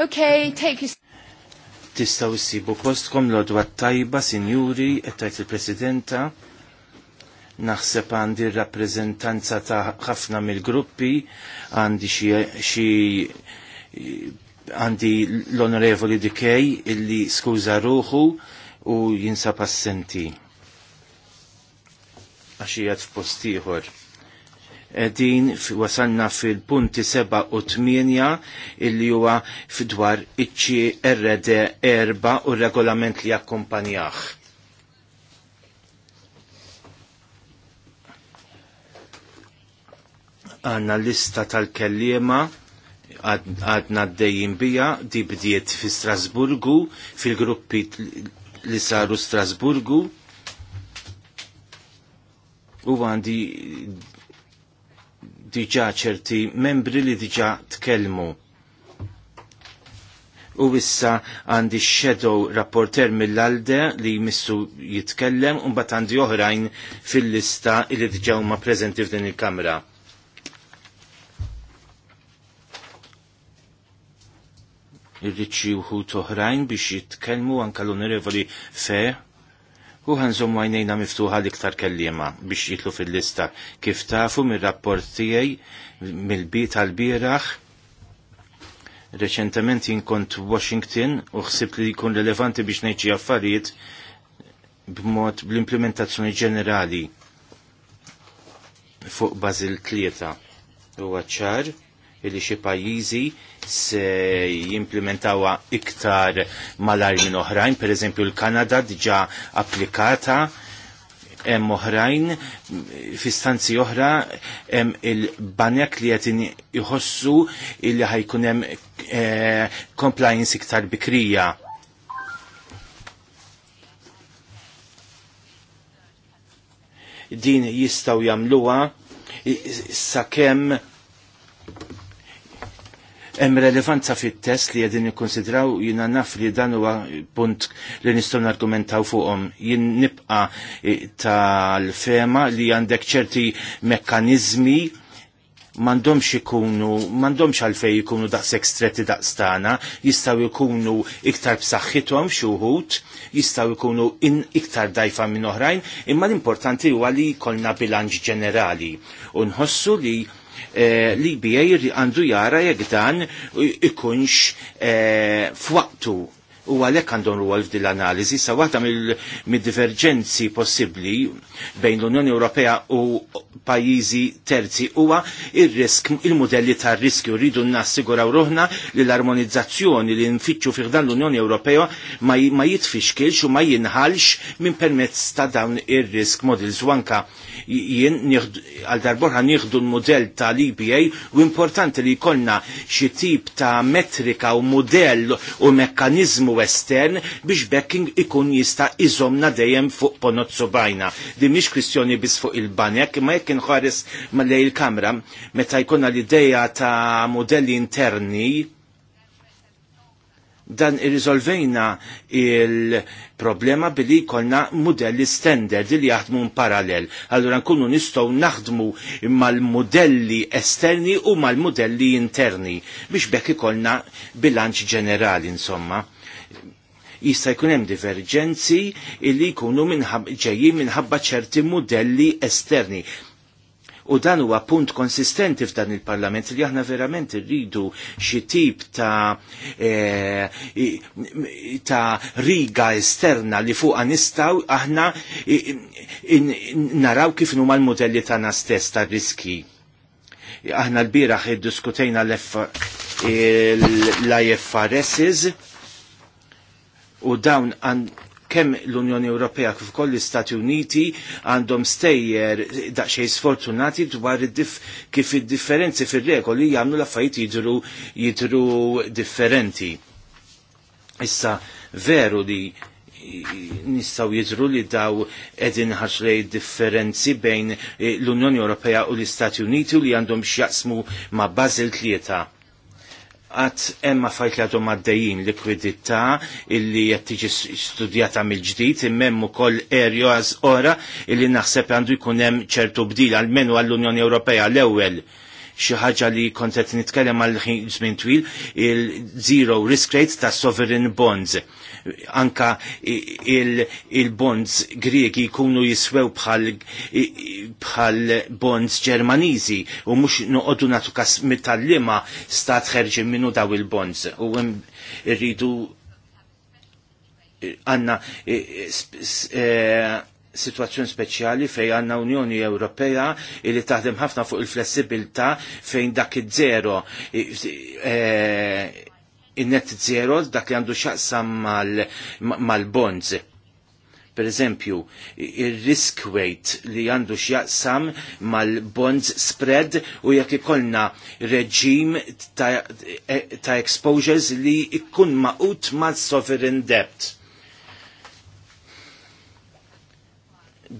Okay. take you. tistaw sibu kostkom l-odwa tajba, sinjuri, ettajt il-presidenta, naħseb għandi rappresentanza ta' ħafna mill-gruppi, għandi xie, għandi l-onorevoli dikej illi skuza ruħu u jinsab assenti. Għaxijat f-postiħor. Din wasanna fil-punti 7 u 8 illi huwa fidwar iċċi RD erba u regolament li jakkompanjaħ. Għanna lista tal-kellima għadna d-dejjim bija di bdiet fi Strasburgu fil-gruppi li saru Strasburgu u għandi diġa ċerti membri li diġa tkellmu. U issa għandi shadow rapporter mill-alde li jmissu jitkellem un bat għandi oħrajn fil-lista li diġa huma preżenti f'din il-kamra. Irriċi uħu toħrajn biex jitkellmu anka l-onorevoli fe' u ħanżom għajnejna miftuħa l-iktar kellima biex jitlu fil-lista kif tafu mir-rapport tiegħi mill-bit tal-bieraħ reċentement jinkont Washington u ħsibt li jkun relevanti biex ngħid xi affarijiet b'mod bl-implementazzjoni ġenerali fuq Basil tlieta u ċar illi xi pajjiżi se jimplementawa iktar malar minn oħrajn, pereżempju l-Kanada diġà applikata hemm oħrajn fi stanzi oħra hemm il-banek li qed iħossu illi ħajkun hemm eh, compliance iktar bikrija. Din jistaw jagħmluha sakemm hemm relevanza fit-test li qegħdin nikkonsidraw jiena naf li dan huwa punt li nistgħu nargumentaw fuqhom. Jien nibqa' tal-fema li għandek ċerti mekkaniżmi mandomx ikunu, mandomx għalfej ikunu daqsek stretti daqstana, jistaw ikunu iktar b'saħħithom xuħut, jistaw ikunu in iktar dajfa minn oħrajn, imma l-importanti huwa li kolna bilanċ ġenerali. Unħossu li Eh, l-IBA għandu jara jekk dan ikunx eh, f'waqtu u għalek għandhom għalf dil analiżi sa waħda mill divergenzi possibbli bejn l-Unjoni Ewropea u pajjiżi terzi huwa risk il-modelli tar-riskju rridu nassiguraw roħna li l-armonizzazzjoni li nfittxu fih dan l-Unjoni Ewropea ma, jitfix jitfixkilx u ma jinħalx minn permezz ta' dawn ir-risk models u jien għal darbor ħan nieħdu l-modell tal epa u importanti li jkollna xi tip ta' metrika u modell u mekkanizmu estern biex backing ikun jista' iżomna dejjem fuq ponot bajna. Di mhix kwistjoni biss fuq il-banek, ma jekk inħares mal-lej il-kamra meta jkollna l-idea ta' modelli interni dan irriżolvejna il-problema billi kolna modelli standard li jaħdmu parallel. allora nkunu nistgħu naħdmu mal-modelli esterni u mal-modelli interni biex bekk ikolna bilanċ ġenerali insomma jista' jkun hemm diverġenzi li jkunu ġejjin minħabba ċerti modelli esterni U dan huwa punt konsistenti f'dan il-Parlament li aħna verament irridu xi tip ta' e, ta' riga esterna li fuqa nistaw aħna naraw kif huma l-modelli tagħna stess ta' riski. Aħna l-bieraħ iddiskutejna l-IFRSs u dawn kemm l-Unjoni Ewropea kif ukoll l-Istati Uniti għandhom stejjer daqsxejn sfortunati dwar kif id-differenzi fir-regoli jagħmlu l-affarijiet jidru jidru differenti. Issa veru li nistaw jidru li daw edin ħarxlej differenzi bejn eh, l-Unjoni Ewropea u l-Istati Uniti u li għandhom xjaqsmu ma' Basel tlieta għat emma fajt li għadhom għaddejjin likwidità illi qed tiġi studjata mill-ġdid imma ukoll għaz ora illi naħseb għandu jkun hemm ċertu bdil għall-menu għall-Unjoni Ewropea l-ewwel xi ħaġa li kont qed nitkellem għal żmien twil il-zero risk rate ta' sovereign bonds anka il-bonds il Griegi jkunu jiswew bħal bonds Ġermaniżi u mhux noqogħdu natu kas mit stat ħerġi minnu daw il-bonds u rridu għanna e, situazzjoni speċjali fej għanna Unjoni Ewropea li taħdem ħafna fuq il-flessibilità fejn dak iż-żero e, in-net zero dak li għandu xaqsam mal-bonds. Mal per eżempju, il-risk weight li għandu xjaqsam mal-bonds spread u jekk ikollna reġim ta', ta exposures li ikkun maqut mal-sovereign debt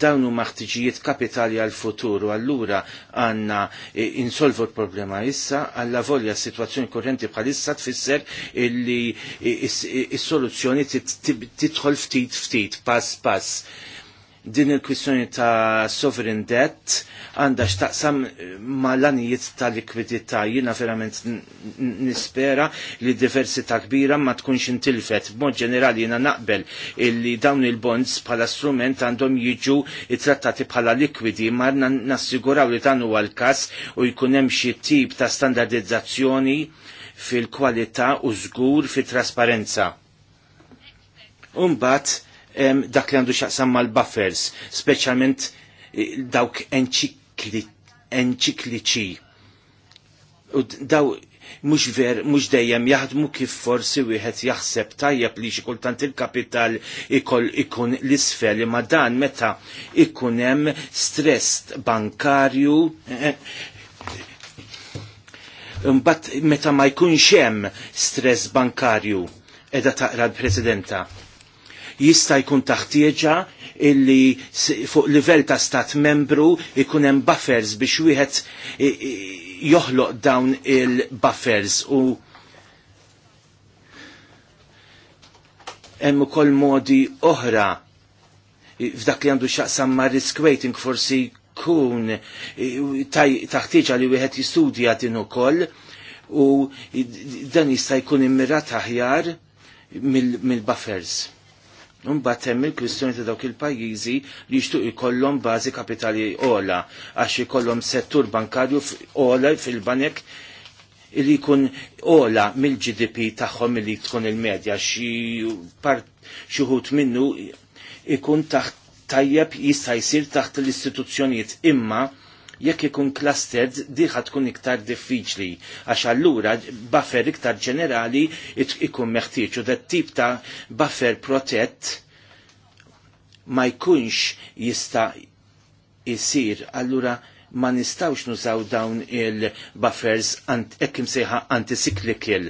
dawn huma ħtiġijiet kapitali għal futuru għallura allura għandna e, insolvu l-problema issa għalla volja s-sitwazzjoni korrenti bħalissa tfisser illi e, e, is-soluzzjoni titħol ftit ftit pass pass din il kwissjoni ta' sovereign debt għandha x'taqsam eh, mal-anijiet ta' likwidità. Jiena verament nispera li diversità kbira ma tkunx intilfet. B'mod ġenerali jiena naqbel illi dawn il-bonds bħala strument għandhom jiġu trattati bħala likwidi, ma nassiguraw li dan huwa l-każ u jkun hemm xi tip ta' standardizzazzjoni fil-kwalità u żgur fit-trasparenza. Umbat, dak li għandu xaqsam mal-buffers, specialment eh, dawk enċikliċi. U daw mux ver, mux dejjem jaħdmu kif forsi wieħed jaħseb tajjeb li xi il-kapital ikoll ikun l-isfel ma dan meta ikun hemm stress bankarju eh, eh, Mbatt meta ma jkun hemm stress bankarju edha taqra l-Presidenta jista' jkun taħtieġa illi fuq livell ta' stat membru ikun hemm buffers biex wieħed joħloq dawn il-buffers u hemm ukoll modi oħra f'dak li għandu xaqsam ma' risk rating forsi kun taħtieġa li wieħed jistudja din ukoll u dan jista' jkun immirat aħjar mill-buffers un hemm il-kwistjoni ta' dawk il-pajjiżi li jixtuq ikollhom bażi kapitali ola għax ikollhom settur bankarju ola fil-banek li jkun ola mill-GDP tagħhom li tkun il-medja xi part xi minnu ikun taħt tajjeb jista' jsir taħt l-istituzzjonijiet imma jekk ikun clustered diħa tkun iktar diffiċli għax allura buffer iktar ġenerali ikun meħtieġ u dat tip ta' buffer protett ma jkunx jista' jisir allura ma nistawx nużaw dawn il-buffers ekkim seħa anticyclical.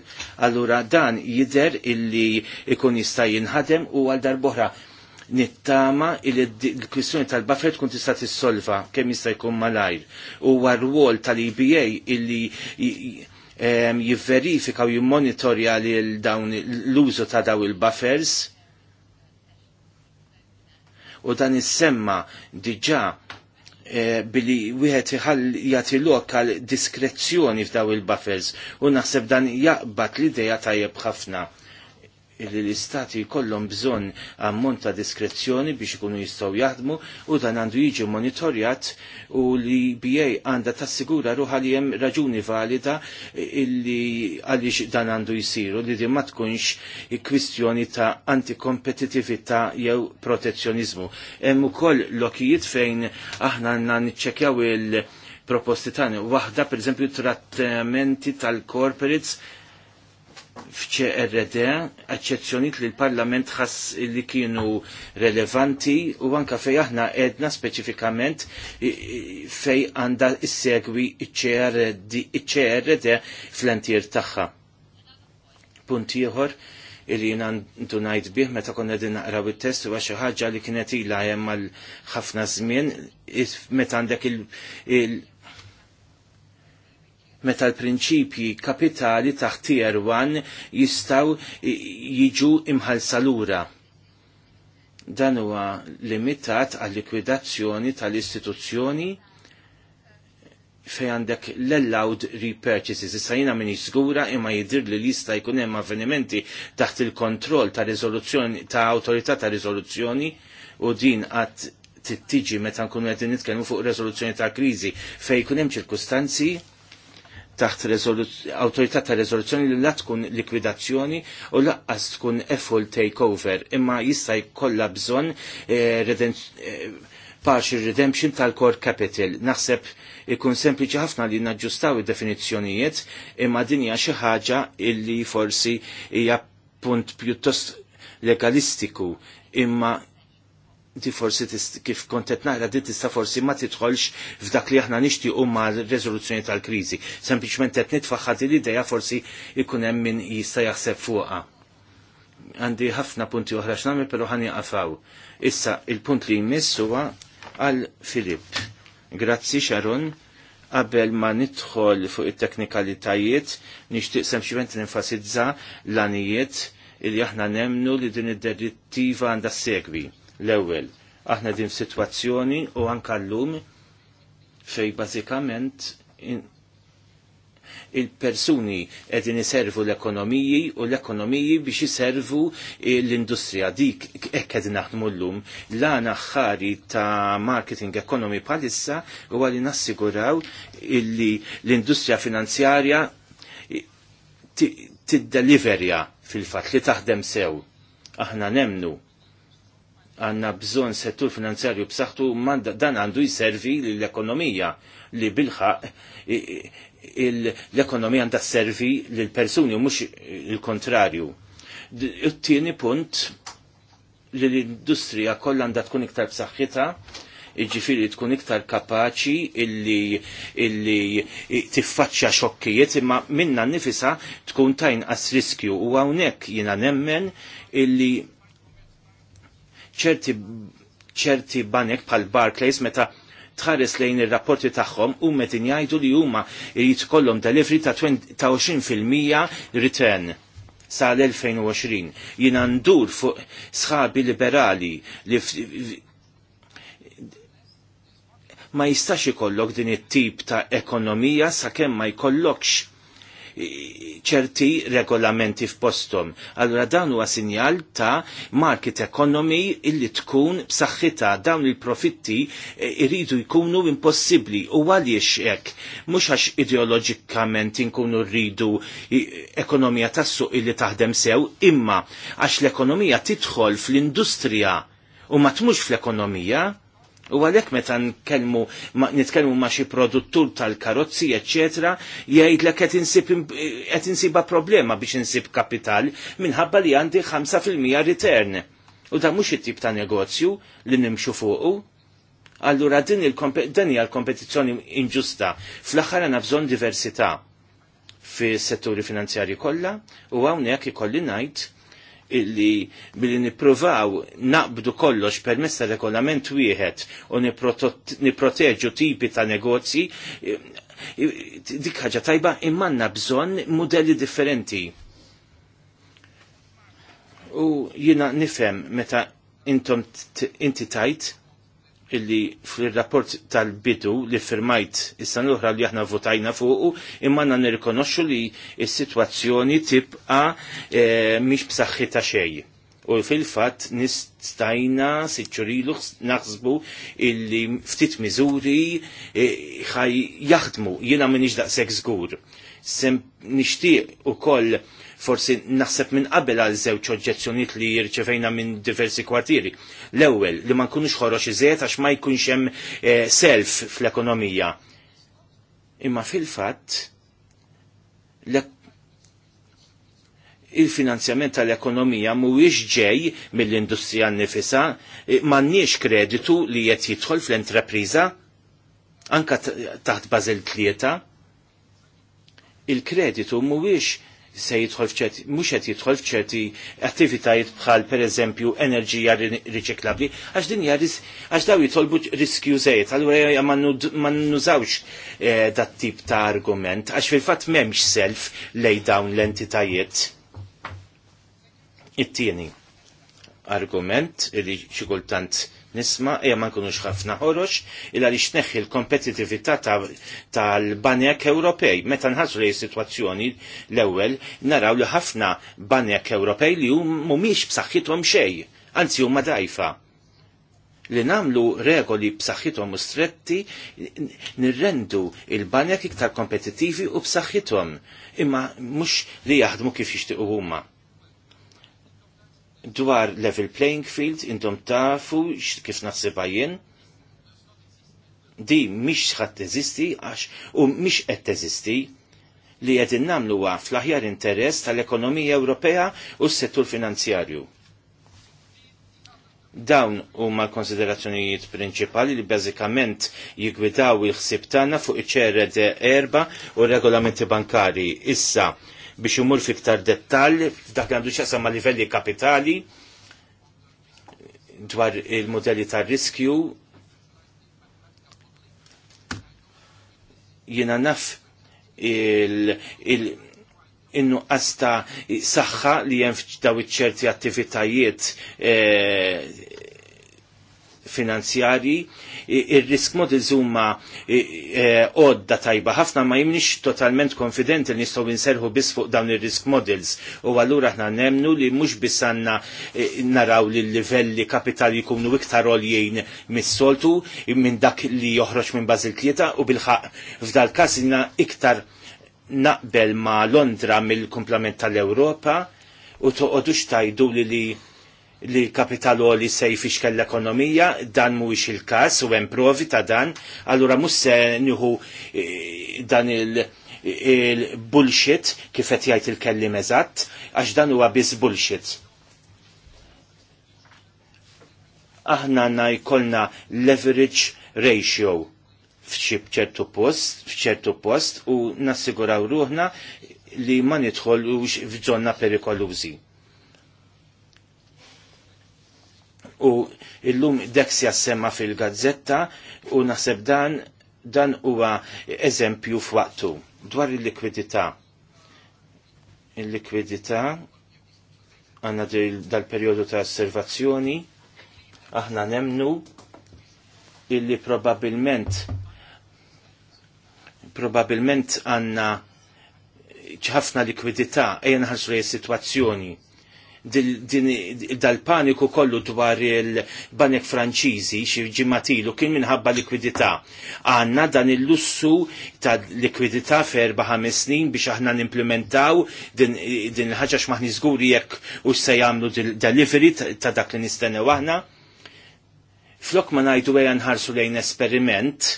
Allura dan jider illi ikun jista' jinħadem u għal darbohra nittama il-kwistjoni tal-buffer tkun tista' tissolva kemm jista' jkun malajr. U war-rwol tal-EBA illi jivverifika u jimmonitorja l dawn l-użu ta' daw il-buffers. U dan is-semma diġà eh, billi wieħed iħall jagħti lok għal diskrezzjoni f'daw il-buffers u naħseb dan jaqbad l-idea tajjeb ħafna li l-istati kollom bżonn ammont ta' diskrezzjoni biex ikunu jistgħu jaħdmu u dan għandu jiġi monitorjat u li BA għandha tassigura ruħa li hemm raġuni valida illi għaliex dan għandu jsiru li din ma tkunx kwistjoni ta' antikompetitività jew protezzjonizmu. Hemm ukoll lokijiet fejn aħna għandna nċekjaw il- proposti tani. Waħda, per eżempju, trattamenti tal-corporates fċRD accezzjoniet li l-Parlament ħass li kienu relevanti u anka fej aħna edna speċifikament fej għanda segwi ċRD fl-antir taħħa. Punt ieħor irri nandu najt bih meta konna din naqraw il-test u għaxa ħagġa li kienet ila jemma l-ħafna zmin meta għandek il-, il meta l-prinċipji kapitali taħt tier 1 jistaw jiġu imħalsalura. lura. Dan huwa limitat għal likwidazzjoni tal-istituzzjoni fej għandek l-allowed repurchases. Issa jina minni sgura imma jidir li jista' jkun hemm avvenimenti taħt il-kontroll ta' rizoluzzjoni ta' awtorità ta' riżoluzzjoni u din għat tittiġi meta nkunu qegħdin nitkellmu fuq rizoluzzjoni ta' kriżi fej jkun hemm ċirkustanzi taħt autorità ta' rezoluzzjoni li la tkun likwidazzjoni u laqqas tkun e takeover imma jista' jkollha bżonn eh, eh, partial redemption tal-core capital. Naħseb ikun sempliċi ħafna li naġġustaw id-definizzjonijiet imma dinja xi ħaġa illi forsi hija punt pjuttost legalistiku imma ti forsi kif kontet naqra di tista forsi ma titħolx f'dak li aħna nixtiequ ma rezoluzzjoni tal-kriżi. Sempliċement qed nitfaħħad l-idea forsi ikunem hemm min jista' jaħseb fuqha. Għandi ħafna punti uħra xnami, pero ħani għafaw. Issa il-punt li jmiss huwa għal Filip. Grazzi Sharon qabel ma nidħol fuq it-teknikalitajiet nixtieq sempliċement ninfasizza l-anijiet li aħna nemnu li din id-direttiva għandha segwi L-ewwel, aħna din situazzjoni u anka llum fej bażikament il-persuni edin iservu l-ekonomiji u l-ekonomiji biex iservu l-industrija dik ekk naħdmu l-lum l-għana xħari ta' marketing ekonomi palissa u għalli nassiguraw illi l-industrija finanzjarja tiddeliverja fil-fat li taħdem sew. Aħna nemnu għanna bżon settur finanzjarju b'saħħtu dan għandu jservi l-ekonomija li bilħaq l-ekonomija għandha servi l-persuni mhux il-kontrarju. It-tieni punt li l-industrija kollha għandha tkun iktar b'saħħitha iġifiri tkun iktar kapaċi illi, illi tiffaċċja xokkijiet imma minna nifisa tkun tajn as riskju u għawnek jina nemmen illi ċerti ċerti banek pal Barclays meta tħares lejn ir-rapporti tagħhom u metin jgħidu li huma jrid kollhom delivery ta' 20% return sal-2020. Jina ndur fuq sħabi liberali li ma jistax ikollok din it-tip ta' ekonomija sakemm ma jkollokx ċerti regolamenti f'postom. allora dan huwa sinjal ta' market economy illi tkun b'saħħitha dawn il-profitti eh, iridu jkunu impossibbli u għaliex hekk mhux għax ideoloġikament inkunu rridu ekonomija tas-suq illi taħdem sew, imma għax l-ekonomija tidħol fl-industrija u ma tmux fl-ekonomija, U għalhekk meta nkellmu nitkellmu ma' xi produttur tal-karozzi, eċetera, jgħidlek qed insib qed insiba problema biex insib kapital minħabba li għandi 5% return. U da mhux it-tip ta' negozju li nimxu fuqu. Allura din dan hija l-kompetizzjoni inġusta. Fl-aħħar għandna bżonn diversità fis setturi finanzjarji kollha u hawnhekk ikolli ngħid illi billi nippruvaw naqbdu kollox permess ta' regolament wieħed u niproteġu tipi ta' negozji dik ħaġa tajba immanna bżonn modelli differenti. U jina nifhem meta intom inti tajt illi fil-rapport tal-bidu li firmajt issa l-oħra li aħna votajna fuqu imma għanna nirrikonoxxu li s-sitwazzjoni tibqa e, mhix b'saħħitha xejn. U fil-fatt nistajna siċċurilu naħsbu illi ftit miżuri eh, ħaj e, jaħdmu jiena m'iniex daqshekk żgur. Sem nixtieq ukoll forsi naħseb minn qabel għal żewġ oġġezzjonijiet li jirċevejna minn diversi kwartieri. L-ewwel li ma nkunux ħorox iżjed għax ma jkunx hemm eh, self fl-ekonomija. Imma fil-fatt il-finanzjament tal-ekonomija mhuwiex ġej mill-industrija nnifisha, eh, m'għandniex kreditu li qed jidħol fl-entrepriża anka taħt Bażel tlieta. Il-kreditu mhuwiex se jidħol fċerti, mux qed jidħol fċerti attivitajiet bħal pereżempju enerġija riċiklabli, għax din jaris, għax daw jitolbu riskju zejt, allura ma nużawx eh, dat tip ta' argument, għax fil-fatt m'hemmx self lej dawn l-entitajiet. It-tieni argument li xi kultant nisma' hija ma nkunux ħafna ħoroġ illa li xneħħi l-kompetitività tal-banek Ewropej. Meta nħassu li situazzjoni l-ewwel naraw li ħafna banek Ewropej li mhumiex b'saħħithom xejn, anzi huma dajfa li namlu regoli b'saħħithom u stretti nirrendu il-banek iktar kompetittivi u b'saħħithom imma mhux li jaħdmu kif jixtiequ huma dwar level playing field intom tafu kif naħsibha jien di mhix ħadd teżisti għax u mhix qed teżisti li qed innamlu huwa fl-aħjar interess tal-ekonomija Ewropea u s-settur finanzjarju. Dawn huma l-konsiderazzjonijiet prinċipali li bażikament jigwidaw il ħsib tagħna fuq iċ-ċered erba u regolamenti bankari. Issa, biex jumur fiktar dettal, dak għandu xaqsa ma' livelli kapitali dwar il-modelli ta' riskju. Jena naf il-, il innu saħħa li jenf daw iċċerti attivitajiet e, finanzjari ir-risk models huma e, odda tajba ħafna ma jimnix totalment konfident li nistgħu inserħu biss fuq dawn il risk models u allura aħna nemnu li mhux biss għandna e, naraw li l-livelli kapitali jkunu iktar għoljien mis-soltu minn dak li joħroġ minn bazil tlieta u bil f'dal każ iktar naqbel ma Londra mill-komplement tal-Ewropa u toqodux tajdu li li li kapitaloli se jfixkel l-ekonomija, dan mhuwiex il-każ u hemm provi ta' dan, allura mhux se nieħu eh, dan il- il-bullshit kif qed jgħid il-kellim eżatt, għax dan huwa biss bullshit. Aħna għandna jkollna leverage ratio f'ċertu post, f'ċertu post u nassiguraw ruħna li ma u f'żonna perikolużi u illum s semma fil-gazzetta u naħseb dan dan huwa eżempju f'waqtu dwar il-likwidità. Il-likwidità għanna dal-periodu ta' osservazzjoni aħna nemnu illi probabilment probabilment għanna ċħafna likwidità ejja naħarsu situazzjoni dal-paniku kollu dwar il-banek franċiżi xi ġimatilu kien minħabba likwidità. Għanna dan il-lussu ta' likwidità ferba ħames snin biex aħna nimplementaw din il-ħaġa x'maħni zguri jekk u se jagħmlu delivery ta' dak li nistennew għahna. Flok ma ngħidu għajan nħarsu lejn esperiment,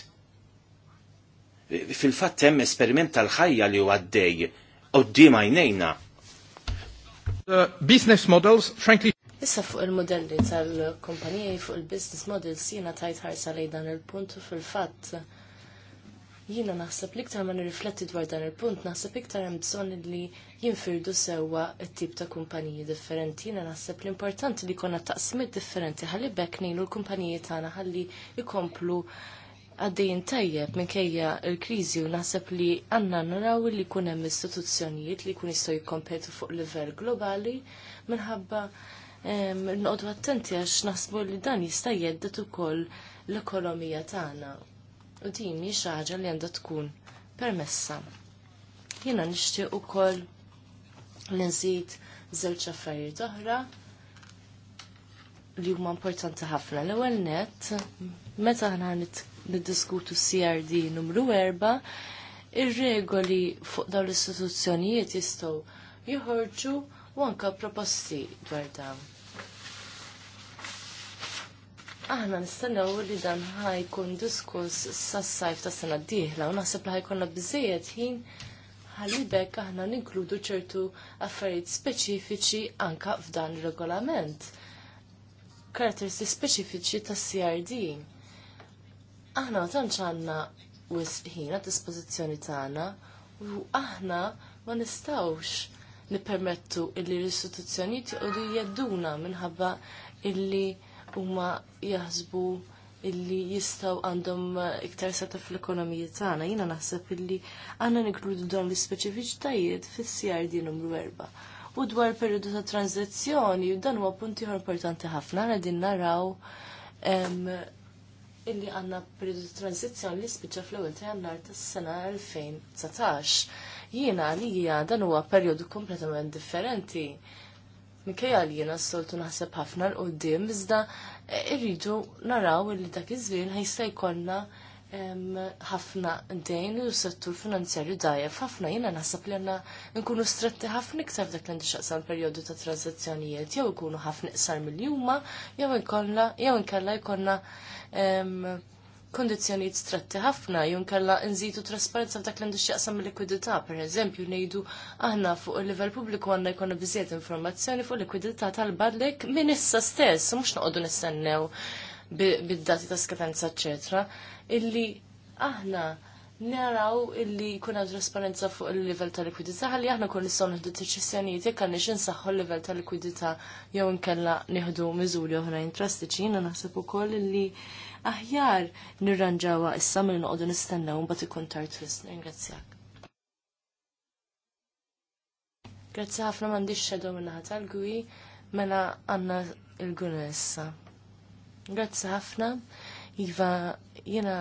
fil-fatt hemm esperiment tal-ħajja li għaddej Oddim għajnejna business models, frankly... Issa fuq il-modelli tal-kompanija fuq il-business models jiena tajt ħarsa lej dan il-punt u fil-fatt jiena naħseb liktar ma nirrifletti dwar dan il-punt naħseb iktar hemm bżonn li jinfirdu sewwa t-tip ta' kumpaniji differenti. Jiena naħseb l-importanti li jkollna taqsmiet differenti ħalli bekk ngħinu l-kumpaniji tagħna ħalli jkomplu għaddejn tajjeb minkejja l-kriżi u naħseb li għanna naraw li kun hemm istituzzjonijiet li kun jistgħu jikkompetu fuq livell globali minħabba nqogħdu attenti għax naħsbu li dan jista' jeddet ukoll l-ekonomija tagħna. U din hi xi ħaġa li għandha tkun permessa. Jiena nixtieq ukoll li nżid żewġ affarijiet oħra li huma importanti ħafna. L-ewwel nett meta aħna niddiskutu CRD numru 4, ir-regoli fuq dawn l-istituzzjonijiet jistgħu joħorġu u anke proposti dwar dan. Aħna nistennew li dan ħajkun diskuss sas-sajf ta' sena d-dieħla u naħseb li ħajkonna biżejjed ħin ħalibek aħna ninkludu ċertu affarijiet speċifiċi anka f'dan ir regolament. Karakteristi speċifiċi ta' CRD aħna ma tantx għandna għad dispożizzjoni tagħna u aħna ma nistgħux nippermettu illi l-istituzzjonijiet joqogħdu jedduna minħabba illi huma jaħsbu illi jistaw għandhom iktar seta fl-ekonomija tagħna. Jiena naħseb illi għandna nikludu dawn l-ispeċifiċitajiet fis din numru erba' U dwar periodu ta' tranzizzjoni, dan huwa punt ieħor importanti ħafna, din naraw illi għanna periodu transizjon li spiċċa fl-ewwel ta' jannar tas-sena 2019. Jiena li hija dan huwa perjodu kompletament differenti. Mikkejja li jiena s-soltu naħseb ħafna l-qoddim iżda eh, irridu naraw illi dak iż-żmien ħajsta jkollna ħafna dejn u settur finanzjarju dajjef ħafna jiena naħseb li għanna nkunu stretti ħafna iktar dak l-għandix xaqsan perjodu ta' tranzazzjonijiet jew ikunu ħafna iqsar mill-juma jew nkalla jkonna jkollna kondizjonijiet stretti ħafna jew nkalla nżidu trasparenza f'dak li għandu x'jaqsam likwidità, pereżempju ngħidu aħna fuq il-livell pubbliku għandna jkollna biżjed informazzjoni fuq likwidità tal-badlek minn issa stess, mhux noqogħdu nistennew bid-dati ta' skadenza, eccetera, illi aħna naraw illi kuna trasparenza fuq il-level ta' likwidità għalli aħna kun nistgħu nieħdu deċiżjonijiet jekk għandniex insaħħu l-level ta' likwidità jew inkella nieħdu miżuri oħrajn drastiċi, jiena naħseb ukoll illi aħjar nirranġawha issa milli noqogħdu nistennew mbagħad ikun tard Ringrazzjak. Grazzi ħafna m'għandix xedew naħa tal-gwi mela għandna il-gunessa. Grazzi ħafna. Iva, jena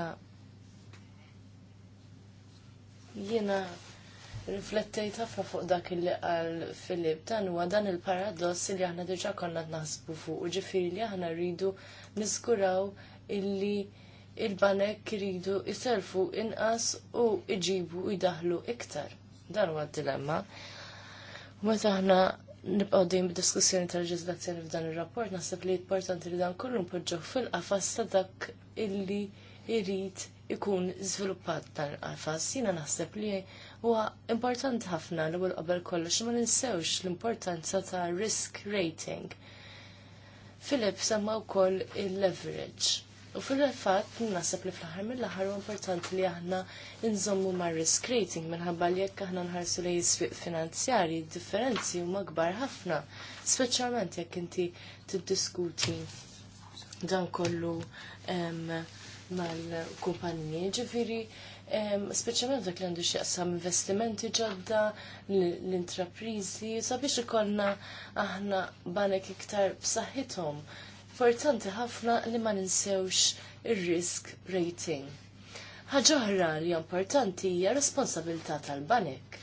jena riflettejt ħafna fuq dak il qal Filip dan huwa dan il-paradoss li aħna diġà konna naħsbu fuq u ġifieri li aħna rridu niskuraw illi il-banek rridu jiselfu inqas u iġibu u jdaħlu iktar. Dan huwa d-dilemma. Meta aħna nibqgħu din bid-diskussjoni tal-leġiżlazzjoni f'dan ir-rapport naħseb li importanti li dan kollu npoġġew fil-qafas ta' dak illi jrid ikun żviluppat dan il-qafas. Jiena naħseb li huwa importanti ħafna li ewwel qabel kollox ma ninsewx l-importanza ta' risk rating. Filip, semma wkoll il-leverage. U fil-fatt naħseb li fl-aħħar mill-aħħar importanti li aħna nżommu ma' risk rating minħabba li jekk aħna nħarsu li jisfiq finanzjarji differenzi huma kbar ħafna, speċjalment jekk inti tiddiskuti dan kollu mal-kumpanji. Ġifiri, speċjalment dak li għandu xieqsam investimenti ġodda, l-intraprizi, sabiex ikollna aħna banek iktar b'saħħithom Fortanti ħafna li ma ninsewx ir-risk rating. Ħaġa oħra li importanti hija responsabilità tal-banek.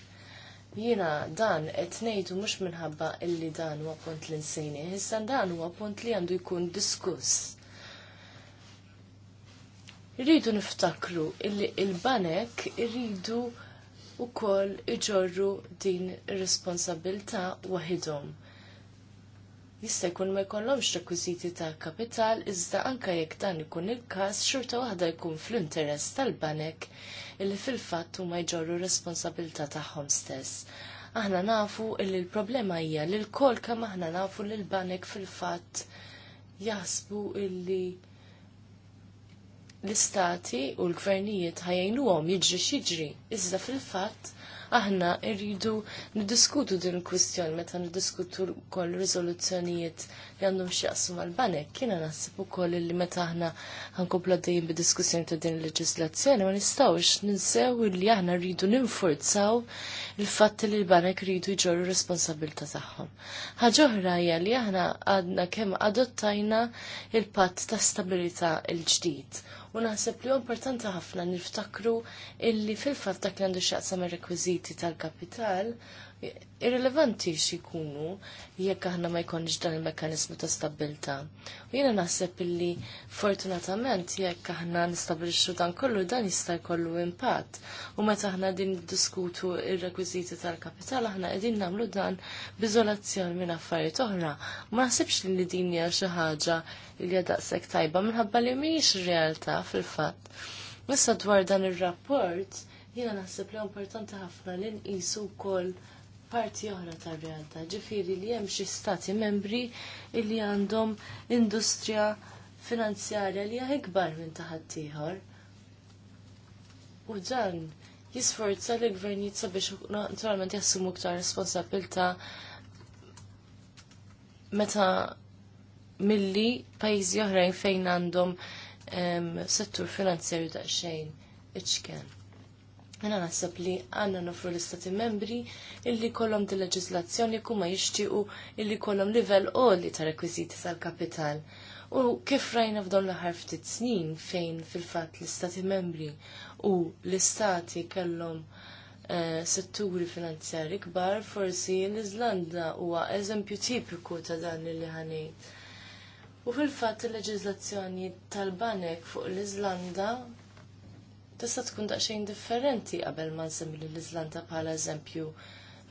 Jiena dan qed ngħidu mhux minħabba illi dan huwa punt li nsejni, iżda dan huwa punt li għandu jkun diskuss rridu niftakru illi il-banek rridu u koll iġorru din responsabilta wahidhom jista' jkun ma jkollhomx rekwiżiti ta' kapital iżda anke jekk dan ikun il-każ xorta waħda jkun fl-interess tal-banek illi fil-fatt huma jġorru responsabilità tagħhom stess aħna nafu li l-problema hija li l-kol kemm aħna nafu li l-banek fil fatt jaħsbu illi l-istati u l-gvernijiet ħajjinuhom jiġri xieġri. Iżda fil fatt aħna rridu niddiskutu din il-kwistjoni meta niddiskutu wkoll riżoluzzjonijiet li għandhom x'jaqsmu mal-banek. Kiena naħseb ukoll li meta aħna ħankomplu għaddejjin bid-diskussjoni ta' din il-leġislazzjoni ma nistgħux ninsew li aħna rridu ninfurzaw il-fatt li l-banek rridu jġorru responsabilta tagħhom. Ħaġa oħra hija li aħna għadna kemm adottajna il-patt ta' stabilità il ġdid u naħseb li importanti ħafna niftakru illi fil-fatt dak li għandu xaqsam ir-rekwiżiti tal-kapital irrelevanti xikunu jekk aħna ma jkunx dan il-mekkanizmu ta' stabilta. U jiena naħseb illi fortunatament jekk aħna nistabilixxu dan kollu dan jista' jkollu impatt. U meta aħna din diskutu ir-rekwiżiti tal-kapital aħna qegħdin nagħmlu dan b'iżolazzjoni minn affarijiet oħra. Ma naħsibx li din hija xi ħaġa li hija daqshekk tajba minħabba li mhijiex realtà fil-fatt. Issa dwar dan ir-rapport jiena naħseb li importanti ħafna li nqisu wkoll parti oħra tar-realtà, ġifieri li hemm xi stati membri li għandhom industrija finanzjarja li hija ikbar minn taħat ieħor. U dan jisforza li gvernijiet sabiex naturalment jassumu iktar responsabilta meta milli pajjiżi oħrajn fejn għandhom ehm, settur finanzjarju daqsxejn iċken. Jena naħseb li għanna nofru l-istati membri illi kollom di leġizlazzjoni kuma jishtiqu illi kollom livell oli ta' rekwiziti tal-kapital. U kif rajna f'don l-ħar ftit snin fejn fil-fat l-istati membri u l-istati kellhom eh, setturi finanzjari kbar, forsi l izlanda huwa eżempju tipiku ta' dan li ħanejt. U fil-fat il-leġizlazzjoni tal-banek fuq l-Iżlanda tista' tkun daqsxejn differenti qabel ma nsemmi l iżlanda bħala eżempju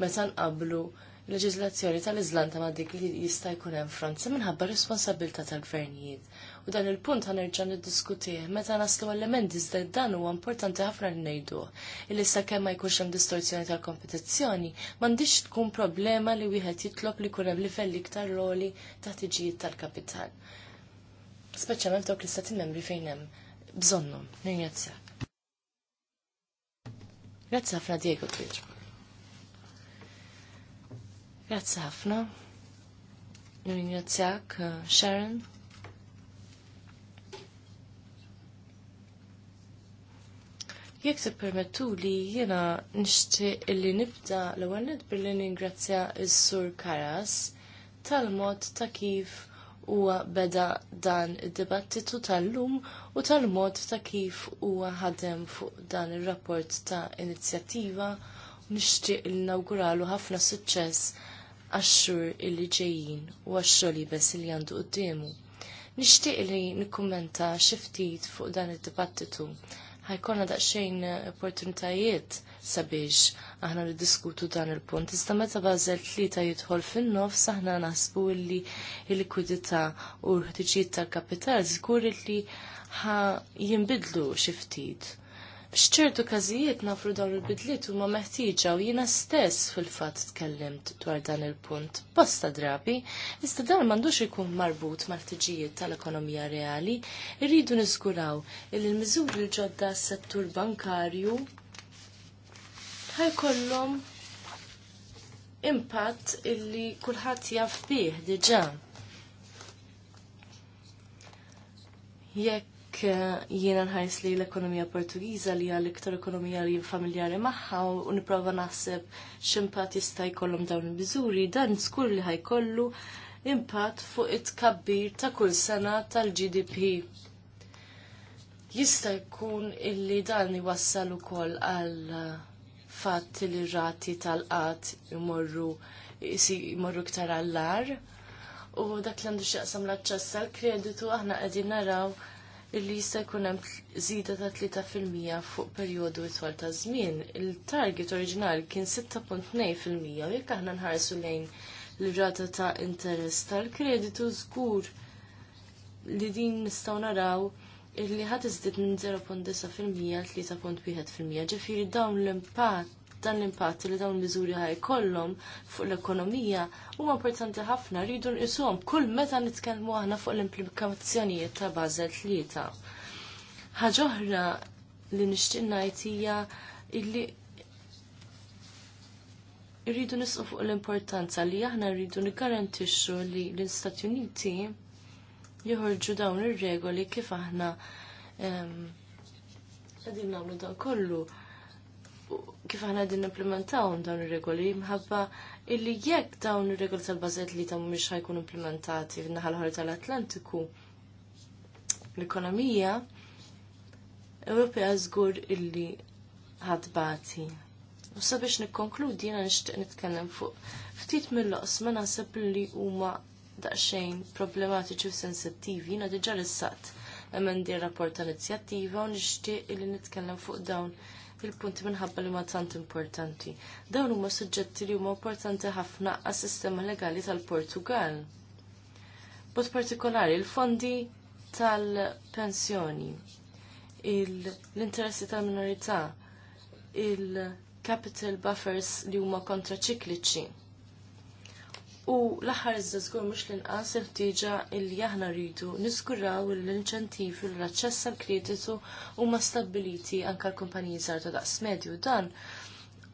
meta nqablu l-leġiżlazzjoni tal-Iżlanda ma' dik li jista' jkun hemm Franza minħabba responsabilità tal-gvernijiet. U dan il-punt ħanerġa' niddiskutih meta naslu elementi iżda dan huwa importanti ħafna li ngħiduh. Illi sakemm ma jkunx hemm distorzjoni tal-kompetizzjoni m'għandix tkun problema li wieħed jitlob li jkun hemm livell iktar roli taħt iġijiet tal-kapital speċjalment dawk l-istati membri fejn hemm bżonnhom Ningrazzjak. Grazie ħafna Diego Twitch. Grazzi ħafna. Ringrazzjak uh, Sharon. Jekk se permettu li jena nixtieq illi nibda l-ewwel billi ningrazzja il sur Karas tal-mod ta' kif huwa beda dan id-dibattitu tal-lum u tal-mod ta' kif huwa ħadem fuq dan ir-rapport ta' inizjattiva u nixtieq il-nawguralu ħafna suċċess għax-xhur illi ġejjin u għax-xogħol bes li għandu qudiemu. Nixtieq li nikkummenta xi ftit fuq dan id-dibattitu ħajkonna daqsxejn opportunitajiet sabiex aħna niddiskutu dan il-punt. Iżda meta bażel tlieta jidħol fin-nofs aħna naħsbu li l-likwidità u l-ħtiġijiet tal-kapital żgur li ħa jinbidlu xi ftit. F'ċertu każijiet nafru dawn il-bidliet huma meħtieġa u jiena stess fil-fatt tkellimt dwar dan il-punt bosta drabi, iżda dan m'għandux ikun marbut mal-ħtiġijiet tal-ekonomija reali, irridu niżguraw il l-miżuri l-ġodda s-settur bankarju ħajkollhom impatt illi kulħadd jaf bih diġà. Jekk eh, jiena nħajs li l-ekonomija Portugiża li għal iktar ekonomija li familjari magħha u nipprova naħseb x'impatt jista' jkollhom dawn il-miżuri, dan skur li ħajkollu impatt fuq it-kabbir ta' kull sena tal-GDP. Jista' jkun illi dan iwassal ukoll għal eh, fatt li rati tal-qat jmorru jmorru ktar għallar. U dak li għandu xaqsam l-aċċess kreditu aħna qegħdin naraw li jista' jkun hemm żieda ta' 3% fuq perjodu itwal ta' żmien. Il-target oriġinali kien 6.2% u jekk aħna nħarsu lejn l-rata ta' interess tal-kreditu żgur li din nistgħu naraw illi ħad iżdid minn 0.9% l 3.1% ġifiri dawn l-impatt dan l-impatt li dawn l-iżuri ħaj kollom fuq l-ekonomija huma importanti ħafna rridu n-isom kull meta nitkellmu aħna fuq l-implikazzjonijiet ta' bażel tlieta. Ħaġa oħra li nixtieq ngħid hija illi rridu nisqu fuq l-importanza li aħna rridu niggarantixxu li l-Istati Uniti Jħorġu dawn ir-regoli kif aħna qegħdin nagħmlu dan kollu kif aħna qegħdin nimplementaw dawn ir-regoli mħabba illi jekk dawn ir-regoli tal-bażet li ta' mhumiex ħajkun implementati fin-naħa l-ħor tal-Atlantiku l-ekonomija Ewropea żgur illi ħadbati. U sabiex nikkonkludi jiena nixtieq nitkellem fuq ftit mill-loqsma naħseb li huma daqsxejn problematiċi u sensittivi, jiena diġà rissaqt emendi rapport tal-inizjattiva u nixtieq li nitkellem fuq dawn il-punti minħabba li ma tant importanti. Dawn huma suġġetti li huma importanti ħafna għas-sistema legali tal-Portugal. Bot partikolari il-fondi tal-pensjoni, l-interessi tal-minorità, il-capital buffers li huma kontraċikliċi. U l-aħħar iż-żaskur mhux l-inqas il-ħtieġa il aħna rridu niskurraw l-inċentivi l aċċess għal kreditu huma stabiliti anke l-kumpaniji żgħar ta' daqs medju dan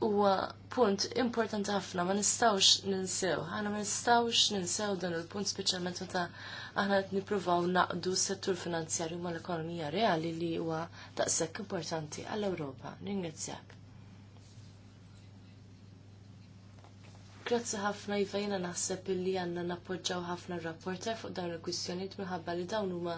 huwa punt importanti ħafna ma nistawx ninsew. Aħna ma nistawx ninsew dan il-punt speċjalment meta aħna qed nippruvaw naqdu s-settur finanzjarju mal-ekonomija reali li huwa daqshekk importanti għall-Ewropa. Ringrazzjak. Grazzi ħafna jivajna naħseb illi għanna nappoġġaw ħafna rapporter fuq dawn il-kwistjoniet minħabba li dawn huma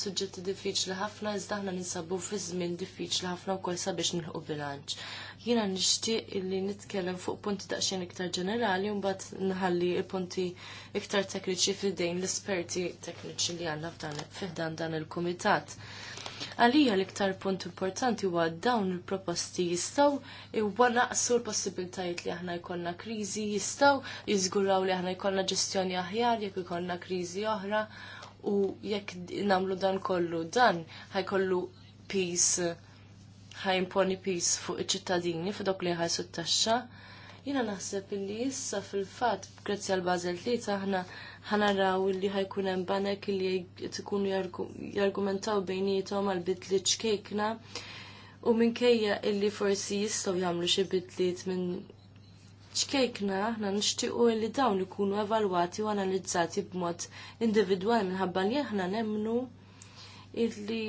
suġġetti diffiċli ħafna iżda aħna ninsabu fi żmien diffiċli ħafna wkoll sabiex nilħu bilanċ. Jiena nixtieq illi nitkellem fuq punti daqsxejn iktar ġenerali u mbagħad nħalli l punti iktar tekniċi fidejn l-esperti tekniċi li għandna f'dan dan il-kumitat. Għalija l-iktar punt importanti huwa dawn il-proposti jistaw huwa naqsu l-possibiltajiet li aħna jkollna kriżi, jistaw jiżguraw li aħna jkollna ġestjoni aħjar jekk jkollna kriżi oħra u jekk namlu dan kollu dan ħajkollu peace ħajimponi peace fuq iċ-ċittadini fuq dok li ħajsu t-taxxa jina naħseb li issa fil-fat, grazzi għal Bazel li aħna ħanaraw li ħajkun hemm banek illi tkunu jargumentaw bejnietom għal li ċkejkna u minkejja illi forsi jistgħu jagħmlu xi bidliet minn ċkejkna aħna nixtiequ li dawn ikunu evalwati u analizzati b'mod individwali minħabba li aħna nemmnu illi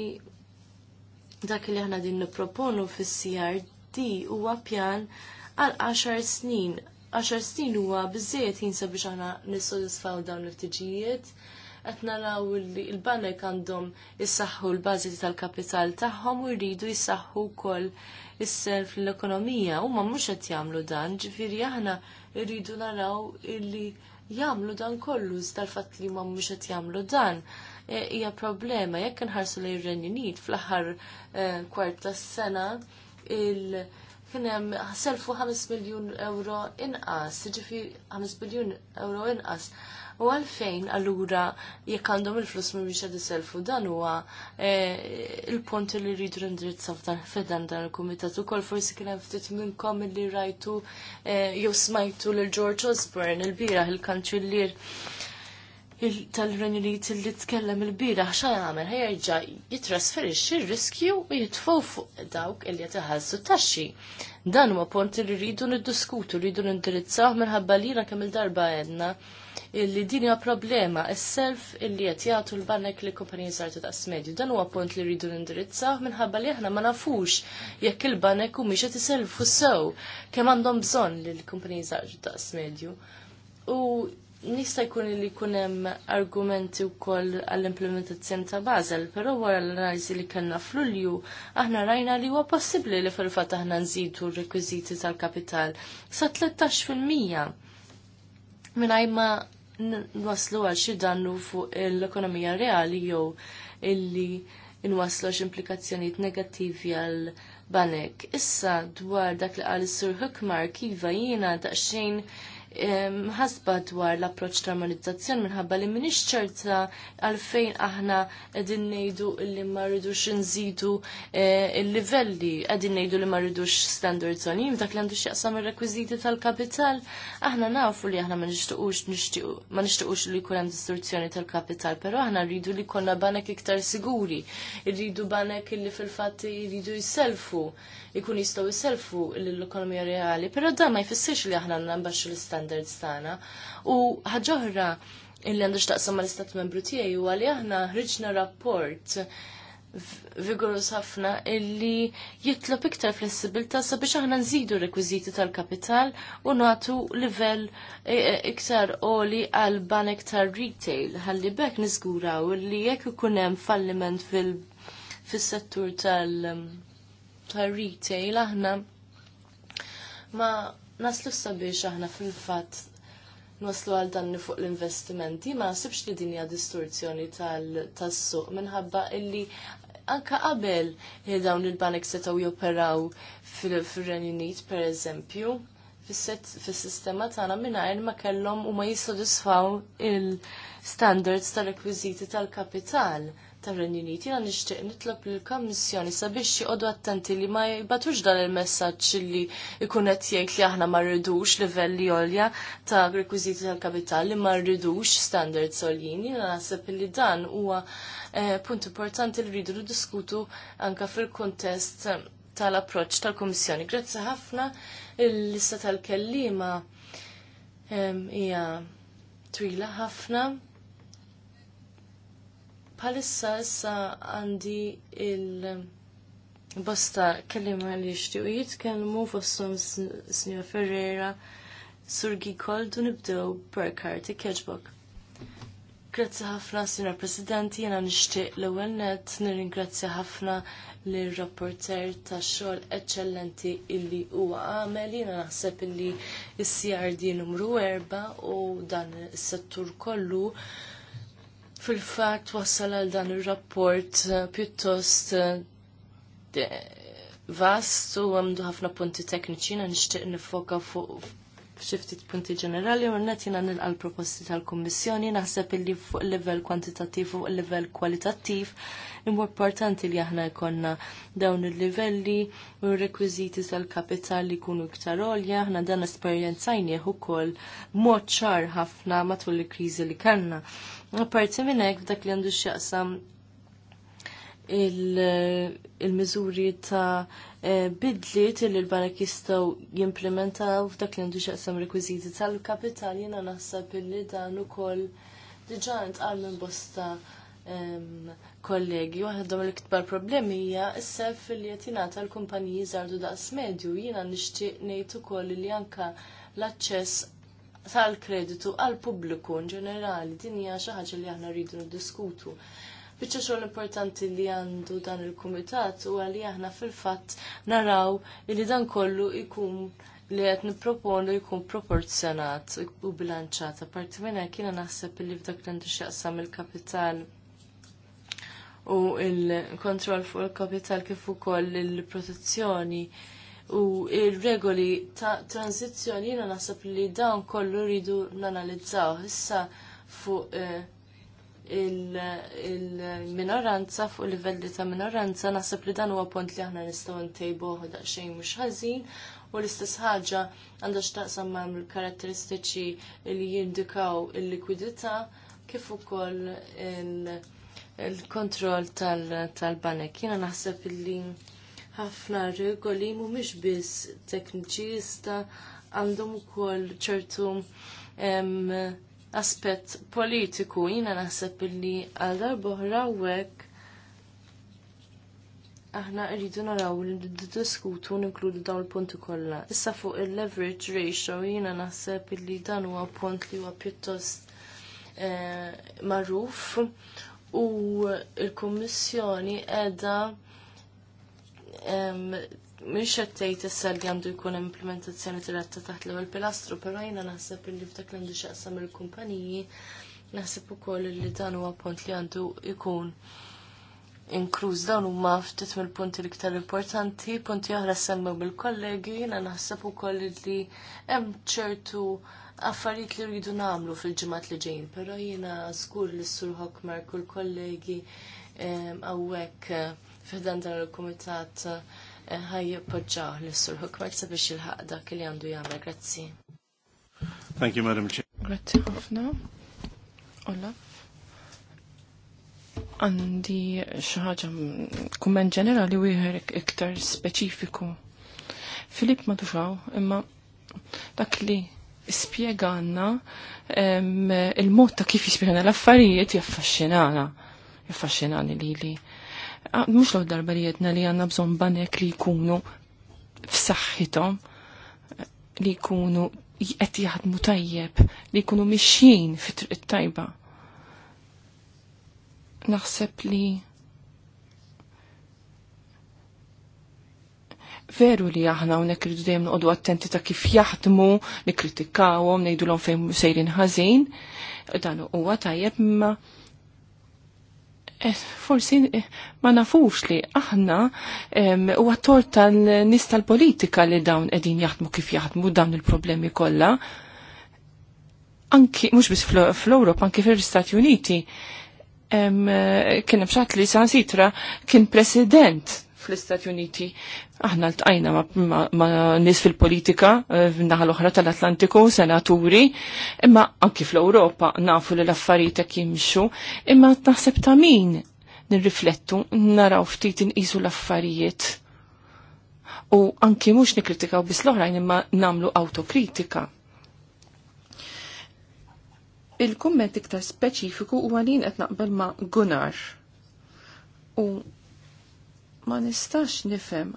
dak li aħna din nipproponu fis-CRD huwa pjan għal 10 snin 10 snin huwa biżejjed jinsa biex aħna nissodisfaw dawn l-ħtiġijiet. Qed naraw li l-banek għandhom issaħħu l-bażi tal-kapital tagħhom u jridu jsaħħu wkoll is-self l-ekonomija huma mhux qed jagħmlu dan, ġifieri aħna rridu naraw illi jagħmlu dan kollu tal-fatt li ma mhux qed jagħmlu dan. E, hija problema jekk inħarsu lejn Renju Unit fl-aħħar eh, kwart tas-sena il- kienem selfu 5 miljon euro inqas, ġifi jiġifieri 5 miljon euro inqas. U għalfejn allura jekk għandhom il-flus minn biex selfu dan huwa eh, il-punt li rridu indirizzaw f'dan fedan dan il komitat u kol forsi kien hemm ftit minnkom li rajtu eh, jew smajtu lil George Osborne il-bira il-kanċillier tal-Renju Unit li tkellem il bira xa jagħmel ħajġa' jitrasferixxi r-riskju u jitfgħu fuq dawk illi qed t taxxi. Dan huwa punt li rridu niddiskutu, rridu nindirizzaw minħabba lina kemm il-darba għedna illi din hija problema is-self illi qed jagħtu l-banek li kumpaniji żgħar ta' medju. Dan huwa punt li rridu nindirizzaw minħabba li aħna ma nafux jekk il-banek humiex qed iselfu sew kemm għandhom bżonn lill-kumpaniji żgħar ta' medju. U nista' jkun li jkun hemm argumenti wkoll għall-implementazzjoni ta' Basel, però wara l-analiżi li kellna f'Lulju aħna rajna li huwa possibbli li fil-fatt aħna nżidu r-rekwiżiti tal-kapital sa 13 fil-mija mingħajr ma nwaslu għal xi dannu fuq l-ekonomija reali jew illi nwaslu implikazzjonijiet negattivi għal banek. Issa dwar dak li qal is-Sur Hukmar kiva jiena daqsxejn ħasba dwar l-approċ ta' armonizzazzjoni minħabba li minix ċerta għalfejn aħna qegħdin ngħidu li ma rridux nżidu e, il-livelli, qegħdin ngħidu li ma rridux standards għonim, dak li għandu x'jaqsam ir-rekwiżiti tal-kapital, aħna nafu li aħna ma nixtiequx li jkun hemm distorzjoni tal-kapital, pero aħna rridu li konna banek iktar siguri, rridu banek li fil-fatt jridu jselfu, jkun jistgħu jselfu l-ekonomija reali, però dan ma jfissirx li aħna nbaxxu l standards standards tagħna. U ħaġa oħra illi għandu xtaqsam mal-istat membru tiegħi huwa li aħna ħriġna rapport vigorus ħafna illi jitlob iktar flessibilta sabiex aħna nżidu rekwiżiti tal-kapital u nagħtu livell e, e, iktar oli għal ban iktar retail ħalli bekk niżguraw illi jekk ikun hemm falliment fil fis-settur tal-retail aħna ma naslu sabiex aħna fil-fatt naslu għal danni fuq l-investimenti, ma nasibx li dinja distorzjoni tal-suq minħabba illi anka qabel li dawn il-banek setaw joperaw fil ren Unit, per eżempju, fil-sistema tagħna mingħajr ma kellhom u ma jissodisfaw il-standards tal-rekwiżiti tal-kapital. tal rekwiziti tal kapital rekwiżiti tal kapital tar-Renju Unit. Jiena nixtieq nitlob lill-Kommissjoni sabiex joqogħdu attenti li ma jbatux dan il-messaġġ li jkun qed jgħid li aħna ma rridux livelli għolja ta' rekwiżiti tal-kapital li ma rridux standards għoljin. Jiena naħseb li dan huwa eh, punt importanti li rridu diskutu anke fil-kuntest tal-approċċ tal-Kummissjoni. Grazzi ħafna il-lista tal-kellima eh, hija twila ħafna. Palissa issa għandi il- Bosta kellima li xtiq jitkellmu fossom Sinjor Ferreira, Surgi Koldu nibdew Burkhardt ikkeġbok. Grazzi ħafna, Sinjor President, jena nixtieq l-ewwel net nirringrazzja ħafna l-rapporter ta' xogħol eċċellenti illi huwa għamel jiena naħseb illi s-CRD numru erba' u dan is-settur kollu fil-fatt wassal għal dan ir-rapport eh, pjuttost eh, vast u għamdu ħafna punti tekniċi na nixtieq nifoka fuq xiftit punti ġenerali u għannet jina nil proposti tal-Kommissjoni naħseb illi fuq livell kwantitattiv u livell kwalitattiv imma importanti li aħna jkollna dawn il-livelli u r-rekwiżiti tal-kapital li jkunu iktar olja aħna dan esperjenzajnieh ukoll mod ċar ħafna matul il-kriżi li kellna. Apparti minn hekk dak li għandu x'jaqsam il-miżuri il ta' eh, bidliet li l-banek jistgħu jimplementaw f'dak li għandu x'jaqsam rekwiżiti tal-kapital jiena naħseb illi dan ukoll diġà ntqal minn bosta kollegi, waħedhom l iktar problemi hija s-sef li qed jingħata l-kumpaniji żardu daqs medju. Jiena nixtieq ngħid ukoll li anke l-aċċess tal-kreditu għal pubbliku in ġenerali din hija xi ħaġa li aħna rridu niddiskutu. Biċċa xogħol importanti li għandu dan il-kumitat huwa li aħna fil-fatt naraw li dan kollu jkun li qed nipproponu jkun proporzjonat u bilanċat. Parti hekk jiena naħseb li f'dak l xaqsam il-kapital u il-kontroll fuq il-kapital kif ukoll il-protezzjoni u il-regoli ta' tranzizjoni jina nasab li dawn kollu rridu nanalizzaw issa fuq eh, il-minoranza fuq livelli ta' minoranza nasab li dan huwa punt li aħna nistgħu ntejbuh daqsxejn mhux ħażin u l-istess ħaġa għandha x'taqsam il karatteristiċi li jindikaw il-likwidità kif ukoll il-kontroll tal-banek. Jiena naħseb illi ħafna regoli mhumiex biss tekniċi jista' għandhom ukoll ċertu aspett politiku jiena naħseb illi għal darbohra hekk aħna rridu naraw li diskutu ninkludu dawn il-punti kollha. Issa fuq il-leverage ratio jiena naħseb li dan huwa punt li huwa pjuttost eh, magħruf u l kummissjoni qiegħda mhix qed tgħid issa li għandu jkun implementazzjoni t-ratta taħt l-ewwel pilastru, però jiena naħseb li f'dak l għandu x'aqsam il-kumpaniji naħseb ukoll li dan huwa għapont li għandu jkun inkluż dawn huma ftit mill-punti l-iktar importanti, punti oħra semmew bil-kollegi, jiena naħseb ukoll li hemm ċertu affarijiet li rridu nagħmlu fil-ġimgħat li ġejjin, però jiena skur li s-sur Hokmark u l-kollegi hawnhekk f'dan dan il-kumitat eh, ħaj jappoġġaw l-Sur Hookmark biex il-ħaq dak li għandu jagħmel. Grazzi. Thank you, Madam Chair. Grazzi ħafna. Olla. Għandi xaħġa ħaġa kumment ġenerali jħer iktar speċifiku. Filip Maduxaw, imma dak li spiegħanna il-mod ta' kif jispiegħanna l-affarijiet jaffaxxinana. Jaffaxxinani li li Ah, mux loħ darba li jedna li għanna bżon banek li jkunu f'saħħithom li jkunu qed jaħdmu tajjeb, li jkunu mixjin fit tajba. Naħseb li veru li aħna u nekridu dejjem noqogħdu attenti ta' kif jaħdmu, nikkritikawhom, ngħidulhom fejn sejrin ħażin, dan huwa tajjeb imma Eh, forsi eh, ma nafux li aħna u għattor tal-nis tal-politika li dawn edin jaħdmu kif jaħdmu dawn il-problemi kolla. Anki, mux bis fl-Europa, anki fil-Stati Uniti, eh, kien bxat li San Sitra kien president fl-Istati Uniti. Aħna l tajna ma, ma, ma nis fil-politika eh, naħa l-oħra tal-Atlantiku, senaturi, imma anki fl-Europa nafu li l-affarijiet hekk jimxu, imma naħseb ta' min nirriflettu, naraw ftit inqisu l-affarijiet. U anki mhux nikkritikaw bis l-oħrajn imma namlu autokritika il-kumment iktar speċifiku u għalin qed naqbel ma' Gunnar. U ma nistax nifhem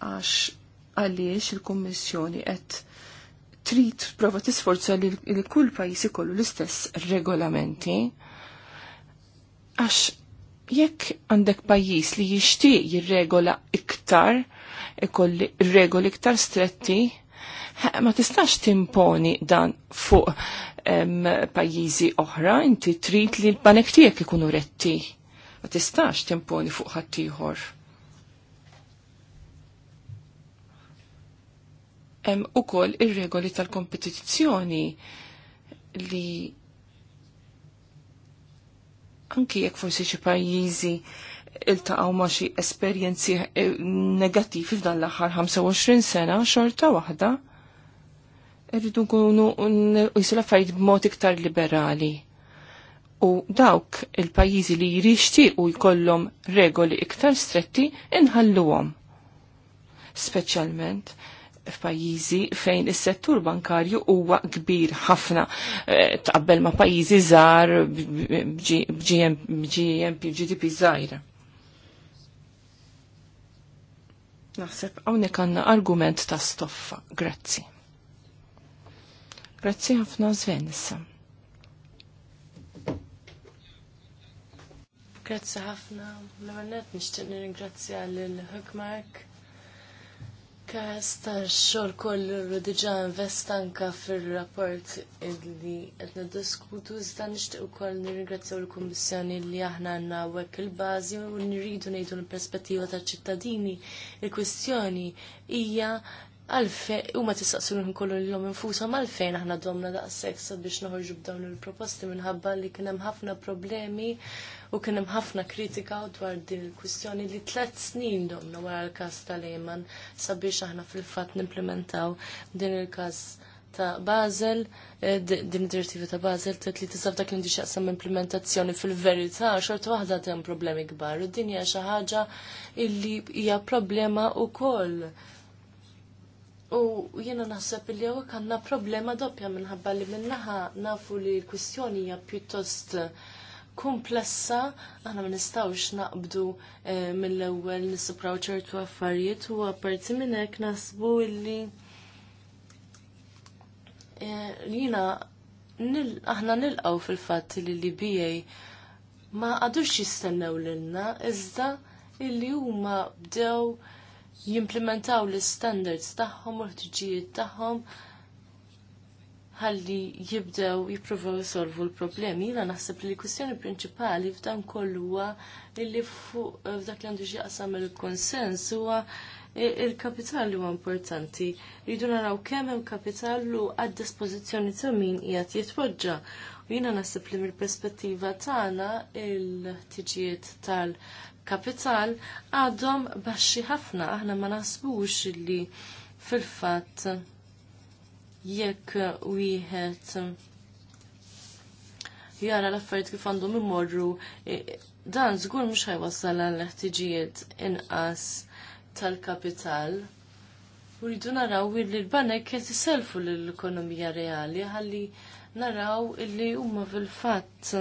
għax għaliex il-Kummissjoni qed trid prova tisforza li l-kull pajjiż ikollu l-istess regolamenti għax jekk għandek pajjiż li jixtieq jirregola iktar, ikolli regoli iktar stretti, ma tistax timponi dan fuq pajjiżi oħra, inti trid li l-banek tiegħek ikunu retti. Ma tistax timponi fuq ħaddieħor. hemm ukoll ir-regoli tal-kompetizzjoni li anki jekk forsi xi pajjiżi iltaqgħu ma' xi esperjenzi eh, negattivi f'dan l-aħħar 25 sena xorta waħda irridu nkunu jisir affarijiet b'mod iktar liberali. U dawk il-pajjiżi li u jkollhom regoli iktar stretti inħalluhom. Speċjalment f'pajjiżi fejn is-settur bankarju huwa kbir ħafna tqabbel ma' pajjiżi żgħar b'GMP GDP żgħira. Naħseb hawnhekk għandna argument ta' stoffa. Grazzi. Grazzi ħafna żven issa. Grazzi ħafna. L-għannet nishtiq nirringrazzja l-Hugmark Fil-kas ta' xol kollu rodiġa investanka fil-rapport li għedna diskutu zda nishtiq u koll nirigrazzaw l-Kommissjoni li aħna għanna għek il-bazi u nirridu nejdu l-perspettiva ta' ċittadini. Il-kwistjoni ija għalfejn huma tistaqsu lilhom kollu infusa, ma għalfejn aħna domna daqshekk sabiex noħorġu b'dawn il-proposti minħabba li kien hemm ħafna problemi u kien hemm ħafna kritika u dwar din il-kwistjoni li tliet snin domna wara l-każ ta' Lehman sabiex aħna fil-fatt nimplementaw din il-każ ta' Basel, eh, din id-direttiva ta' Basel, tet li tisab dak li xaqsam implementazzjoni fil-verità, xorta waħda tem problemi kbar, u din hija xi ħaġa illi hija problema wkoll U jiena naħseb li għu kanna problema doppja minħabba li minnaħa nafu li l-kwistjoni hija pjuttost komplessa, aħna ma nistawx naqbdu eh, mill-ewwel nisupraw ċertu affarijiet u apparti minn hekk naħsbu illi eh, jiena aħna nilqaw fil-fatt li l-BA ma għadux jistennew l-inna, iżda illi huma bdew jimplementaw l-standards tagħhom u l-ħtiġijiet tagħhom ħalli jibdew jippruvaw jisolvu l-problemi. Jiena naħseb li l-kwistjoni prinċipali f'dan kollu huwa li fuq eh, f'dak li għandu xieqsam il-konsens huwa il-kapital li huwa importanti. Rridu naraw kemm hemm kapital għad dispożizzjoni ta' min qiegħed jitpoġġa. U jiena naħseb li mill-perspettiva tagħna il-ħtiġijiet tal- kapital għadhom baxxi ħafna aħna ma naħsbux li fil-fatt jekk wieħed jara l-affarijiet kif għandhom imorru e, dan żgur mhux ħajwassal għal ħtiġijiet inqas tal-kapital. Uridu naraw li l-banek qed iselfu lill-ekonomija reali ħalli naraw illi huma fil-fatt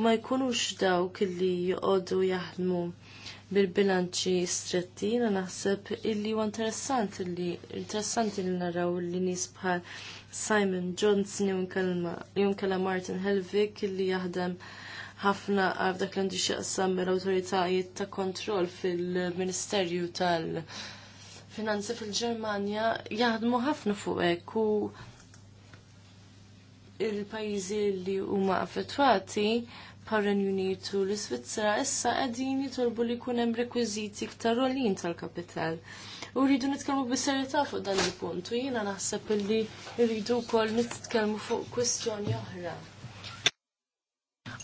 ma jkunux dawk li joqogħdu jaħdmu bil-bilanċi stretti, na naħseb illi huwa interessanti li interessanti li naraw li nies bħal Simon Johnson junkella Martin Helvig li jaħdem ħafna għaf dak l għandi xieqsam l-autoritajiet ta' kontroll fil-Ministerju tal-Finanzi fil-Germania jaħdmu ħafna fuqek u il-pajjiżi li huma affettwati parren renju Unitu u l-Svizzera issa qegħdin jitolbu li jkun hemm rekwiżiti rolin tal-kapital. U rridu b b'serjetà fuq dan il-punt u jiena naħseb illi rridu wkoll nitkellmu fuq kwestjoni oħra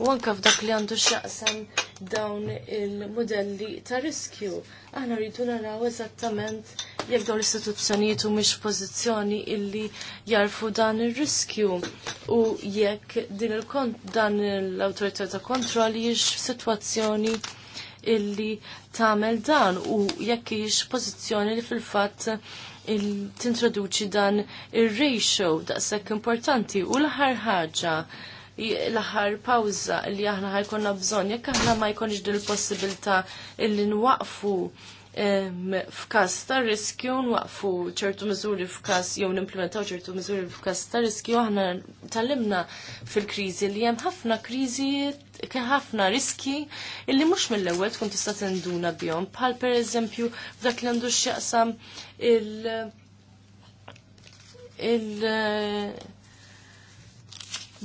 u anka f'dak li għandu xaqsam dawn il-modelli ta' riskju. Aħna rridu naraw eżattament jekk dawn l-istituzzjonijiet u mhix pożizzjoni illi jarfu dan ir-riskju u jekk din il dan l-awtorità ta' kontroll jiex sitwazzjoni illi tagħmel dan u jekk hiex pożizzjoni li fil-fatt tintroduċi dan ir-ratio daqshekk importanti u l-aħħar ħaġa l-aħħar pawza li aħna ħajkonna bżonn jekk aħna ma jkunx dil possibilità illi nwaqfu f'każ ta' riskju nwaqfu ċertu miżuri f'każ jew nimplementaw ċertu miżuri f'każ ta' riskju aħna tallimna fil-kriżi li hemm ħafna kriżi ħafna riski illi mhux mill-ewwel tkun tista' tenduna bihom bħal pereżempju f'dak li għandu x'jaqsam il- il-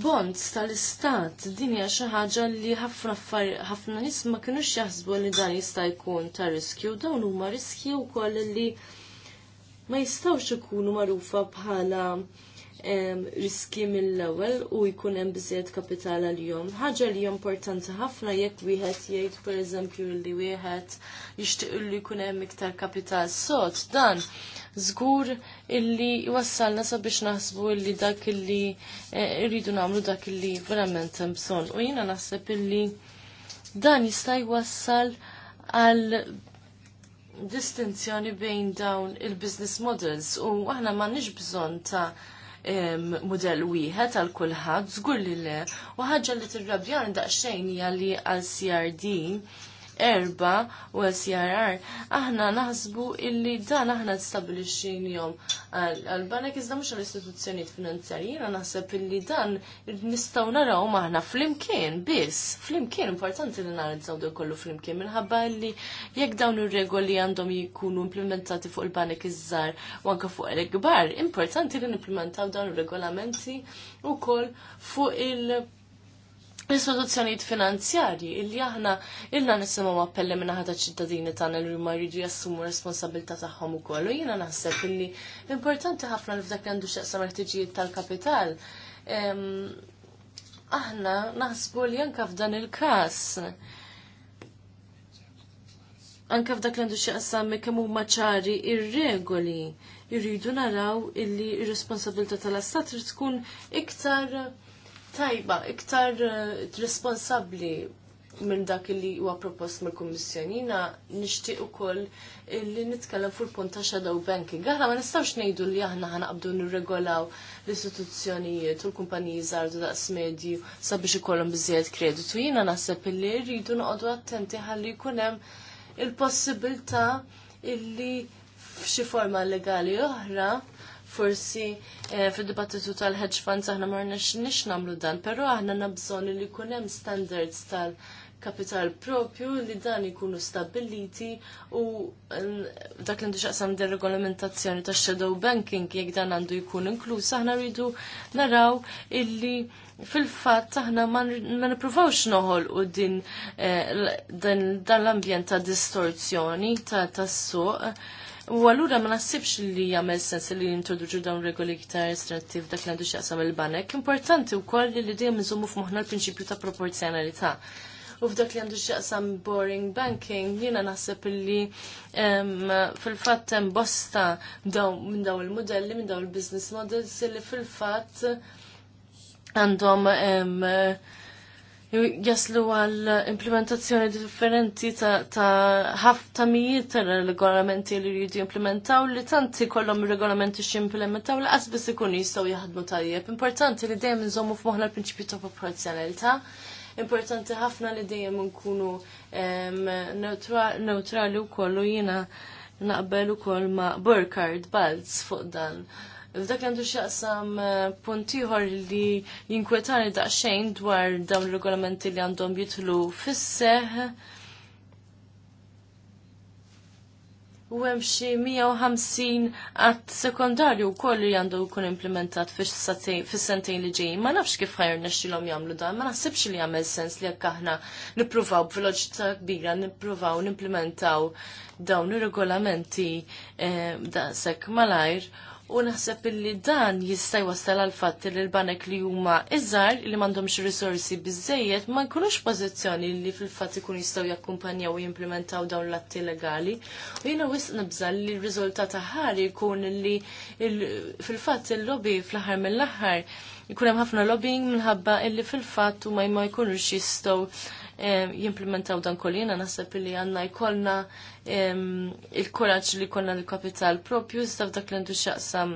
bonds tal-istat din hija xi ħaġa li ħafna ħafna nies ma kinux jaħsbu li dan jista' jkun ta' riskju dawn huma riskju wkoll li ma jistgħux ikunu magħrufa bħala riski mill-ewwel u jkun hemm biżejjed kapital għal-jom. Ħaġa li importanti ħafna jekk wieħed jgħid pereżempju li wieħed jixtieq li jkun hemm iktar kapital sod dan żgur illi wassalna sabiex naħsbu illi dak illi e, rridu nagħmlu dak illi verament hemm bżonn. U jiena naħseb illi dan jista' jwassal għal distinzjoni bejn dawn il-business models u aħna m'għandniex bżonn ta' model wieħed għal kulħadd żgur li le. U ħaġa li tirrabjan daqsxejn hija li għal CRD erba u SRR aħna naħsbu illi dan aħna nstabilixin jom għal-banek iżda mux għal-istituzzjoniet finanzjarji, jena naħseb illi dan nistaw naraw maħna flimkien, biss, flimkien, importanti li narizzaw do kollu flimkien, minħabba illi jekk dawn ir-regoli għandhom jikunu implementati fuq il-banek iż-żar u anka fuq il-gbar, importanti li nimplementaw dawn ir-regolamenti u koll fuq il- l istituzzjonijiet finanzjarji illi aħna illa nisimgħu appelli minn ħadd ċittadini tagħna li huma jridu jassumu responsabilità tagħhom ukoll u jiena naħseb illi importanti ħafna li f'dak li għandu x'jaqsam ħtiġijiet tal-kapital. Aħna naħsbu li anke f'dan il-każ anke f'dak li għandu x'jaqsam kemm huma ċari ir-regoli irridu naraw illi ir-responsabilità tal-istat tkun iktar tajba, iktar eh, responsabbli minn dak li huwa propost mill-Kummissjoni, nixtieq ukoll li nitkellem fuq il-punt ta' shadow banking. Aħna ma nistgħux ngħidu li aħna ħanqabdu nirregolaw l-istituzzjonijiet u l-kumpaniji żgħar daqs medju sabiex ikollhom biżjed kreditu. Jiena naħseb illi rridu noqogħdu attenti ħalli jkun hemm il-possibilità illi f'xi forma legali oħra forsi eh, fil-dibattitu tal-hedge funds aħna ma nix namlu dan, pero aħna nabżon li kunem standards tal-kapital propju li dan ikunu stabiliti u eh, dak li xaqsam din regolamentazzjoni ta' shadow banking jek dan għandu jkun inkluż aħna rridu naraw illi fil-fatt aħna ma nipruvawx noħol u eh, din dan l-ambjent ta' distorzjoni ta' tas-suq U allura ma nasibx li jagħmel sens li jintroduċu dawn regoli iktar estrattiv dak li għandu x'jaqsam il-banek. Importanti wkoll li dejjem nżommu f'moħħna l-prinċipju ta' proporzjonalità. U f'dak li għandu x'jaqsam boring banking, jiena naħseb li fil-fatt hemm bosta minn dawn il-modelli, minn dawn il-business models li fil-fatt għandhom jaslu għal implementazzjoni differenti ta' ħafta mijiet ta' regolamenti li jridu implementaw li tanti kollom regolamenti xie implementaw li biss ikunu jistaw jaħdmu tajjeb. Importanti li dejjem nżommu f'moħna l-prinċipju ta' proporzjonalità. Importanti ħafna li dejjem nkunu neutrali u kollu jina naqbel u koll ma' Burkard Balz fuq dan. Dak li għandu xaqsam eh, puntiħor li jinkwetani daqxejn dwar dawn regolamenti li għandhom jitlu fisseħ. U hemm xi 150 att sekondarju wkoll li għandu jkun implementat fis-sentejn li ġejjin. Ma nafx kif ħajr nexxilhom jagħmlu dan, ma naħsibx li jagħmel sens li jekk aħna nippruvaw b'veloċità kbira nippruvaw nimplementaw dawn ir-regolamenti eh, daqshekk malajr u naħseb illi dan jista' jwassal għal fatt li l-banek li huma iżgħar li m'għandhomx risorsi biżejjed ma jkunux pożizzjoni li fil-fatt ikun jistgħu jakkumpanjaw u jimplementaw dawn l-atti legali. U jiena wisq nibżal li r-riżultat ħari jkun li fil-fatt il-lobby fl-aħħar mill-aħħar jkun hemm ħafna lobbying minħabba illi fil-fatt huma ma jkunux jistgħu jimplementaw dan kollina naħseb li għanna jkollna il-kuraġġ li jkollna l-kapital propju iżda f'dak l-għandu xaqsam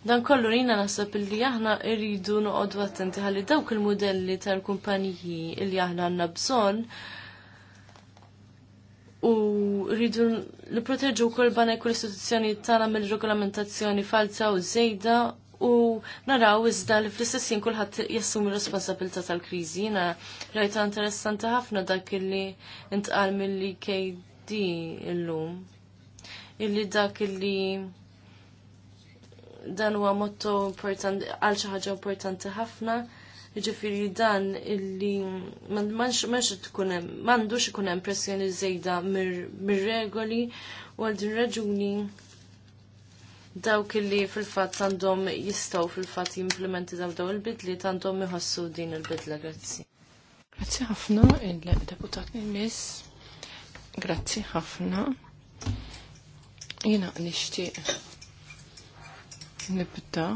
Dan kollu rina nasab illi aħna irridu noqodu attenti għalli dawk il-modelli tal-kumpaniji li aħna għanna bżon u rridu proteġu kol bana kol istituzzjoni tana mill-regolamentazzjoni falsa u zejda u naraw iżda li fl-istessin kulħadd ir responsabilità tal-kriżi. Jiena rajta interessanti ħafna dak illi intqal mill-KD illum. Illi dak illi dan huwa motto importanti għal xi ħaġa importanti ħafna. Ġifiri dan illi manx tkun hemm m'għandux ikun hemm pressjoni żejda mir-regoli u għal din raġuni dawk li fil-fatt għandhom jistgħu fil-fatt jimplementi daw daw il-bidli għandhom iħossu din il-bidla grazzi. Grazzi ħafna il-deputat miss. Grazzi ħafna. Jina nixtieq nibda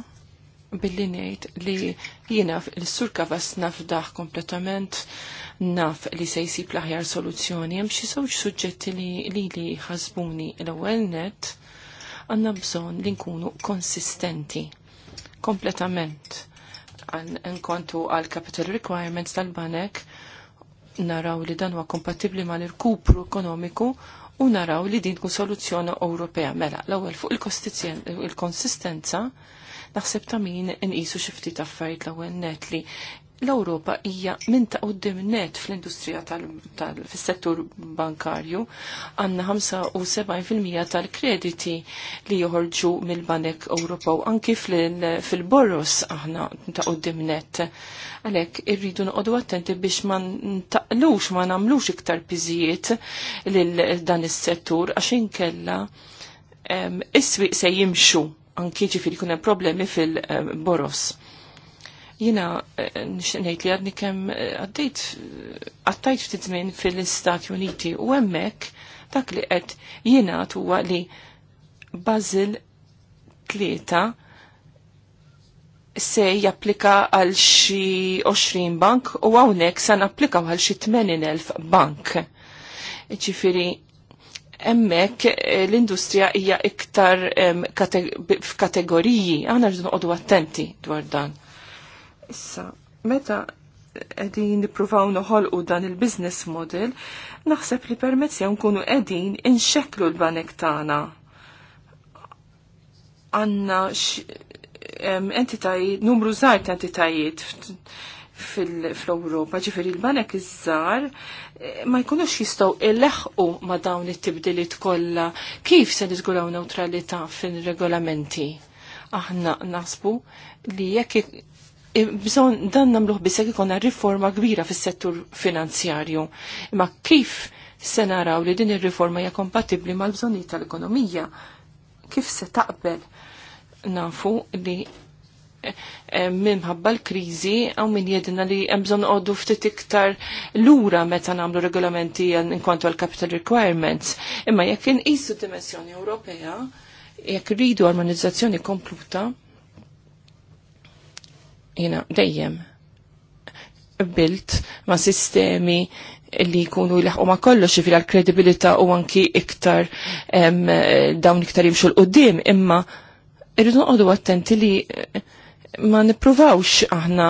billi ngħid li jina l-sur kavas naf daħ kompletament naf li se jsib l-aħjar soluzzjoni hemm xi suġġetti li li ħasbuni l-ewwel net għanna bżon li nkunu konsistenti kompletament nkontu għal capital requirements tal-banek naraw li dan huwa kompatibbli mal irkupru ekonomiku u naraw li din tkun soluzzjoni Ewropea. Mela, l-ewwel fuq il-konsistenza naħseb ta' min inqisu xi ftit affarijiet l-ewwel netli. li l-Ewropa hija minn ta' qudiem net fl-industrija tal-settur bankarju għandna 75% tal-krediti li joħorġu mill-Banek Ewropew anki fil-boros aħna ta' qudiem net. Għalhekk irridu noqogħdu attenti biex ma ntaqlux ma nagħmlux iktar piżijiet lil dan is-settur għax inkella is-swieq se jimxu anki ġifieri kun hemm problemi fil-boros. Jina eh, eh, nixnejt li għadni kem eh, għaddejt għattajt ftit żmien fil-Istati Uniti u hemmhekk dak li qed jina huwa li Basil tlieta se japplika għal xi 20 bank u hawnhekk se napplikaw għal xi 80,000 bank. Ġifieri emmek l-industrija hija iktar f'kategoriji, għana rridu noqogħdu attenti dwar dan. Issa, meta edin nipruvaw noħolqu dan il-business model, naħseb li permezz jew nkunu edin inxeklu l-banek tagħna. Għanna entitajiet, numru żgħar ta' entitajiet fil-Europa, ġifiri l-banek iż-żar, eh, ma jkunux jistaw il leħu ma dawn it-tibdilit kollha kif se niżguraw neutralita fil-regolamenti. Aħna nasbu li jekk bżon dan namluħ bisek ikonna riforma kbira fis-settur finanzjarju. Imma kif se naraw li din ir-riforma hija kompatibbli mal-bżonijiet tal-ekonomija? Kif se taqbel nafu li eh, eh, minħabba l-krizi għaw min jedina li għemżon għoddu ftit iktar l-ura meta namlu regolamenti inkontu għal-capital requirements. Imma jekk inqisu dimensjoni Ewropea, jekk rridu armonizzazzjoni kompluta, jina dejjem bilt ma' sistemi li jkunu jleħqu ma' kollox ġifir għal-kredibilita u anki iktar dawn iktar jimxu l-qoddim, imma irridu noqogħdu attenti li eh, ma nipruvawx aħna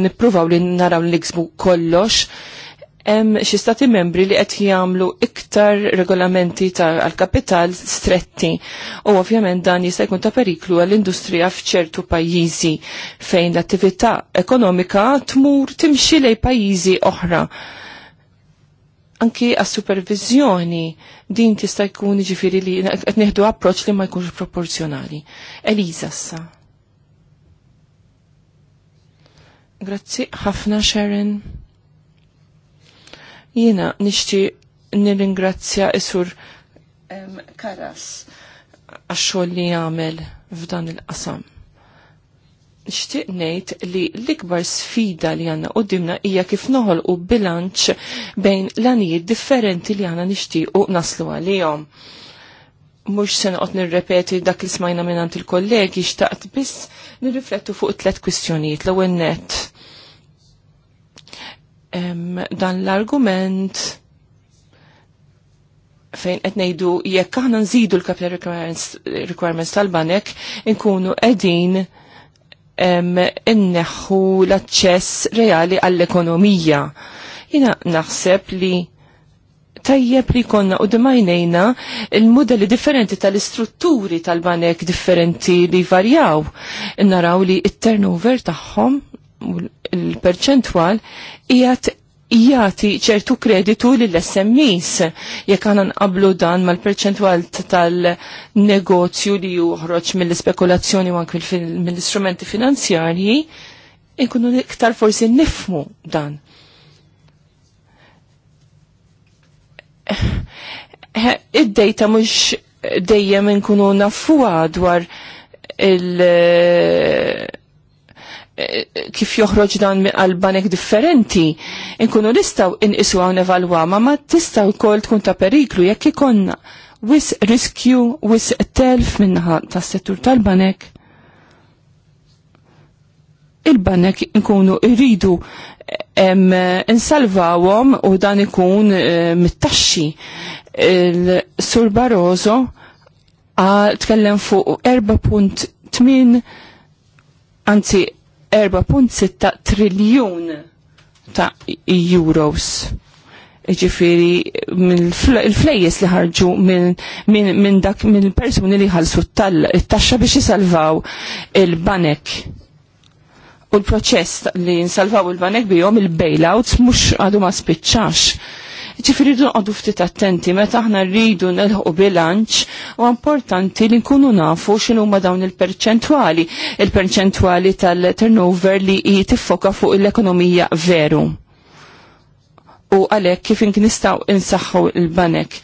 nippruvaw li naraw l ksbu kollox hemm xi stati membri li qed jagħmlu iktar regolamenti tal kapital stretti u ovvjament dan jista' jkun ta' periklu għall-industrija f'ċertu pajjiżi fejn l-attività ekonomika tmur timxi lej pajjiżi oħra. Anki għas supervizjoni din tista' jkun ġifiri li qed neħdu approċċ li ma jkunx proporzjonali. Eliza sa. Grazzi ħafna Sharon. Jiena nixtieq nirringrazzja isur Karas għax-xogħol li jagħmel f'dan il-qasam. Nixtieq ngħid li l-ikbar sfida li għandna dimna hija kif noħolqu bilanċ bejn l-anijiet differenti li għandna u naslu għalihom. Mhux se noqgħod nirrepeti dak li smajna minn il-kollegi xtaqt biss nirriflettu fuq tliet kwistjonijiet l-ewwel nett dan l-argument fejn qed ngħidu jekk aħna nżidu l-capital requirements, requirements tal-banek inkunu qegħdin inneħħu l-aċċess reali għall-ekonomija. Jina naħseb li tajjeb li konna u d-majnejna il-modelli differenti tal-istrutturi tal-banek differenti li varjaw. Naraw li il-turnover taħħom il perċentwal jgħat jgħati ċertu kreditu lill-SMEs jekk għana nqablu dan mal-perċentwal tal-negozju li juħroċ mill-ispekulazzjoni u anke mill-istrumenti finanzjarji inkunu iktar forsi nifmu dan. Id-dejta mhux dejjem inkunu nafuha dwar il- Eh, kif joħroġ dan għal-banek differenti, inkunu nistaw inqisu għaw nevalwa, ma ma tistaw kol tkun ta' periklu jekk ikonna wis riskju, wis telf minnaħa ta' settur tal-banek. Il-banek inkunu irridu insalvawom u dan ikun eh, mittaxxi Il-Sur Barroso għal tkellem fuq 4.8 anzi 4.6 triljun ta' euros ġifiri il-flejjes li ħarġu minn dak minn persuni li ħalsu tal-taxxa biex jisalvaw il-banek. U l-proċess li jinsalvaw il-banek bihom il-bailouts mhux għadu ma spiċċax Ġifiri għadu ftit attenti meta aħna rridu nelħu bilanċ u importanti li nkunu nafu xinu ma dawn il perċentuali il-perċentwali tal-turnover li tiffoka fuq l-ekonomija veru. U għalhekk kif nistaw nistgħu insaħħu banek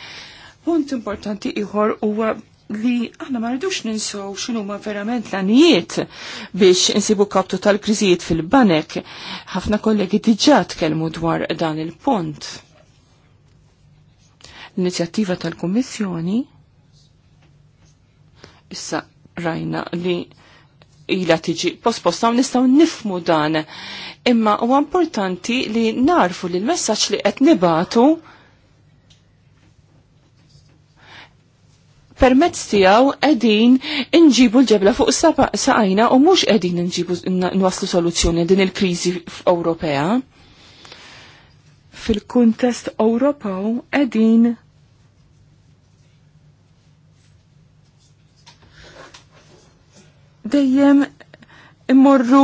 Punt importanti ieħor huwa li aħna ma rridux ninsow xinu ma verament l-anijiet biex insibu kaptu tal-kriżijiet fil-banek. Ħafna kollegi diġà tkellmu dwar dan il-punt. L-inizjattiva tal-Kummissjoni issa rajna li ila tiġi pospostaw nistaw nifmu dan. Imma u importanti li narfu li l-messaċ li qed nibatu permezz tiegħu qegħdin inġibu l-ġebla fuq saqajna u mhux qegħdin inġibu nwaslu soluzzjoni din il-kriżi Ewropea. Fil-kuntest Ewropew qegħdin dejjem immorru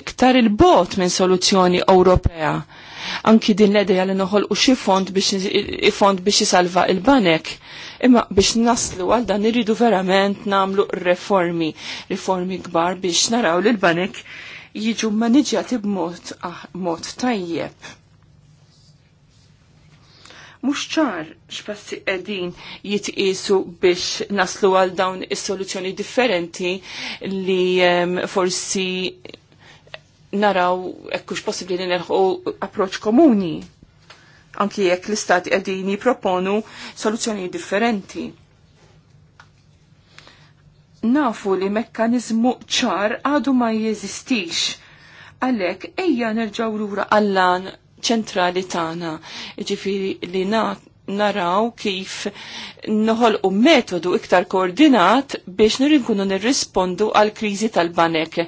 iktar il-bot minn soluzzjoni Ewropea. Anki din l edja li noħol u xi fond biex fond biex jisalva il-banek. Imma biex naslu għal dan irridu verament namlu reformi, reformi kbar biex naraw l-banek jiġu maniġjati b'mod ah, tajjeb Mux ċar x'passi qegħdin jitqisu biex naslu għal dawn is-soluzzjoni differenti li ehm, forsi naraw ekkux possibli li nerħu approċ komuni. Anki jekk l-istati qegħdin jipproponu soluzzjoni differenti. Nafu li mekkanizmu ċar għadu ma jeżistix. Għalek, ejja nerġaw lura għallan ċentrali tagħna. Ġifieri li naraw kif noħolqu metodu iktar koordinat biex nirinkunu nirrispondu għal kriżi tal-banek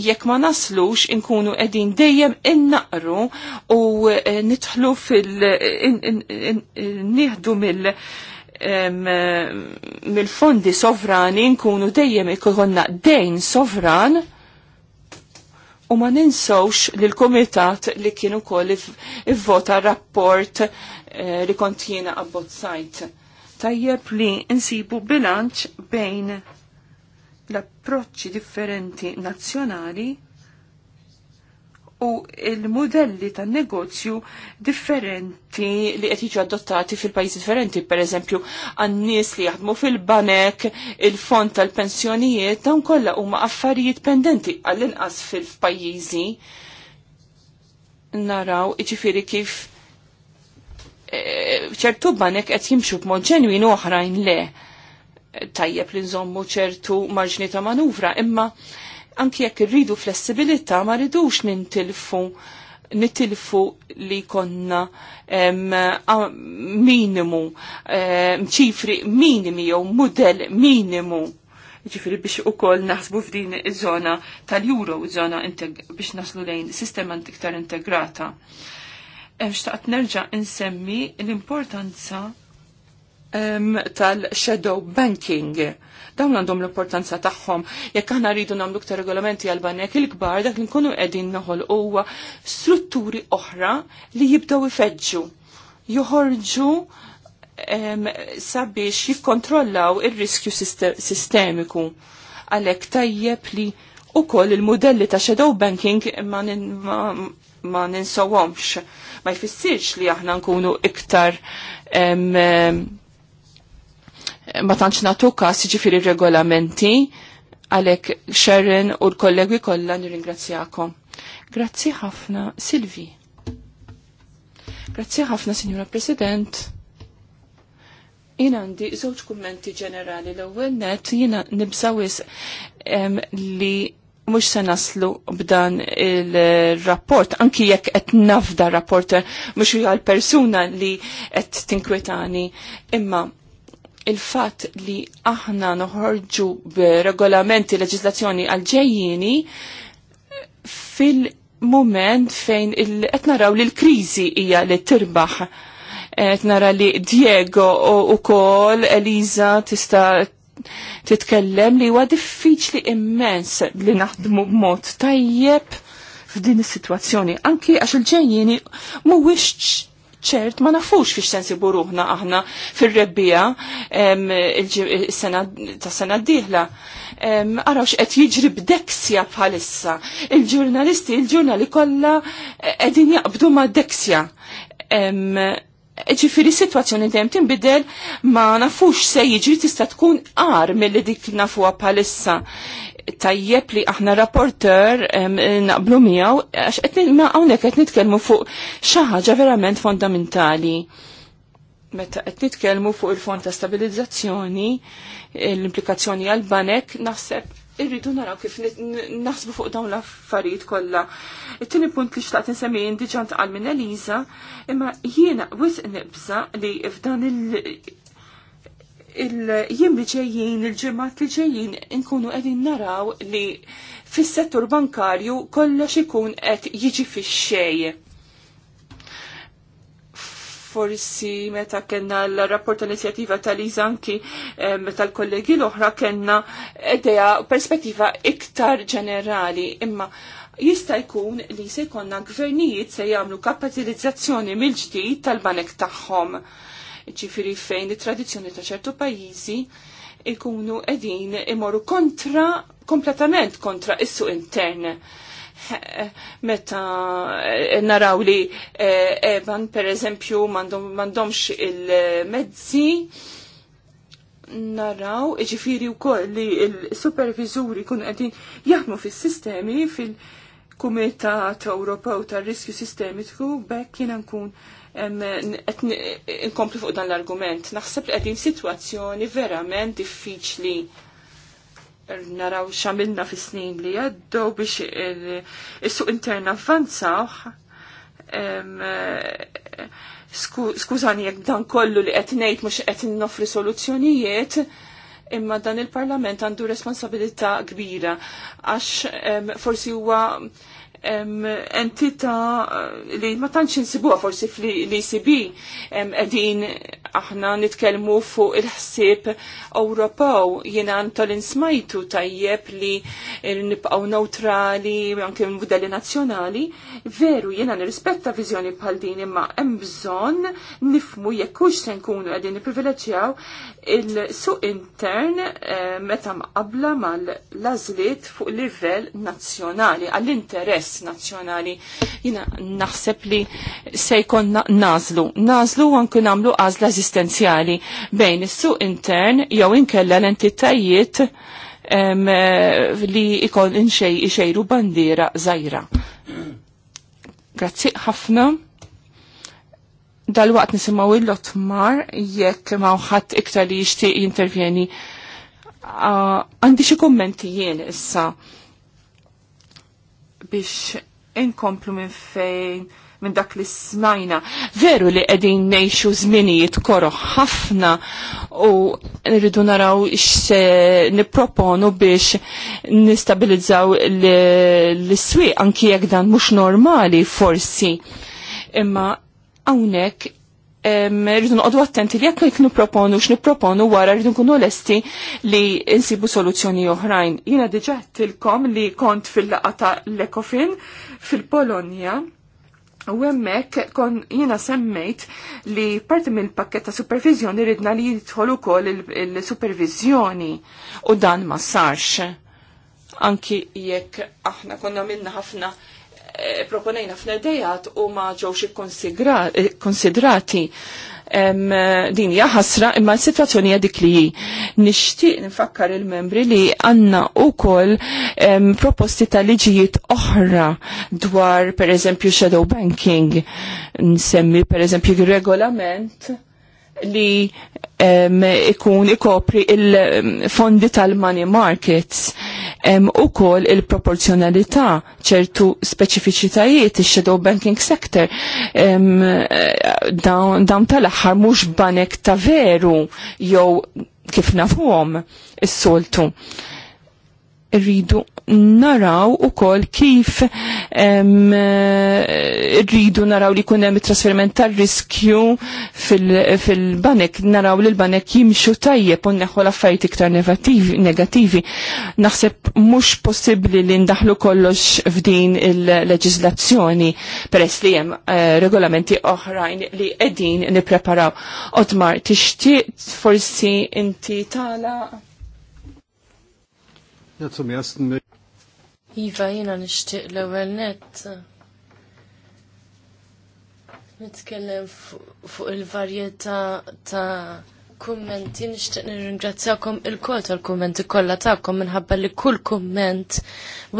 jekk ma naslux inkunu qegħdin dejjem innaqru u eh, nitħlu fil nieħdu mill mill-fondi sovrani nkunu dejjem ikollna dejn sovran U ma ninsawx li l-komitat eh, li kienu koll vota rapport li li kontjena sajt. Tajjeb li nsibu bilanċ bejn l-approċċi differenti nazzjonali u il-modelli tan negozju differenti li qed jiġu adottati fil-pajjiż differenti, pereżempju għan-nies li jaħdmu fil-banek, il-fond tal-pensjonijiet, dawn kollha huma affarijiet pendenti għall-inqas fil-pajjiżi. Naraw, iġifieri kif e, ċertu banek qed jimxu b'mod ġenwin oħrajn le tajjeb li nżommu ċertu marġni ta' manuvra, imma anki jekk irridu flessibilità ma rridux nintilfu nitilfu li konna em, minimu, ċifri minimi jew model minimu. Ġifiri biex u koll naħsbu f'din iż-żona tal juro iż-żona biex naslu lejn sistema iktar integrata. Mxtaqt nerġa' insemmi l-importanza tal-shadow banking dawn għandhom l-importanza tagħhom. Jekk aħna rridu nagħmlu ktar regolamenti għal banek il-kbar dak li nkunu qegħdin noħol huwa strutturi oħra li jibdew ifeġġu. Joħorġu sabiex jikkontrollaw ir-riskju sistemiku. Għalhekk tajjeb li ukoll il-modelli ta' shadow banking ma, ma ninsawhomx. Ma jfissirx li aħna nkunu iktar em, ma tantx nagħtu każ jiġifieri regolamenti għalhekk Sharon u l-kollegi kollha nirringrazzjakom. Grazzi ħafna, Silvi. Grazzi ħafna, Sinjura President. Jien għandi żewġ kummenti ġenerali l-ewwel net jiena nibżawis li mux se naslu b'dan il-rapport, anki jekk qed nafda rapporter mhux hija persuna li qed tinkwetani, imma il-fat li aħna noħorġu b'regolamenti leġislazzjoni għalġejjini fil-moment fejn qed naraw li l-kriżi hija li tirbaħ. Qed nara li Diego u kol Eliza tista' titkellem li huwa diffiċli immens li naħdmu b'mod tajjeb f'din is-sitwazzjoni, anki għax il-ġejjini mhuwiex ċert ma nafux fiex sensi buruħna aħna fil-rebbija il-sena ta' sena d-dihla. Għaraw xqed jiġri b'deksja bħalissa. Il-ġurnalisti, il-ġurnali kolla edin jaqbdu ma' deksja. Ġifiri situazzjoni dejjem tinbidel ma nafux se jiġri tista' tkun qar mill-li dik nafuha bħalissa tajjeb li aħna rapporter naqblu miegħu għax qed hawnhekk qed nitkellmu fuq xi ħaġa verament fondamentali. Meta qed nitkellmu fuq il-fond ta' stabilizzazzjoni, l-implikazzjoni għal banek naħseb irridu naraw kif naħsbu fuq dawn l-affarijiet kollha. It-tieni punt li xtaqt insemmi diġà ntqal minn Eliża, imma jiena wisq nibża li f'dan il- il-jiem li ġejjin, il-ġemat li ġejjin, inkunu għedin naraw li fis-settur bankarju kollox ikun qed jiġi fix-xej. Forsi meta kena l-rapport tal-inizjativa tal-Izanki eh, tal-kollegi l-oħra kena idea perspettiva iktar ġenerali, imma jista' jkun li se jkollna gvernijiet se jagħmlu kapitalizzazzjoni mill-ġdid tal-banek tagħhom ċifiri fejn it-tradizzjoni ta' ċertu pajjiżi ikunu edin imorru kontra, kompletament kontra issu intern. Meta eh, naraw li eh, Evan, per eżempju, mandomx il-mezzi, naraw, ġifiri u koll li il-supervizuri kun għedin jaħmu fil-sistemi, fil-Kumitat Ewropew tar riskju sistemiku, bekk jina nkun inkompli fuq dan l-argument. Naħseb li għedin sitwazzjoni verament diffiċli er, naraw xamilna fi snin li għaddu biex il-suq intern avvanzaw. Skużani jekk dan kollu li qed ngħid mhux qed noffri soluzzjonijiet, imma dan il-Parlament għandu responsabilità kbira għax forsi huwa entita eh, li ma tantx insibuha forsi fl-ECB qegħdin aħna nitkellmu fuq il-ħsieb Ewropew jiena l insmajtu tajjeb li nibqgħu neutrali anke mudelli nazzjonali, veru jiena nirrispetta viżjoni bħal din imma hemm bżonn nifmu jekk hux se nkunu qegħdin nipprivileġġjaw il-suq intern eh, meta mqabbla mal-lażliet fuq livell nazzjonali għall-interess interess nazzjonali. Jina naħseb li se nazlu. nażlu. Nażlu anke nagħmlu għażla eżistenzjali bejn is-suq intern jew inkella l-entitajiet li ikon inxej xejru bandiera żajra. Grazzi ħafna dal-waqt nisimaw il mar, jekk uħat iktar li jishtiq jintervjeni. Ah, għandi uh, xie kommenti jien issa biex inkomplu minn fejn minn dak li smajna. Veru li qegħdin ngħixu żminijiet koro ħafna u rridu naraw x'se nipproponu biex nistabilizzaw l swi anki jekk dan mhux normali forsi. Imma hawnhekk rridu nqodu attenti li jekk jekk nipproponu x'nipproponu wara rridu nkunu lesti li insibu soluzzjoni oħrajn. Jiena diġà tilkom li kont fil-laqgħa ta' l-Ekofin fil-Polonja U hemmhekk kon jiena semmejt li parti mill-pakket ta' supervizjoni ridna li jidħol ukoll il-supervizjoni u dan ma sarx. Anki jekk aħna konna minna ħafna Eh, proponejna f'nedejat u ma ġewx eh, konsidrati eh, din hija ħasra imma s-sitwazzjoni hija dik li nixtieq nfakkar il-membri li għandna wkoll proposti ta' liġijiet oħra dwar pereżempju shadow banking nsemmi pereżempju regolament li um, ikun ikopri il-fondi tal-money markets um, u kol il-proporzjonalità ċertu speċifiċitajiet il-shadow banking sector um, dawn da tal axar mux banek ta' veru jew kif nafuhom is-soltu rridu naraw u kol kif eh, rridu naraw li kunem trasferiment tar riskju fil-banek, fil naraw li l-banek jimxu tajjeb u neħu laffajt iktar negativi. Naħseb mux possibli li ndaħlu kollox f'din il-leġizlazzjoni peress li jem eh, regolamenti oħrajn li edin nipreparaw. Otmar, tixtieq forsi inti tala? Iva, jina nishtiq l-ewel net. Nitkellem fuq il-varjeta ta' kummenti nishtiq nirringrazzjakom il-kol tal-kummenti kollha tagħkom minħabba li kull kumment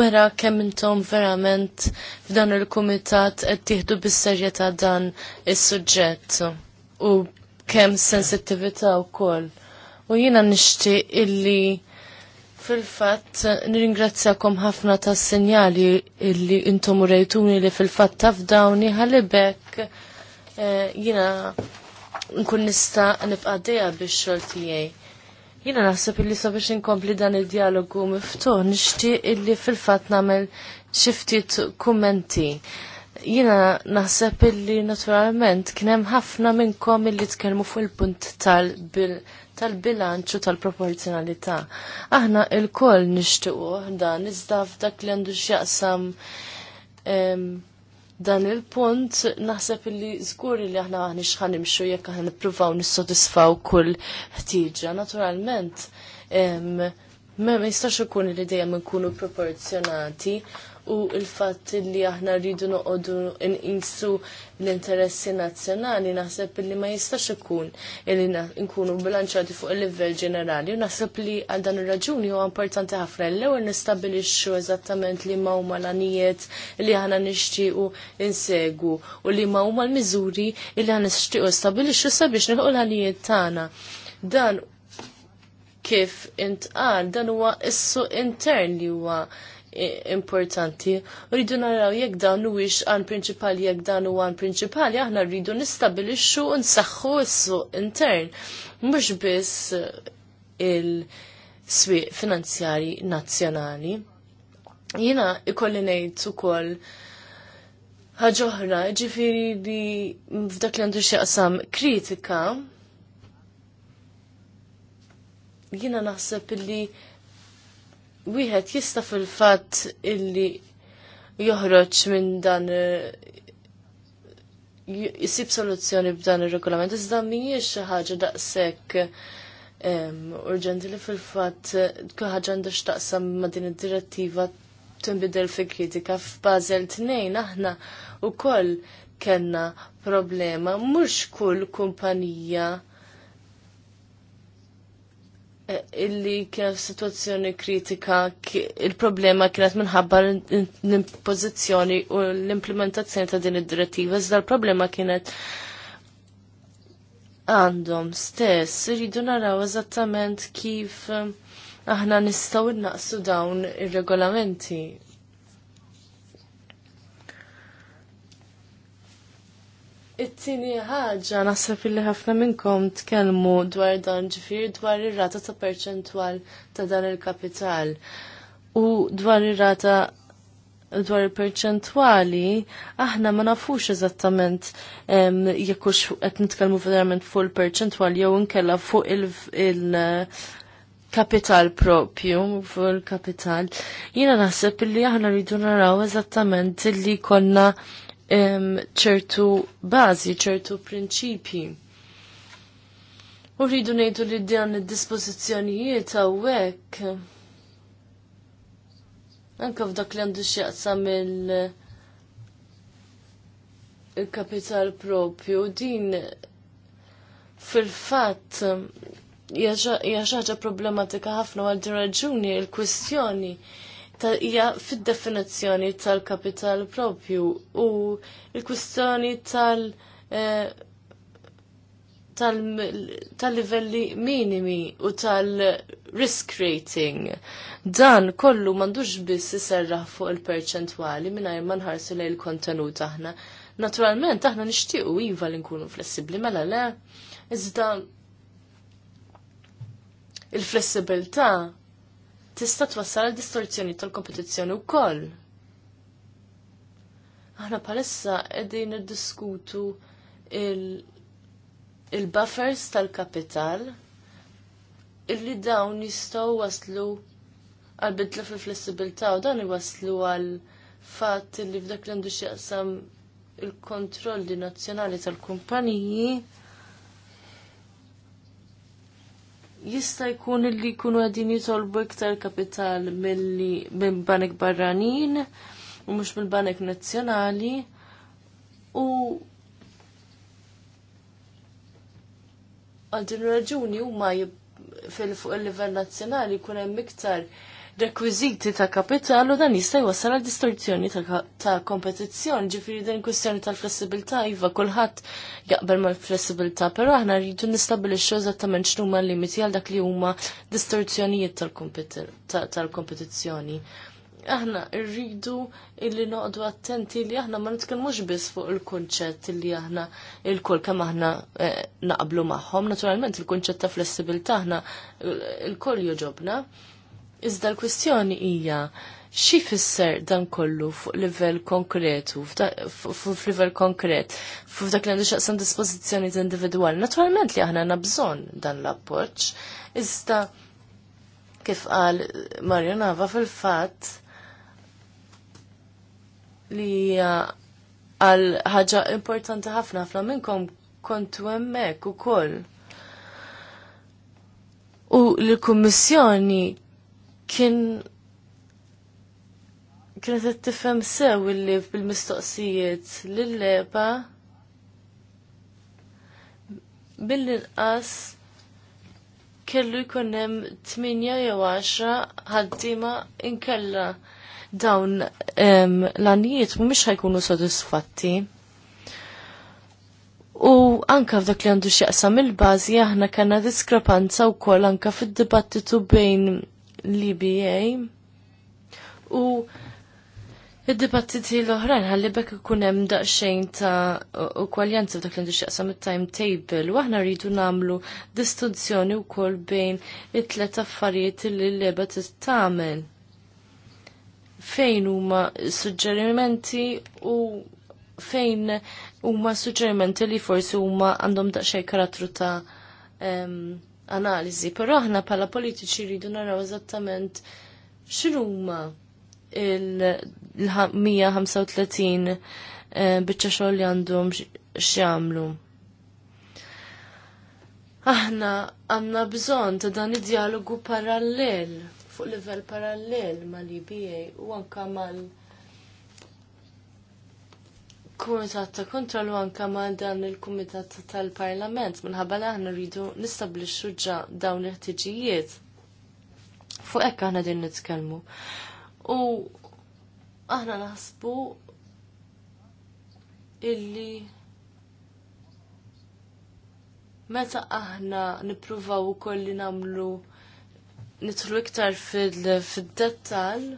wera kemm intom verament f'dan il-kumitat qed tieħdu bis-serjetà dan is-suġġett u kemm sensittività wkoll. U jiena nixtieq illi fil-fatt nirringrazzjakom ħafna tas sinjali illi intom urejtuni li fil-fatt tafdawni ħalibek ħalli eh, jina nkun nista nibqaddejja biex xogħol tiegħi. Jina naħseb illi sabiex inkompli dan id-dialogu miftuħ nishti illi fil-fatt nagħmel xi ftit kummenti. Jina naħseb illi naturalment kien hemm ħafna minnkom illi tkellmu fuq il-punt tal-bil tal-bilanċu tal-proporzjonalità. Aħna il-koll nixtiequ dan iżda f'dak li għandu x'jaqsam dan il-punt naħseb illi żgur li aħna għahni xħan nimxu jekk aħna nippruvaw nissodisfaw kull ħtieġa. Naturalment, ma jistax ikun li dejjem nkunu proporzjonati u il-fatt li aħna rridu noqogħdu inqisu l-interessi nazzjonali naħseb li ma jistax ikun illi nkunu bilanċati fuq il-livell ġenerali u naħseb li għal dan ir-raġuni huwa importanti ħafna l-ewwel nistabilixxu eżattament li ma huma l-anijiet li aħna nixtiequ insegu u li ma huma l-miżuri li aħna nixtiequ stabbilixxu sabiex nilqu l-anijiet tagħna. Dan kif intqal dan huwa issu intern li huwa importanti. Rridu naraw jekk dan huwiex għan prinċipali jekk dan huwa għan prinċipali aħna rridu nistabilixxu u nsaħħu s-suq intern. Mhux biss eh, il swiq finanzjari nazzjonali. Jiena ikolli ngħid ukoll ħaġoħra, ġifiri li f'dak li għandu xieqsam kritika, jina naħseb li wieħed jista' fil-fatt illi joħroġ minn dan eh, jisib soluzzjoni b'dan ir-regolament. Iżda mhijiex xi ħaġa daqshekk urġenti li fil-fatt eh, ħaġa għandha x'taqsam ma' din id-direttiva tinbidel fi kritika f'Bażel tnejn aħna wkoll kellna problema mhux kull kumpanija Eh, illi kienet situazzjoni kritika, il-problema kienet minħabba l-impozizjoni u l-implementazzjoni ta' din id-direttiva, iżda l-problema kienet għandhom stess, rridu naraw eżattament kif eh, aħna nistaw innaqsu dawn ir-regolamenti It-tini ħaġa naħseb illi ħafna minnkom tkellmu dwar dan ġifir dwar ir-rata ta' perċentwal ta' dan il-kapital. U dwar ir-rata dwar il-perċentwali, aħna ma nafux eżattament jekkux qed nitkellmu verament fuq il-perċentwal jew inkella fuq il-kapital propju, fuq il-kapital. Jiena naħseb illi aħna rridu naraw eżattament illi konna ċertu bażi, ċertu prinċipji. U rridu ngħidu li d-dijan id-dispożizzjonijiet għawek. anke f'dak li għandu xieqsa mill il-kapital propju din fil-fatt hija xi ħaġa problematika ħafna għal din raġuni l-kwistjoni ija fid-definizzjoni tal-kapital propju u l-kwistjoni eh, tal- tal-livelli minimi u tal-risk rating. Dan kollu mandux biss iserraħ fuq il-perċentwali minn ma nħarsu lej il-kontenut aħna. Naturalment aħna nixtiequ iva li nkunu flessibli mela le. Iżda il flessibilta tista' twassal distorzjoni tal-kompetizzjoni wkoll. Aħna palissa qegħdin il-buffers il tal-kapital illi dawn jistgħu waslu għal bidla fil flessibilta u dan waslu għal fatt li f'dak l-għandu xieqsam il-kontrolli nazzjonali tal-kumpaniji jista' jkun li jkunu qegħdin jitolbu iktar kapital mill minn banek barranin u mhux mill-banek nazzjonali u għal din raġuni huma fil fuq il-livell nazzjonali jkun hemm iktar rekwiziti ta' kapitalu dan jista' jwassal għal distorzjoni ta', kompetizzjoni, ġifieri din kwistjoni tal-flessibilità iva kulħadd jaqbel mal-flessibilità, però aħna rridu nistabilixxu eżattament x'numa l-limiti għal dak li huma distorzjonijiet tal-kompetizzjoni. Aħna rridu illi noqdu attenti li aħna ma nitkellmux biss fuq il-kunċett li aħna il-kull kemm aħna eh, naqblu magħhom, naturalment il-kunċett ta' flessibilità aħna il kull joġobna Iżda l-kwistjoni hija xi fisser dan kollu fuq livell konkretu, fuq livell konkret, fuq dak li għandu xaqsan dispożizzjoni individwali. Naturalment li aħna għandna bżonn dan l-appoġġ, iżda kif qal Mario Nava fil-fatt li għal ħaġa importanti ħafna ħafna minnkom kontu hemmhekk ukoll. U l-Kummissjoni kien kienet qed tifhem sew illi bil-mistoqsijiet lill-leba bil-inqas kellu jkun hemm 8 jew 10 ħaddiema inkella dawn l-għanijiet mhumiex ħajkunu sodisfatti. U anka f'dak li għandu x'jaqsam il-bażi aħna kellna diskrepanza wkoll anka fid-dibattitu bejn l-IBA u Id-dibattiti l-oħrajn ħalli bekk ikun hemm daqsxejn ta' ukwaljanza f'dak li ndixxaqsam it-timetable u aħna rridu nagħmlu distinzjoni wkoll bejn it-tlet affarijiet li l-leba tagħmel. Fejn huma suġġerimenti u fejn huma suġġerimenti li forsi huma għandhom daqsxejn karattru ta' analiżi, però aħna bħala politiċi rridu naraw eżattament x'ruma il-135 bieċa xogħol li għandhom xiamlu. Aħna għandna bżonn ta' dan id-dialogu parallel fuq livell parallel mal-IBA u anka mal-, kumitat ta' kontrollu anka ma' dan il-kumitat tal-parlament minħabba li aħna rridu nistabliċu ġa dawn il-ħtiġijiet. Fuq hekk aħna din nitkellmu. U aħna naħsbu illi meta aħna nippruvaw ukoll li nagħmlu nidħlu iktar fid-dettall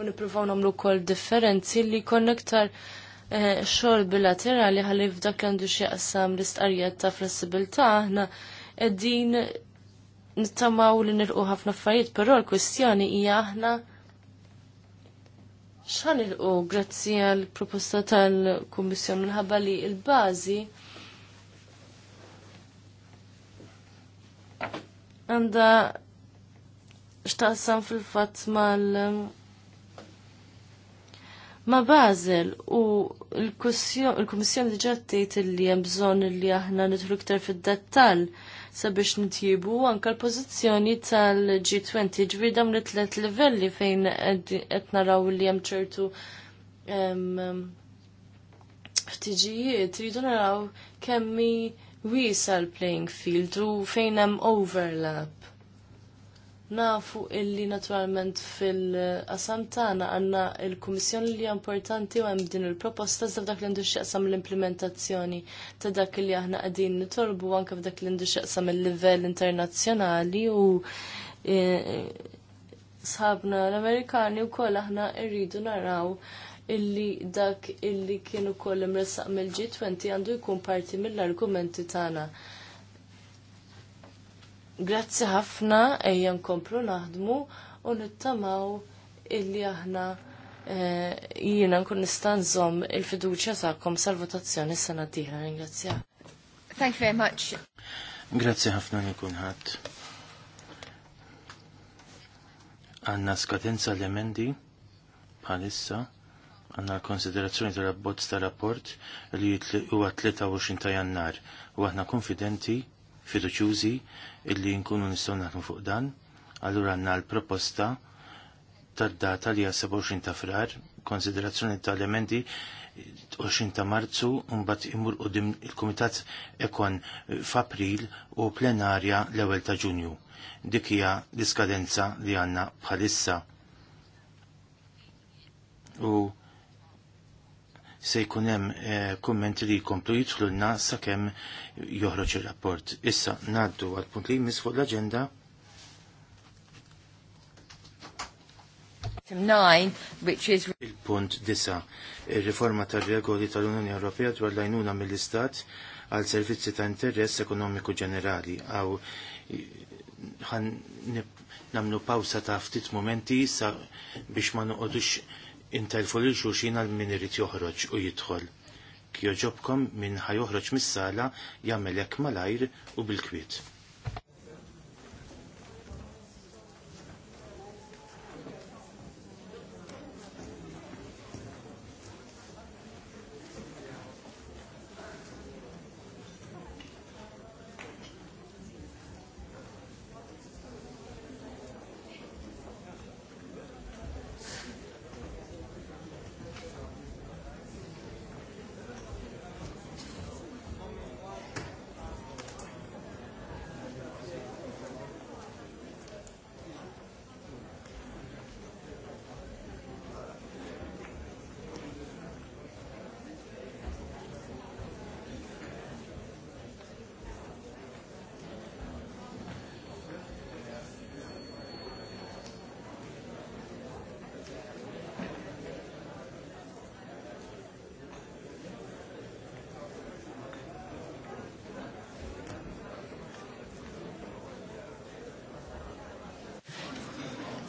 u nippruvaw nagħmlu wkoll differenzi li jkollna iktar Eh, xogħol bilaterali ħalli f'dak għandu x'jaqsam l istqarijiet ta' flessibilità aħna qegħdin nittamaw li nirqu ħafna affarijiet, però l-kwestjoni hija aħna xan nirqu grazzi għal-proposta tal-Kommissjon minħabba li il-bazi għanda xtaqsam fil-fat mal- ma' Basel u l-Kummissjoni diġà tgħid li hemm bżonn li aħna nidħlu iktar fid-dettall sabiex nitjibu anke l-pożizzjoni tal-G20 ġbir dawn it-tliet livelli fejn qed naraw li hemm ċertu ftiġijiet rridu naraw kemmi wiesa l-playing field u fejn hemm overlap Nafu illi naturalment fil-qasam tagħna għandna l-Kummissjoni li importanti u hemm din il-proposta iżda f'dak li għandu x'jaqsam l-implementazzjoni ta' dak li aħna qegħdin nitolbu anke f'dak li għandu x'jaqsam il-livell internazzjonali u e, sħabna l-Amerikani wkoll aħna rridu naraw illi dak illi kienu koll imressaq mill-G20 għandu jkun parti mill-argumenti tagħna. Grazzi ħafna ejja nkomplu naħdmu u nittamaw illi aħna eh, jiena nkun nista' nżomm il-fiduċja tagħkom sal-votazzjoni s-sena d-dieħla. Ringrazzja. Thank you very much. Grazzi ħafna li kulħadd. Għanna skadenza l-emendi bħalissa għanna l-konsiderazzjoni tal-abbozz tal-rapport li huwa 23 ta' jannar u aħna konfidenti fiduċjużi illi nkunu nistgħu naħdmu fuq dan. Allura għandna l-proposta tad-data li għas 27 ta' frar, konsiderazzjoni ta' elementi 20 ta' marzu, mbagħad imur qudiem il-Kumitat Ekon f'April u plenarja l-ewwel ta' Ġunju. Dik hija l-iskadenza li għandna bħalissa. U se jkun hemm eh, kummenti li jkomplu jidħlu lna sakemm joħroġ ir-rapport. Issa ngħaddu għal punt li jmiss fuq l-aġenda. Il-punt disa, il-riforma tal-regoli tal-Unjoni Ewropea dwar l-għajnuna mill-Istat għal servizzi ta' interess ekonomiku ġenerali. Għaw, namlu pawsa ta' ftit momenti sa biex ma noqodux intelfu lil xulxin għal min irid joħroġ u jidħol. Kjoġobkom minn ħajoħroġ mis-sala jagħmel hekk malajr u bil-kwiet.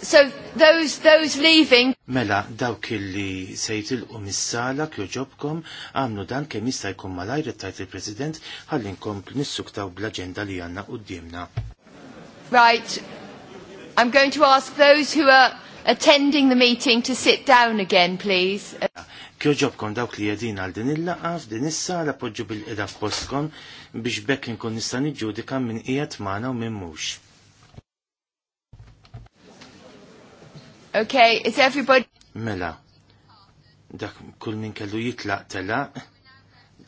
So those, those leaving. Mela, dawk illi jitilqu mis-sala ġobkom għamlu dan kemm jista' jkun malajr tajt il-President ħalli nkomplu nissuktaw bl-aġenda li għandna qudiemna. Right. I'm going to ask those who are attending the meeting to sit down again, please. ġobkom dawk li jedin għal din il-laqaf, din is-sala poġġu bil-qeda f'postkom biex bekk nkun nista' niġġudika minn qiegħed magħna u minn mhux. Okay, it's everybody. Mela, dak kull min kellu jitlaq tela,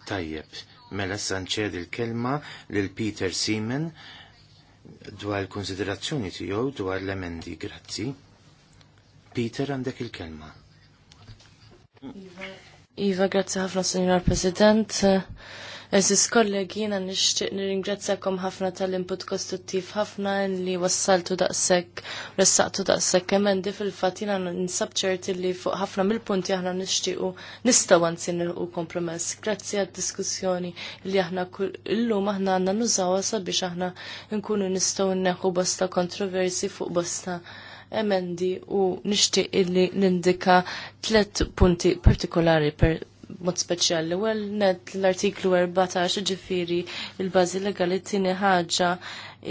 tajjeb. Mela sanċed il-kelma lil Peter Seaman dwar il-konsiderazzjoni tiegħu dwar l-emendi, grazzi. Peter għandek il-kelma. Iva, grazzi ħafna, Signor President. Eżis kollegi, jena nishtiq nirringrazzakom ħafna tal-input kostruttiv ħafna li wassaltu daqsek, ressaqtu daqsek emendi fil-fat jena nsab ċerti li fuq ħafna mill-punti aħna u nistaw għanzi u kompromess. Grazzi għad-diskussjoni li aħna illum aħna għanna nużawa sabiex aħna nkunu nistaw neħu bosta kontroversi fuq bosta emendi u nishtiq illi nindika tlet punti partikolari per mod speċjali. Well, net l-artiklu 14 ġifiri il-bazi legali t-tini ħagġa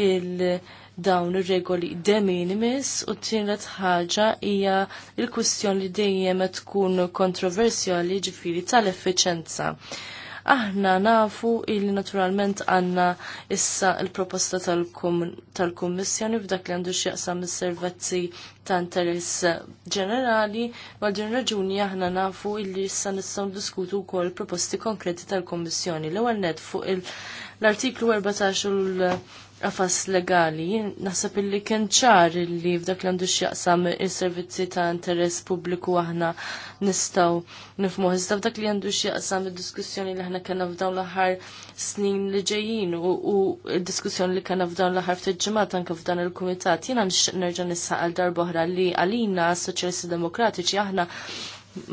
il-dawn il-regoli de minimis u t-tini ħagġa hija il kustjon li dejjem tkun kontroversjali ġifiri tal-effiċenza. Aħna nafu illi naturalment għanna issa il-proposta tal-Kummissjoni f'dak li għandu xieqsam il-servezzi ta' interess ġenerali, ma' din raġuni aħna nafu illi issa nistgħu diskutu wkoll proposti konkreti tal-Kummissjoni. L-ewwel fuq l-artiklu 14 l għafas legali, naħseb illi kien ċar illi f'dak li għandu x'jaqsam is-servizzi ta' interess pubbliku aħna nistgħu nifmu. Iżda f'dak li għandu x'jaqsam id-diskussjoni li aħna kena f'dawn l-aħħar snin li ġejjin u d-diskussjoni li kena f'dawn l-aħħar ftit ġimgħat anke f'dan il-kumitat jiena nixtieq nerġa' nissaqal darba oħra li għalina s-Soċjalisti Demokratiċi aħna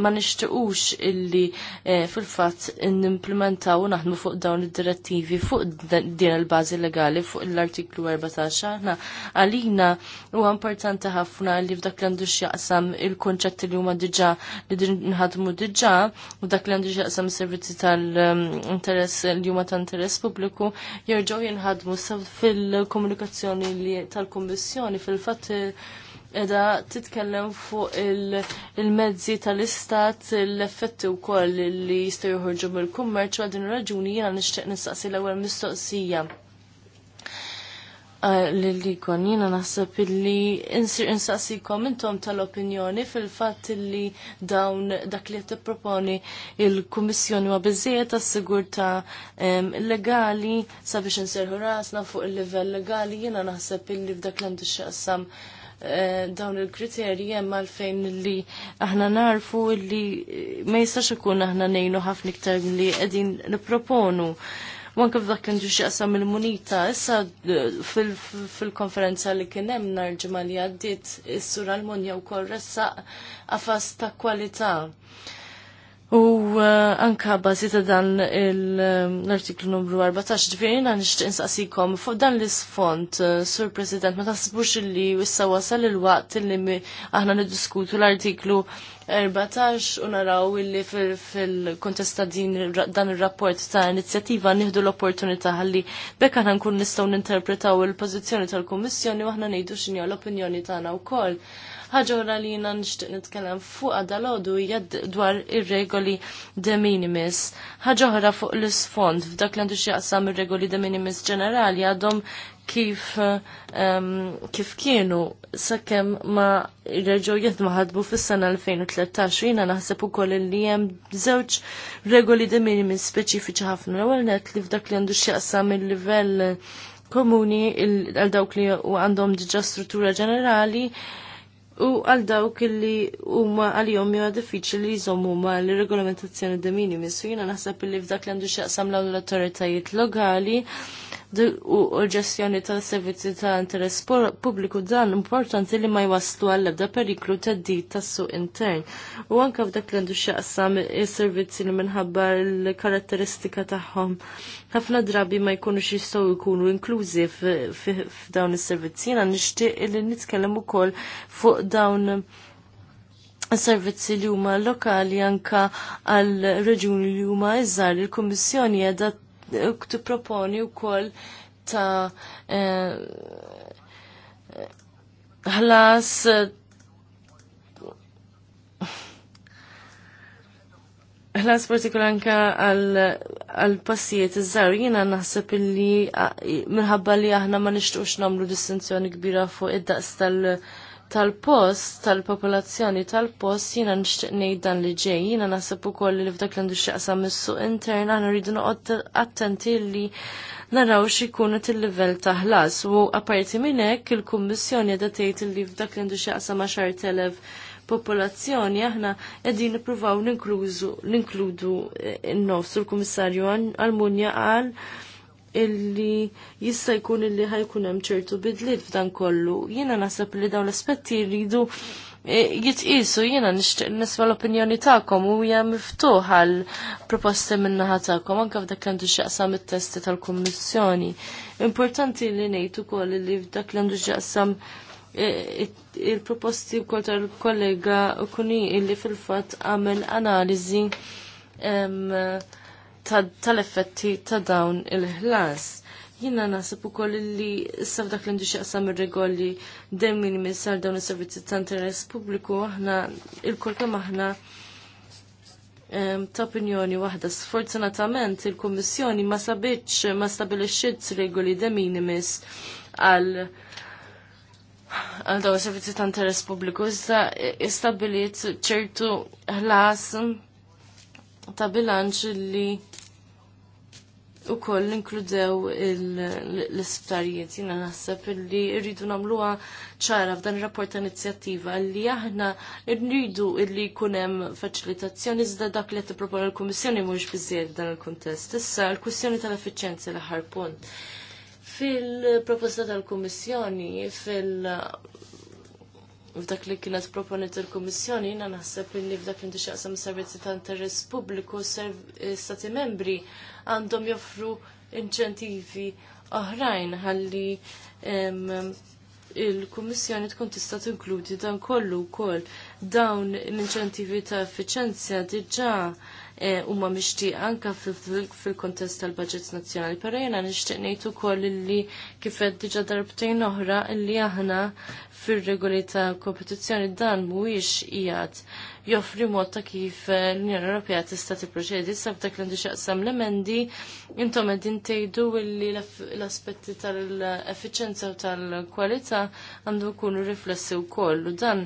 ma nixtiqux illi eh, fil-fatt n-implementaw naħdmu fuq dawn id-direttivi fuq din il-bazi legali fuq l-artiklu 14 aħna għalina huwa importanti ħafna li f'dak li għandu x'jaqsam il konċett li huma diġà li nħadmu diġà u dak li għandu x'jaqsam servizzi tal-interess li huma ta' interess pubbliku jerġgħu jinħadmu fil-komunikazzjoni tal-Kummissjoni fil-fatt edha titkellem fuq il-mezzi tal-istat l-effetti u koll li jistaw joħorġu mill-kummerċ għal din raġuni jena nishtiq nistaqsi l-ewwel mistoqsija. Ah, Lili kon jena naħseb illi insir insaqsikom intom tal-opinjoni fil-fatt illi dawn dak li proponi il-Kummissjoni wa biżejjed tas-sigurtà legali sabiex insirħu rasna fuq il-livell legali jena naħseb illi f'dak l-għandu xaqsam Eh, dawn il-kriterji hemm għalfejn li aħna narfu li eh, ma jistax ikun aħna nejnu ħafna iktar li qegħdin nipproponu. Wanka f'dak kien ġuxi qasam il-munita, issa eh, fil-konferenza li kien hemm nhar ġimgħa li għaddiet is-sur Almonja wkoll ressaq qafas ta' kwalità. U uh, anka bazi ta' dan um, l-artiklu numru 14, na' nishtiq insaqsikom fuq dan l-isfont, uh, Sur President, ma tasbux li wissa wasal il-waqt li aħna niddiskutu l-artiklu 14 u naraw illi fil-kontesta din dan il-rapport ta' inizjattiva nieħdu l-opportunità għalli bekk aħna nkun nistgħu ninterpretaw il-pożizzjoni tal-Kummissjoni u aħna ngħidu x'inhi l-opinjoni tagħna wkoll. Ħaġa oħra li jiena nixtieq nitkellem dal dalodu hija dwar ir-regoli de minimis. Ħaġa oħra fuq l-isfond f'dak li għandu x'jaqsam ir-regoli de minimis ġenerali għadhom kif um, kif kienu sakemm ma reġgħu jitma ħadbu fis-sena 2013 jiena naħseb ukoll li hemm żewġ regoli de minimis speċifiċi ħafna l-ewwel net li f'dak li għandu x'jaqsam il-livell komuni għal dawk li għandhom diġà struttura ġenerali U għal dawk li huma għal jew diffiċli jżommu ma l-regolamentazzjoni de minimis. su jiena naħseb li f'dak li għandu x'jaqsam l-autoritajiet lokali u l-ġestjoni tal-servizzi ta' interess pubbliku dan importanti li ma jwaslu għall-ebda periklu ta' di tas suq intern. U anka f'dak li għandu xaqsam il-servizzi li minħabba l-karatteristika tagħhom ħafna drabi ma jkunux jistgħu jkunu inklużi f'dawn is-servizzi. Jiena nixtieq li nitkellem ukoll fuq dawn servizzi li huma lokali anka għal reġuni li huma iżgħar il-Kummissjoni qiegħda proponi u wkoll ta' eh, ħlas ħlas partikolar anka għal passijiet iż-żar jiena naħseb illi minħabba li aħna ma nixtuqx nagħmlu distinzjoni kbira fuq id-daqs tal- tal-post, tal-popolazzjoni tal-post, jina nixtieq ngħid dan li ġej, jina naħseb ukoll li f'dak l-għandu xieqsa missu intern, aħna rridu noqgħod attenti li naraw xikunet il-livell ta' ħlas. U apparti minn hekk il-kummissjoni qiegħda tgħid li f'dak li għandu xieqsa ma' xar telef popolazzjoni aħna qegħdin nippruvaw ninkludu n-nofs l kummissarju Munja qal illi jista' jkun illi ħajkun hemm ċertu bidliet f'dan kollu. Jiena naħseb li dawn l-aspetti jridu e, jitqisu jiena nixtieq nisma' l-opinjoni tagħkom u hija miftuħ għal proposti min-naħa tagħkom anke f'dak li għandu x'jaqsam it-testi tal-Kummissjoni. Importanti li ngħid ukoll li f'dak li għandu x'jaqsam e, il-proposti wkoll tal-kollega kuni illi fil-fatt għamel analiżi tal-effetti ta' dawn il-ħlas. Jina nasib ukoll li s dak l indu xaqsam ir-regoli dem minimis għal dawn is-servizzi ta' interess pubbliku aħna il-kol kam aħna ta' opinjoni waħda. Sfortunatament il-Kummissjoni ma sabiċ ma stabilixxiet regoli de minimis għal għal daw servizzi ta' interess pubbliku. Issa istabiliet ċertu ħlas ta' bilanċ li u koll inkludew l-isptarijiet. Jina naħseb li rridu namluwa ċara f'dan rapport ta' inizjattiva li aħna rridu illi kunem faċilitazzjoni iżda dak li t-propone l-Komissjoni mux bizzjed dan il-kontest. Issa, l kwestjoni tal-efficienzi l-ħar punt. Fil-proposta tal-Komissjoni, fil-, -proposta tal komissjoni fil f'dak li kienet proponiet il-Kummissjoni, jina naħseb li f'dak li xaqsam servizzi ta' interess pubbliku eh, stati membri għandhom joffru inċentivi oħrajn għalli il-Kummissjoni tkun tista' tinkludi dan kollu wkoll dawn l-inċentivi ta' effiċenzja diġà eh, huma mixtieq anke fil-kontest tal-budget nazzjonali. Però jiena nixtieq ngħid ukoll li kif qed diġà darbtejn oħra li aħna fir-regoli ta' kompetizzjoni dan mhuwiex qiegħed joffri mod ta' kif eh, l-Unjoni Ewropea tista' tipproċedi sa f'dak li xaqsam l-emendi intom qegħdin tgħidu li l-aspetti tal-effiċenza u tal-kwalità għandu jkunu riflessi wkoll u dan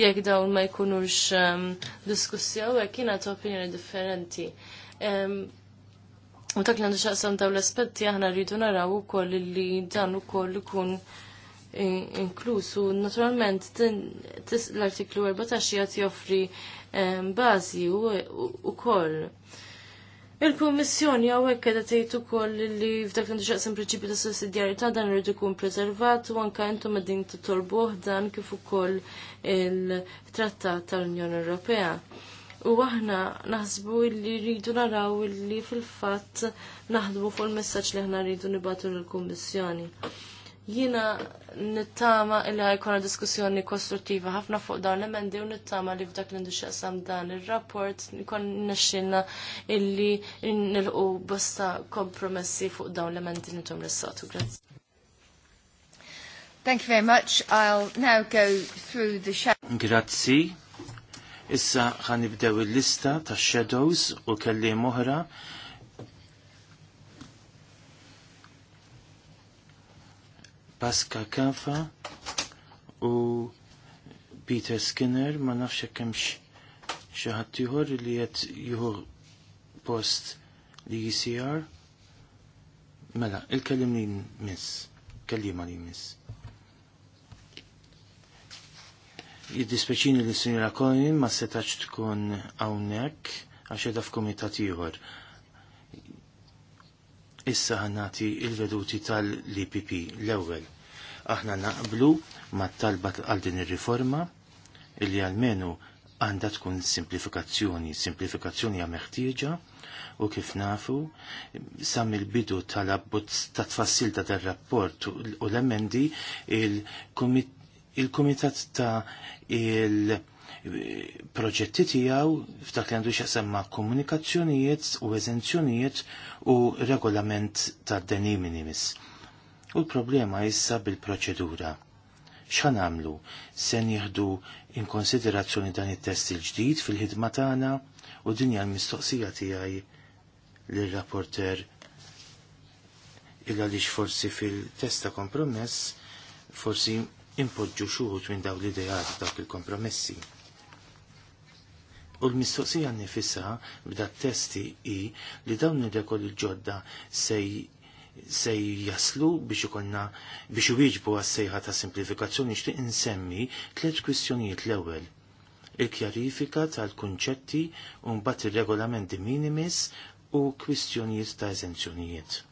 jekk dawn ma jkunux hekk jiena ta' opinjoni differenti. Ehm, u dak li għandu xaqsam daw l-aspetti aħna rridu naraw ukoll li dan ukoll ikun inklusu. naturalment l-artiklu 14 jgħat joffri ehm, bażi koll. Il-Kummissjoni għawek għedha tgħid ukoll li f'dak li xaqsam prinċipju ta' sussidjarità dan irid ikun preservat u anke intom qegħdin titolbuh dan kif ukoll il-Trattat tal-Unjoni Ewropea. U aħna naħsbu li rridu naraw li fil-fatt naħdmu fuq il-messaġġ li aħna rridu nibatu lill-Kummissjoni. Jina nittama illi ħajkona diskussjoni kostruttiva ħafna fuq dawn l-emendi u nittama li f'dak l-indixxaqsam dan il-rapport nikon nixxilna illi nilqu bosta kompromessi fuq dawn l-emendi nitum l-istatu. Grazie. Thank you very much. I'll now go through the shadows. Grazzi. Issa ħanibdew il-lista ta' shadows u kelli moħra Pasca Kafa u Peter Skinner ma nafx hekk xi ħadd ieħor li qed jieħu post li jisir. Mela, il-kellim li miss, kellima li miss. Jiddispeċini li s-sinjura Kolin ma setax tkun hawnhekk għax edha f'kumitat ieħor Issa ħanati il-veduti tal-IPP l-ewwel. Aħna naqblu mat-talba għal din ir-riforma illi għalmenu għandha tkun simplifikazzjoni, simplifikazzjoni hija meħtieġa u kif nafu sam il-bidu tal-abbozz ta' tfassil ta' dar-rapport u l-emendi il-Kumitat ta' il-, ta il proġetti tijaw f'dak li għandu xasemma komunikazzjonijiet u eżenzjonijiet u regolament ta' deni minimis. U l-problema issa bil-proċedura. X'an għamlu? Se jihdu in konsiderazzjoni dan it-test il-ġdid fil-ħidma tagħna u din hija l-mistoqsija tiegħi lir-rapporter illa lix forsi fil-testa kompromess forsi impoġġu xuħut minn dawn l idejati dawk il-kompromessi. U l-mistoqsija nifissa b'da testi i li dawn il-rekol il-ġodda sej se jaslu biex ikonna biex iwieġbu għas-sejħa ta' simplifikazzjoni xtieq insemmi tliet kwistjonijiet l-ewwel. Il-kjarifika tal-kunċetti u mbagħad ir-regolamenti minimis u kwistjonijiet ta' eżenzjonijiet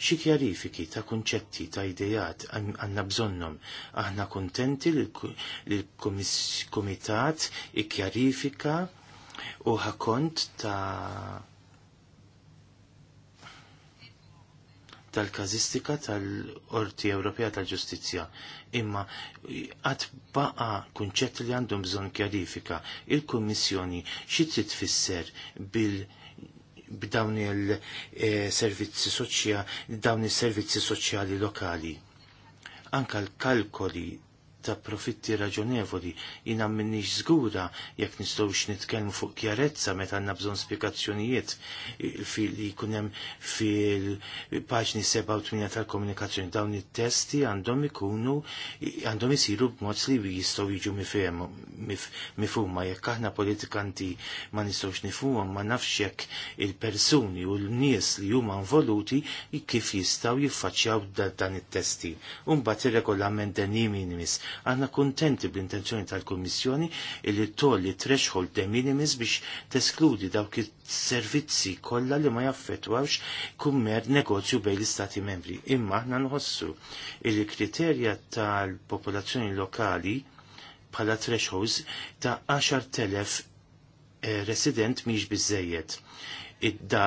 xi kjarifiki ta' kunċetti ta' idejat għandna bżonnhom. Aħna kuntenti li l-Kumitat ikkjarifika u ħakont ta' tal-kazistika tal-Orti Ewropea tal-Ġustizzja. Imma għat baqa kunċett li għandhom bżon kjarifika il-Kommissjoni xi trid tfisser bil- b'dawn l servizzi soċjali, servizzi soċjali lokali. Anka l-kalkoli ta' profitti raġonevoli. Jina minnix zgura jekk nistgħux nitkellmu fuq kjarezza meta għandna bżonn spjegazzjonijiet li jkun hemm fil-paġni 87 tal-komunikazzjoni. Dawn it-testi għandhom ikunu għandhom isiru b'mod li jistgħu jiġu mifhumma jekk aħna politikanti ma nistgħux nifhmuhom ma nafx jekk il-persuni u l-nies li huma involuti kif jistgħu jiffaċċjaw dan it-testi. Umbagħad ir-regolament dan minimis Għanna kontenti bl-intenzjoni tal-Kommissjoni illi tolli threshold de minimis biex teskludi dawk il-servizzi kollha li ma jaffettwawx kummer negozju bejn l-Istati membri. Imma aħna nħossu il-kriterja tal-popolazzjoni lokali bħala thresholds ta' 10,000 eh, resident miex bizzejiet. Idda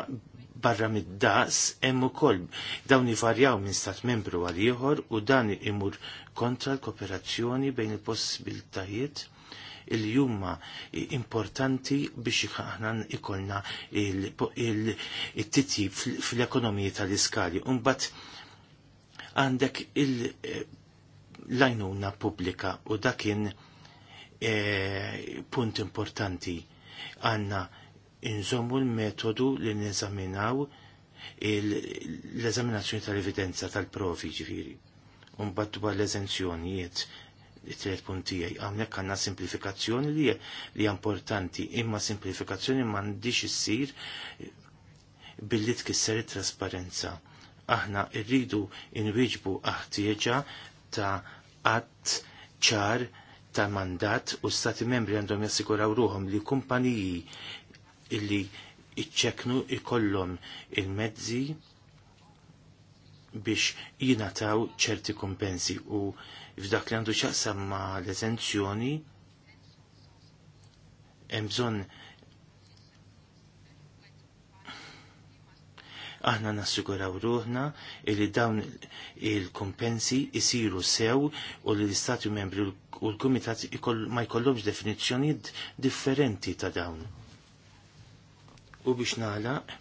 barra mid-daqs hemm ukoll dawn ivarjaw minn stat membru għal ieħor u dan imur kontra l-kooperazzjoni bejn il-possibiltajiet li huma importanti biex aħna ikolna il-titjib fl-ekonomija tal-iskali. Umbat għandek il-lajnuna eh, pubblika u dakin eh, punt importanti għanna inżommu l-metodu li neżaminaw l-eżaminazzjoni tal-evidenza tal-provi ġifiri. Unbad dwar l-eżenzjonijiet it-tret puntijaj. Għamnek għanna simplifikazzjoni li li importanti, imma simplifikazzjoni s issir billi tkisser it-trasparenza. Aħna irridu inwiġbu aħtieġa ta' għatt ċar ta' mandat u stati membri għandhom jassiguraw ruħom li kumpaniji illi iċċeknu ikollhom il-mezzi biex jinataw ċerti kompensi u f'dak li għandu ċaqsam ma l-esenzjoni emżon aħna nassiguraw ruħna li dawn il-kompensi isiru sew u li l-Istati membri u l-Kumitat ma jkollhomx definizzjonijiet differenti ta' dawn u biex naħlaq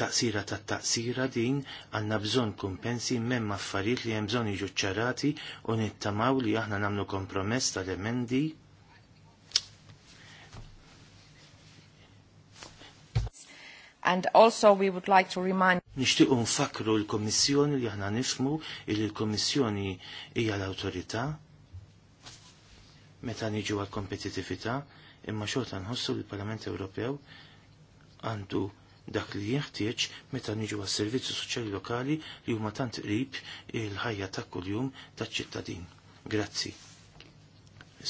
taqsira ta' taqsira din għanna bżon kumpensi memm affarijiet li hemm iġu jiġu ċarati u nittamaw li aħna namlu kompromess tal-emendi and also we would like to remind Nixtiequ nfakru l-Kommissjoni li aħna nifmu il l-Kommissjoni hija l-awtorità meta niġu għal kompetitività imma xorta nħossu li l-Parlament Ewropew għandu dak li jeħtieġ meta niġu għas servizzi soċjali lokali li huma tant qrib il-ħajja ta' kuljum taċ-ċittadin. Grazzi.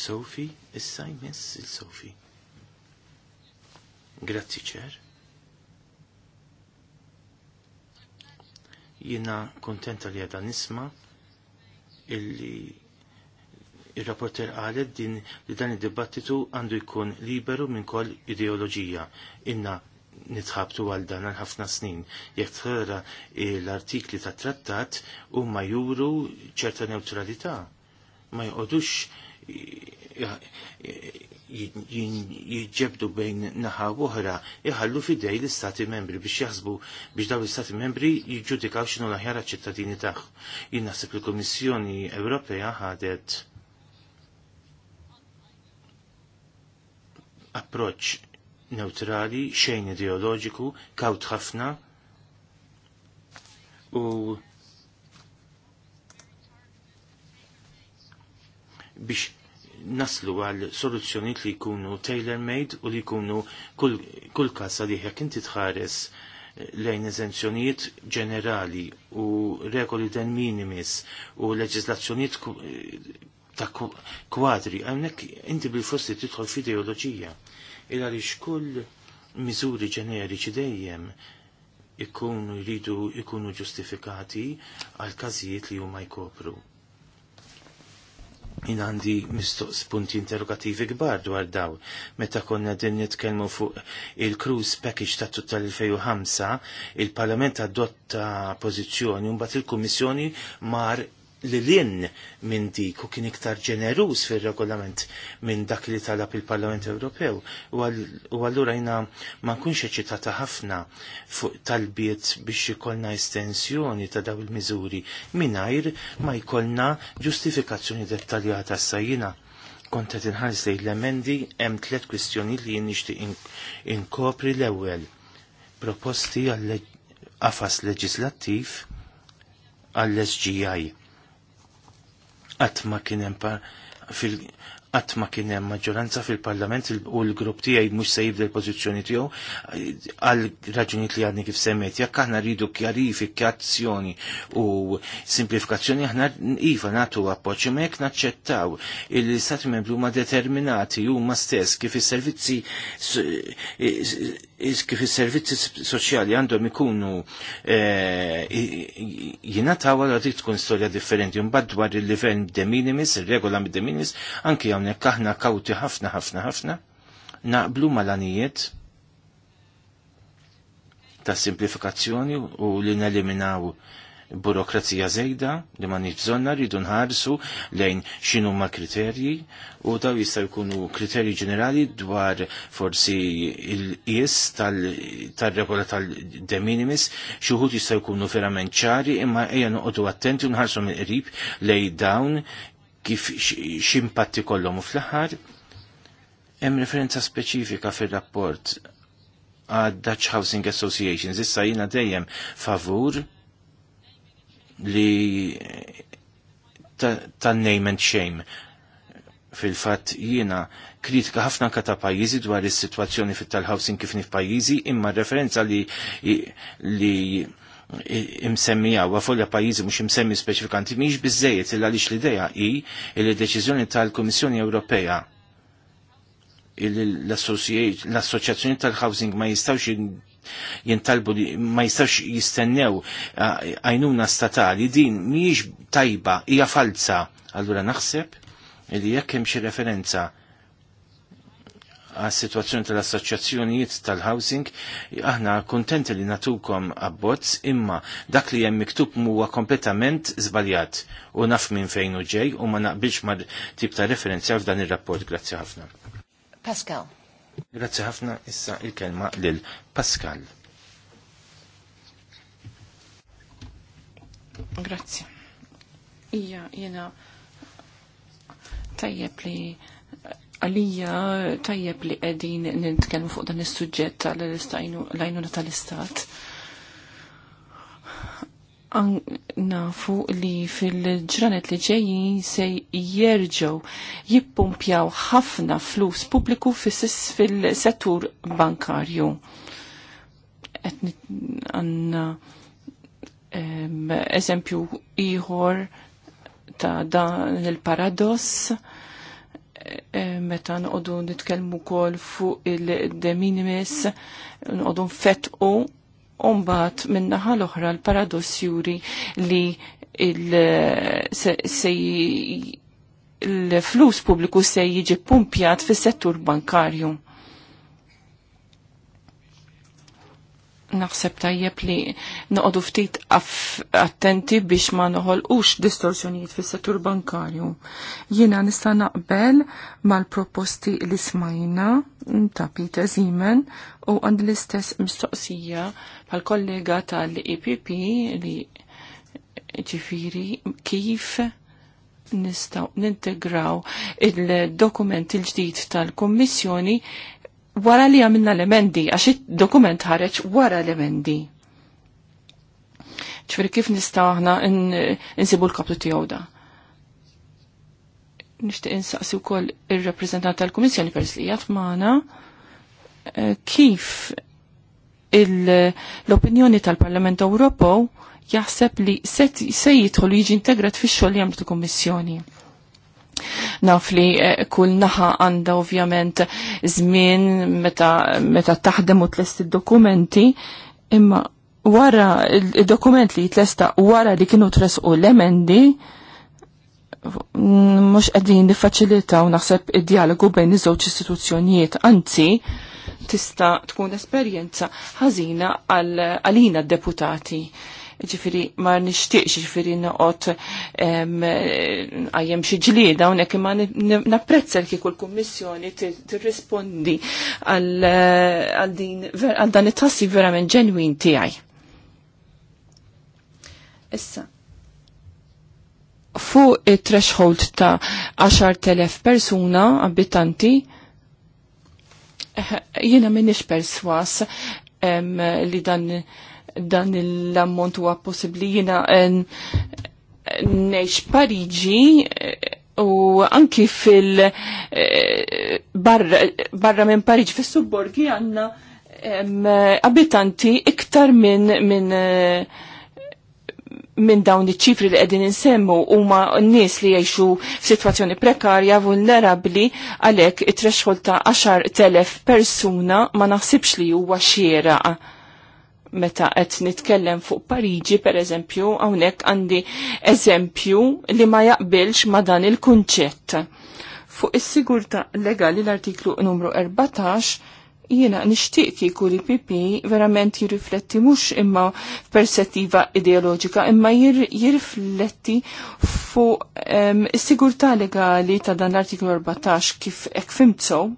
Sofi, issa jmiss il-Sofi. Grazzi ċer. Jina kontenta li għadha nisma illi Il-rapporter għalet din li dan id-dibattitu għandu jkun liberu minn kol ideoloġija. Inna nitħabtu għal dan għal ħafna snin. Jekk tħara l-artikli ta' trattat u ma juru ċerta neutralità. Ma jqodux jġebdu bejn naħa uħra jħallu fidej l-istati membri biex jaħsbu biex daw l-istati membri jġudikaw xinu l-aħjar ċittadini taħ. Jinnasib naħseb l-Komissjoni Ewropea ħadet approċ neutrali, xejn ideoloġiku, kawt ħafna u biex naslu għal soluzzjoniet li jkunu tailor-made u li jkunu kull, kull kasa li jekk inti tħares lejn eżenzjonijiet ġenerali u regoli den minimis u leġislazzjoniet ta' kwadri, għamnek inti bil-fosti titħol f'ideoloġija, il għaliex kull miżuri ġeneriċi dejjem ikunu jridu ikunu ġustifikati għal każijiet li huma jkopru. Jien għandi mistoqs punti interrogativi kbar dwar daw. Meta konna din nitkellmu fuq il-cruise package ta' tutta l-2005, il-Parlament adotta pożizzjoni u mbagħad il-Kummissjoni mar li l-in minn dik u kien iktar ġeneruż fil-regolament minn dak li talab il-Parlament Ewropew u għallura jina ma nkunx eċitata ħafna fuq talbiet biex ikollna estensjoni ta' daw il-miżuri mingħajr ma jkollna ġustifikazzjoni dettaljata sajjina. Kontet inħares li l-emendi hemm tliet kwistjoni li jien nixtieq inkopri l-ewwel. Proposti għal qafas leġislattiv għall-SGI għatma kienem fil għatma kienem maġġoranza fil-parlament u l-grupp tijaj mux se del pozizjoni tijaw għal raġuniet li għadni kif semmet jekk aħna rridu kjarifikazzjoni u simplifikazzjoni aħna iva natu appoċ ma jekk naċċettaw il-stati membri huma determinati huma stess kif is-servizzi kif is-servizzi soċjali għandhom ikunu eh, jingħataw għal dik tkun storja differenti mbagħad dwar il-livell de minimis, ir-regola de minimis, anke hawnhekk aħna kawti ħafna ħafna ħafna naqblu mal-anijiet ta' simplifikazzjoni u li neliminaw burokrazija zejda li ma nibżonna rridu nħarsu lejn xinu ma kriterji u daw jistaw jkunu kriterji ġenerali dwar forsi il-qis tal-regola tal-de minimis xuħut jistaw jkunu verament ċari imma eja nuqdu attenti u nħarsu minn qrib lej dawn kif ximpatti kollom u fl-ħar hemm referenza speċifika fir-rapport għad Dutch Housing Associations. Issa jina dejjem favur li ta' name and shame fil-fat jiena kritika ħafna kata' pajizi pajjiżi dwar is-sitwazzjoni fit-tal-housing kif pajizi imma referenza li li imsemmi għaw għafolja pajizi mux imsemmi speċifikanti miex bizzejiet illa lix l-ideja i illi deċiżjoni tal-Komissjoni Ewropea l-Assoċjazzjoni tal-Housing ma jistawx jintalbu li ma jistax jistennew għajnuna statali din miex tajba hija falsa. Allura naħseb li jekk hemm xi referenza għas situazzjoni tal-assoċjazzjonijiet tal-housing, aħna kontenti li natukom abbozz, imma dak li hemm miktub huwa kompletament żbaljat u naf minn fejn u ġej u ma naqbilx ma tip ta' referenza f'dan ir-rapport. Grazzi ħafna. Pascal. Grazie ħafna issa il-kelma lil Pascal. Grazie. Ija, jena tajjeb li għalija tajjeb li għedin nitkellmu fuq dan is-suġġett tal-istajnu lajnuna tal istat nafu li fil-ġranet li ġejjin se jerġgħu jippumpjaw ħafna flus pubbliku fil-settur bankarju. Għanna eżempju ieħor ta' dan il-paradoss meta nqogħdu nitkellmu wkoll fuq il-de minimis nqogħdu nfetqu Umbat minnaħa l-oħra l-paradoss juri li il-flus pubbliku se jiġi pumpjat fis settur bankarju. naħseb tajjeb li noqogħdu ftit attenti biex ma noħolqux distorsjonijiet fis-settur bankarju. Jiena nista' naqbel mal-proposti li smajna ta' Peter Zimen u għand l-istess mistoqsija bħal kollega tal-EPP li ġifiri kif nistaw nintegraw il-dokument il-ġdid tal-Kommissjoni wara li għamilna l-emendi, għax dokument ħareġ wara l-emendi. Ċveri kif nistaw aħna nsibu l-kaplu tiegħu da. Nixtieq insaqsi wkoll ir-rappreżentant tal-Kummissjoni pers li jgħat maħna eh, kif l-opinjoni tal-Parlament Ewropew jaħseb li se jidħol jiġi integrat fix-xogħol li għamlet il-Kummissjoni Naf li eh, kull naħa għanda ovvjament żmien meta, taħdem u tlest dokumenti imma wara il-dokument li jitlesta wara li kienu tresqu l-emendi, mux għedin nifaċilita u naħseb id-dialogu bejn iż-żewġ istituzzjonijiet, anzi, tista tkun esperjenza ħażina għalina d-deputati ġifiri ma nishtiqx ġifiri noqot għajem xi ġlieda unek ma napprezza kieku kommissjoni t tirrispondi għal dan it-tassi verament ġenwin tiegħi. Issa, fuq it-threshold ta' 10.000 persuna abitanti, eh, jiena minnix perswas li dan dan l-ammont huwa possibbli jiena eh, ngħix Pariġi eh, u anki fil eh, barra, minn Pariġi fis-subborgi għandna abitanti iktar minn min, minn dawn iċ-ċifri li qegħdin insemmu huma n-nies li jgħixu f'sitwazzjoni prekarja vulnerabbli għalhekk it-threshold ta' 10,000 persuna ma naħsibx li huwa xieraq meta qed nitkellem fuq Pariġi pereżempju hawnhekk għandi eżempju li ma jaqbilx ma dan il-kunċett. Fuq is-sigurta legali l-artiklu numru 14 jiena nixtieq kieku li PP verament jirrifletti mhux imma perspettiva ideoloġika imma jirrifletti fuq ehm, is-sigurtà legali ta' dan l-artiklu 14 kif hekk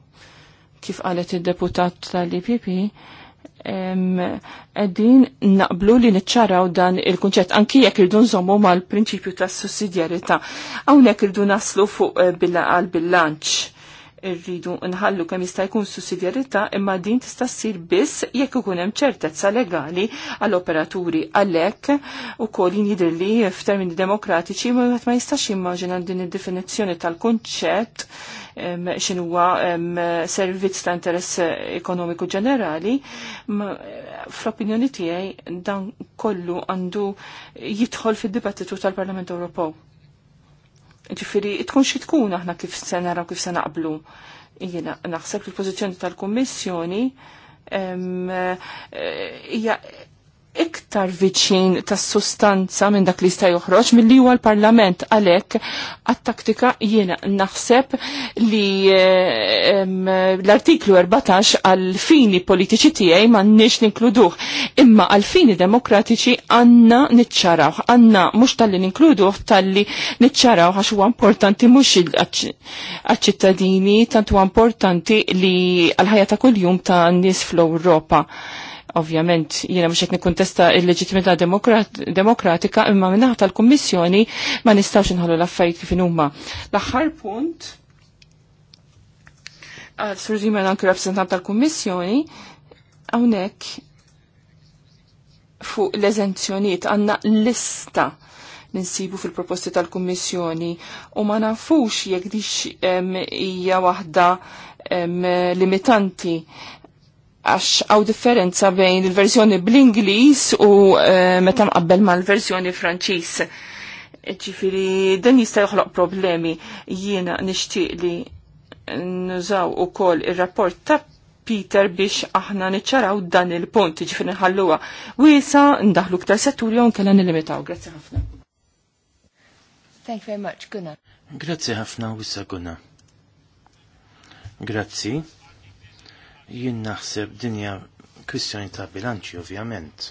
kif qalet id-deputat tal-IPP Għedin naqblu li nċaraw dan il-kunċett anki jekk irdu nżommu mal-prinċipju tas sussidjarità Hawnhekk irdu naslu fuq eh, għal bilanċ Irridu nħallu kemm jista' jkun sussidjarità imma din tista' ssir biss jekk ikun hemm ċertezza legali għall-operaturi għalhekk ukoll jidhirli f'termini demokratiċi ma ma jistax jimmaġina din id-definizzjoni tal-kunċett x'inhuwa servizz ta' interess ekonomiku ġenerali, fl-opinjoni tiegħi dan kollu għandu jidħol fid-dibattitu tal-Parlament Ewropew Ġifiri, tkun xi tkun aħna kif sena naraw kif se naqblu. Jiena naħseb li l-pożizzjoni tal-Kummissjoni eh, hija iktar viċin tas sustanza minn dak li sta joħroġ mill-li huwa l-Parlament għalhekk għat-taktika jiena naħseb li eh, l-artiklu 14 għal fini politiċi tiegħi m'għandniex ninkluduh, imma għal fini demokratiċi għandna niċċaraw, għandna mhux talli ninkluduh talli niċċaraw għax huwa importanti mhux għaċ-ċittadini tant huwa importanti li għal ħajja ta' kuljum ta' nies fl-Ewropa. Ovvjament, jiena mhux qed nikkuntesta l-leġitimità demokratika imma minnaħ tal-Kummissjoni ma nistgħux inħollu l-affarijiet kif huma. L-aħħar punt għal Sur Zimen anke rappresentant tal-Kummissjoni hawnhekk fuq l-eżenzjoniet għanna lista ninsibu fil-proposti tal-Kummissjoni u ma nafux jekk dix hija waħda limitanti għax għaw differenza bejn il-verżjoni bl-Inglis u eh, meta mqabbel ma' l-verżjoni Franċis. Ġifiri, dan jista' joħloq problemi. Jiena nixtieq li nużaw ukoll ir-rapport ta' Peter biex aħna niċċaraw dan il-punt, ġifiri nħalluha wiesa ndaħlu ktar setturi jew kellha nilimitaw. Grazzi ħafna. Thank you very much, Gunnar. Grazzi ħafna, wisa Gunnar. Grazzi Jien naħseb dinja kwistjoni ta' bilanċi ovvjament.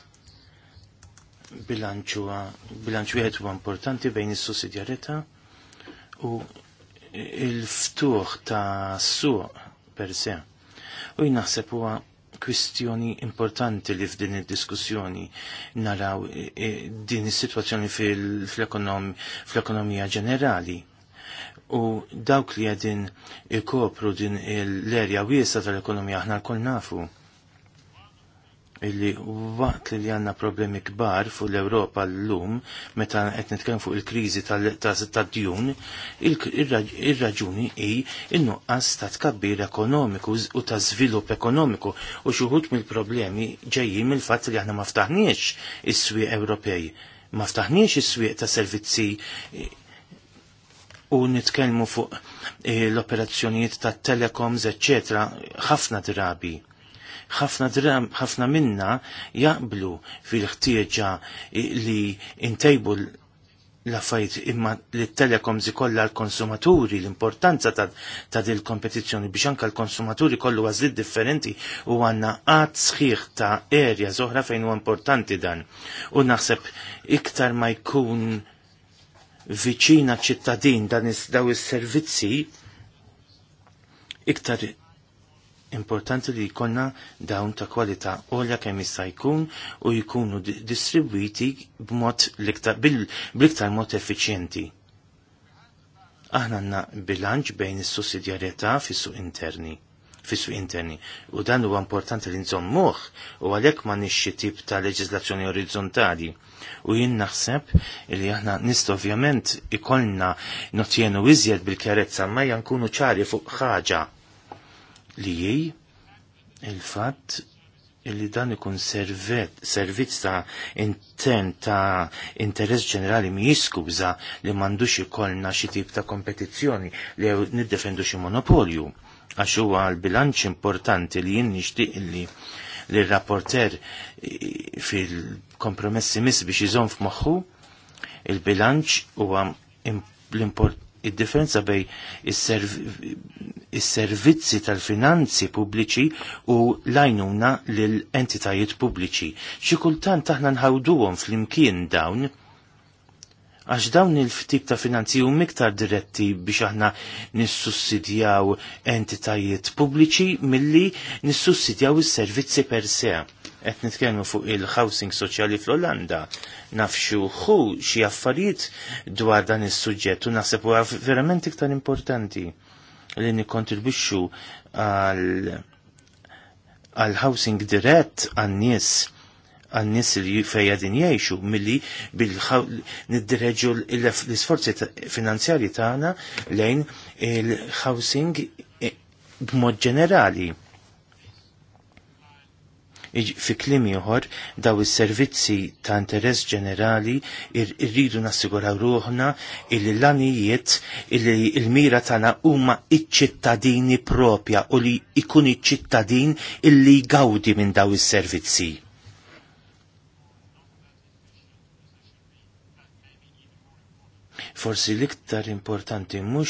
Bilanċu bilanċ wieħed huwa importanti bejn is sussidjarita u il-ftuħ ta' suq per se. U jien naħseb huwa kwistjoni importanti li f'din id-diskussjoni naraw e, e, din is-sitwazzjoni fil-ekonomija ġenerali u dawk li għedin ikopru din l-erja wiesa tal-ekonomija aħna l-koll nafu illi waqt li għanna problemi kbar fuq l-Europa l-lum, meta qed nitkellem fuq il-kriżi tad-djun, ir-raġuni hi innu nuqqas ta' tkabbir ekonomiku u ta' żvilupp ekonomiku u xuħut mill-problemi ġejjin mill-fatt li aħna maftaħniex is-swieq Ewropej. Ma ftaħniex is-swieq ta' servizzi u nitkellmu fuq eh, l-operazzjonijiet ta' telecoms, etc., ħafna drabi. ħafna drab, ħafna minna jaqblu fil-ħtieġa eh, li intejbu l fajt imma li telecoms ikolla l-konsumaturi, l-importanza ta', ta il kompetizzjoni biex anka l-konsumaturi kollu għazlit differenti u għanna għad sħiħ ta' erja zoħra fejn u importanti dan. U naħseb iktar ma jkun viċina ċittadin dan daw is-servizzi iktar importanti li jkonna dawn ta' kwalità olja kemm jista' jkun u jkunu distribwiti b'mod bl-iktar mod effiċjenti. Aħna għandna bilanċ bejn is-sussidjarjetà fis-suq interni fissu interni. U dan huwa importanti li nżommuh u għalhekk ma nixxi tip ta' leġislazzjoni orizzontali. U jien naħseb li aħna nist ovvjament ikollna notjenu iżjed bil-kerezza ma jankunu ċari fuq ħaġa li jiej il-fatt illi dan ikun servizz ta' intern ta' interess ġenerali mi jiskuża li mandux ikollna xi tip ta' kompetizzjoni li niddefendu xi monopolju għax huwa l-bilanċ importanti li jien nixtieq li l-rapporter fil-kompromessi mis biex jizon f'moħħu il-bilanċ huwa il-differenza bej is-servizzi tal-finanzi pubbliċi u lajnuna l-entitajiet pubbliċi. Xi kultant aħna nħawduhom fl-imkien dawn għax dawn il-ftip ta' finanzi u miktar diretti biex aħna nissussidjaw entitajiet pubbliċi milli nissussidjaw is-servizzi per se. Qed nitkellmu fuq il-housing soċjali fl-Olanda, nafxu xu xi affarijiet dwar dan is-suġġett u naħseb huwa verament iktar importanti li nikkontribwixxu għal għal housing dirett għan nies għannis li fejja din jgħixu milli niddireġu l-isforzi finanzjari tagħna lejn il-housing b'mod ġenerali. Fi klim ieħor daw is-servizzi ta' interess ġenerali rridu nassiguraw ruħna illi l-anijiet illi l-mira tagħna huma iċ-ċittadini propja u li ikun iċ-ċittadin illi gawdi minn daw is-servizzi forsi l-iktar importanti mhux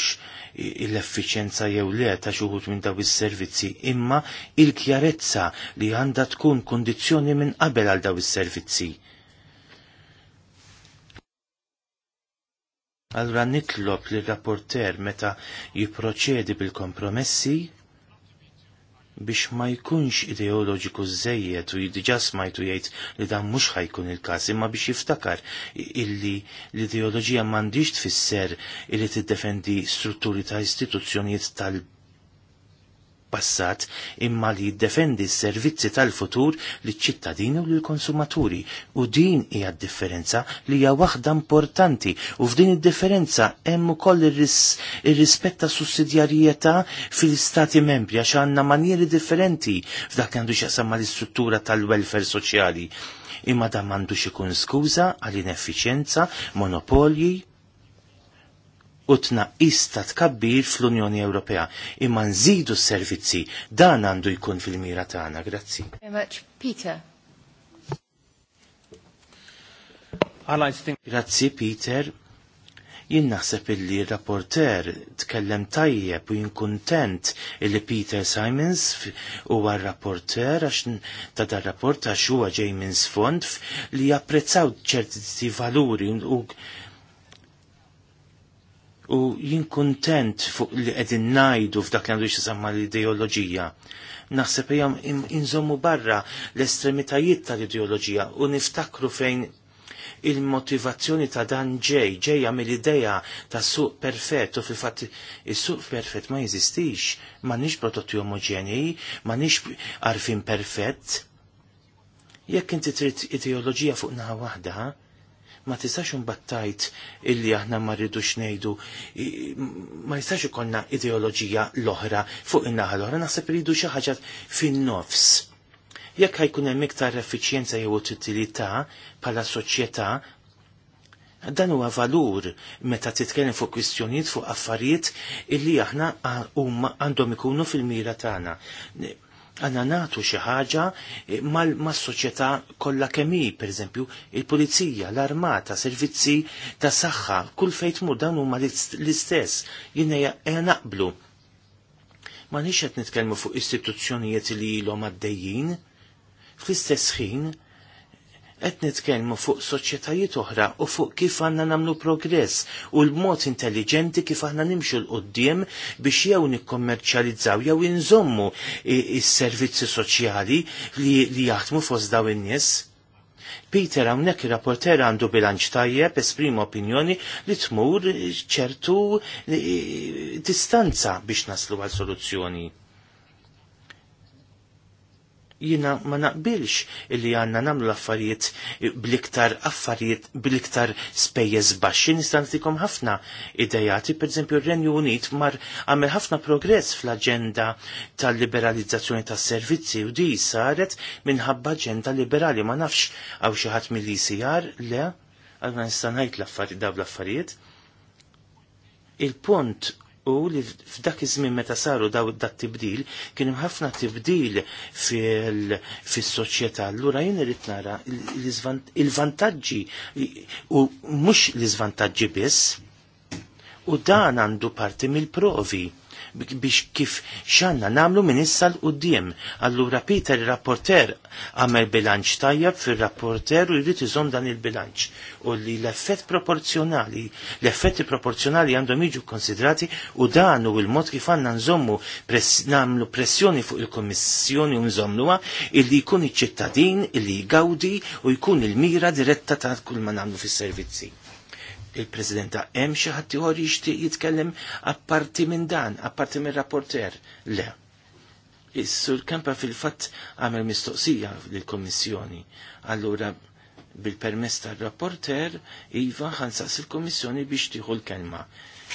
l-effiċenza jew le ta' xuħut minn daw is-servizzi, imma il-kjarezza li għandha tkun kondizzjoni minn qabel għal daw is-servizzi. Allura nitlob li rapporter meta jipproċedi bil-kompromessi biex ma jkunx ideoloġiku żejjed u diġà smajtu jgħid li dan mhux ħajkun il-każ imma biex jiftakar illi l-ideoloġija m'għandix tfisser illi tiddefendi strutturi ta' istituzzjonijiet tal- passat imma li jiddefendi s-servizzi tal-futur li ċittadini u l-konsumaturi u din hija differenza li hija waħda importanti u f'din id-differenza hemm ukoll ir-rispett ta' sussidjarjetà fil-stati membri għax għandna manieri differenti f'dak għandu x'jaqsam mal-istruttura tal-welfare soċjali imma da m'għandux ikun skuża għal ineffiċjenza, monopolji, u tnaqqis ta' tkabbir fl-Unjoni Ewropea imma nżidu s-servizzi dan għandu jkun fil-mira tagħna. Grazzi. Peter. Grazzi Peter. Jien naħseb illi rapporter tkellem tajjeb u jien kuntent illi Peter Simons huwa rapporter għax ta' dar rapport għax huwa ġej minn sfond li japprezzaw ċerti valuri u u jien kuntent fuq li qegħdin ngħidu f'dak li għandu jisamma l-ideoloġija. Naħseb jam inżommu barra l-estremitajiet tal-ideoloġija u niftakru fejn il-motivazzjoni ta' dan ġej, ġejja mill-ideja ta' suq perfett u fil fat is-suq perfett ma jeżistix, ma nix prodotti omogeni, ma nix arfin perfett. Jekk inti trid ideoloġija fuq naħa waħda, ma tistax imbattajt illi aħna ma rridux ngħidu ma jistax ikollna ideoloġija l-oħra fuq in-naħa l-oħra naħseb rridu xi ħaġa fin-nofs. Jekk ħajkun hemm iktar effiċjenza jew utilità bħala soċjetà, dan huwa valur meta titkellem fuq kwistjonijiet fuq affarijiet illi aħna huma għandhom ikunu fil-mira tagħna għanna natu xi ħaġa eh, mas-soċjetà kollha kemm hi, pereżempju, il-pulizija, l-armata, servizzi ta' saħħa, kull fejn tmur dan huma l-istess, jina naqblu. Ma nix qed nitkellmu fuq istituzzjonijiet li ilhom għaddejjin, fl-istess ħin qed nitkellmu fuq soċjetajiet oħra u fuq kif għandna nagħmlu progress u l-mod intelligenti kif aħna nimxu l qudiem biex jew nikkommerċjalizzaw jew inżommu is-servizzi soċjali li, li jaħdmu fost daw in-nies. Peter hawnhekk ir-rapporter għandu bilanċ tajjeb esprima opinjoni li tmur ċertu eh, distanza biex naslu għal soluzzjoni jina ma naqbilx illi għanna namlu l-affarijiet bliktar affarijiet bliktar spejjeż baxxi nistantikom ħafna idejati, per eżempju r-Renju Unit mar għamel ħafna progress fl-aġenda tal-liberalizzazzjoni tas-servizzi u di saret minħabba aġenda liberali ma nafx għaw xi ħadd milli icr le għalna nistan ħajt l-affarijiet daw l-affarijiet. Il-punt u li f'dak iż-żmien meta saru daw dat tibdil kien hemm ħafna tibdil fis-soċjetà. Allura jien irid nara il-vantaġġi u mhux l-iżvantaġġi biss u dan għandu parti mill-provi biex kif xanna namlu minn issa l-qoddim. Allura Peter il-rapporter għamel bilanċ tajjab fil-rapporter u jrid iżom dan il-bilanċ. U li l-effett proporzjonali, l-effetti proporzjonali għandhom jiġu konsidrati u dan u il-mod kif għanna nżommu press, namlu pressjoni fuq il komissjoni u nżomluha illi jkun iċ-ċittadin, illi jgawdi u jkun il-mira diretta ta' kull ma namlu fis-servizzi il-Presidenta, hemm xi ħadd ieħor jixtieq jitkellem apparti minn dan, apparti minn rapporter. Le. Is-Sur Kempa fil-fatt għamel mistoqsija lill-Kommissjoni. Allura bil-permess tar-rapporter iva ħansaqs il-Kommissjoni biex tieħu l-kelma.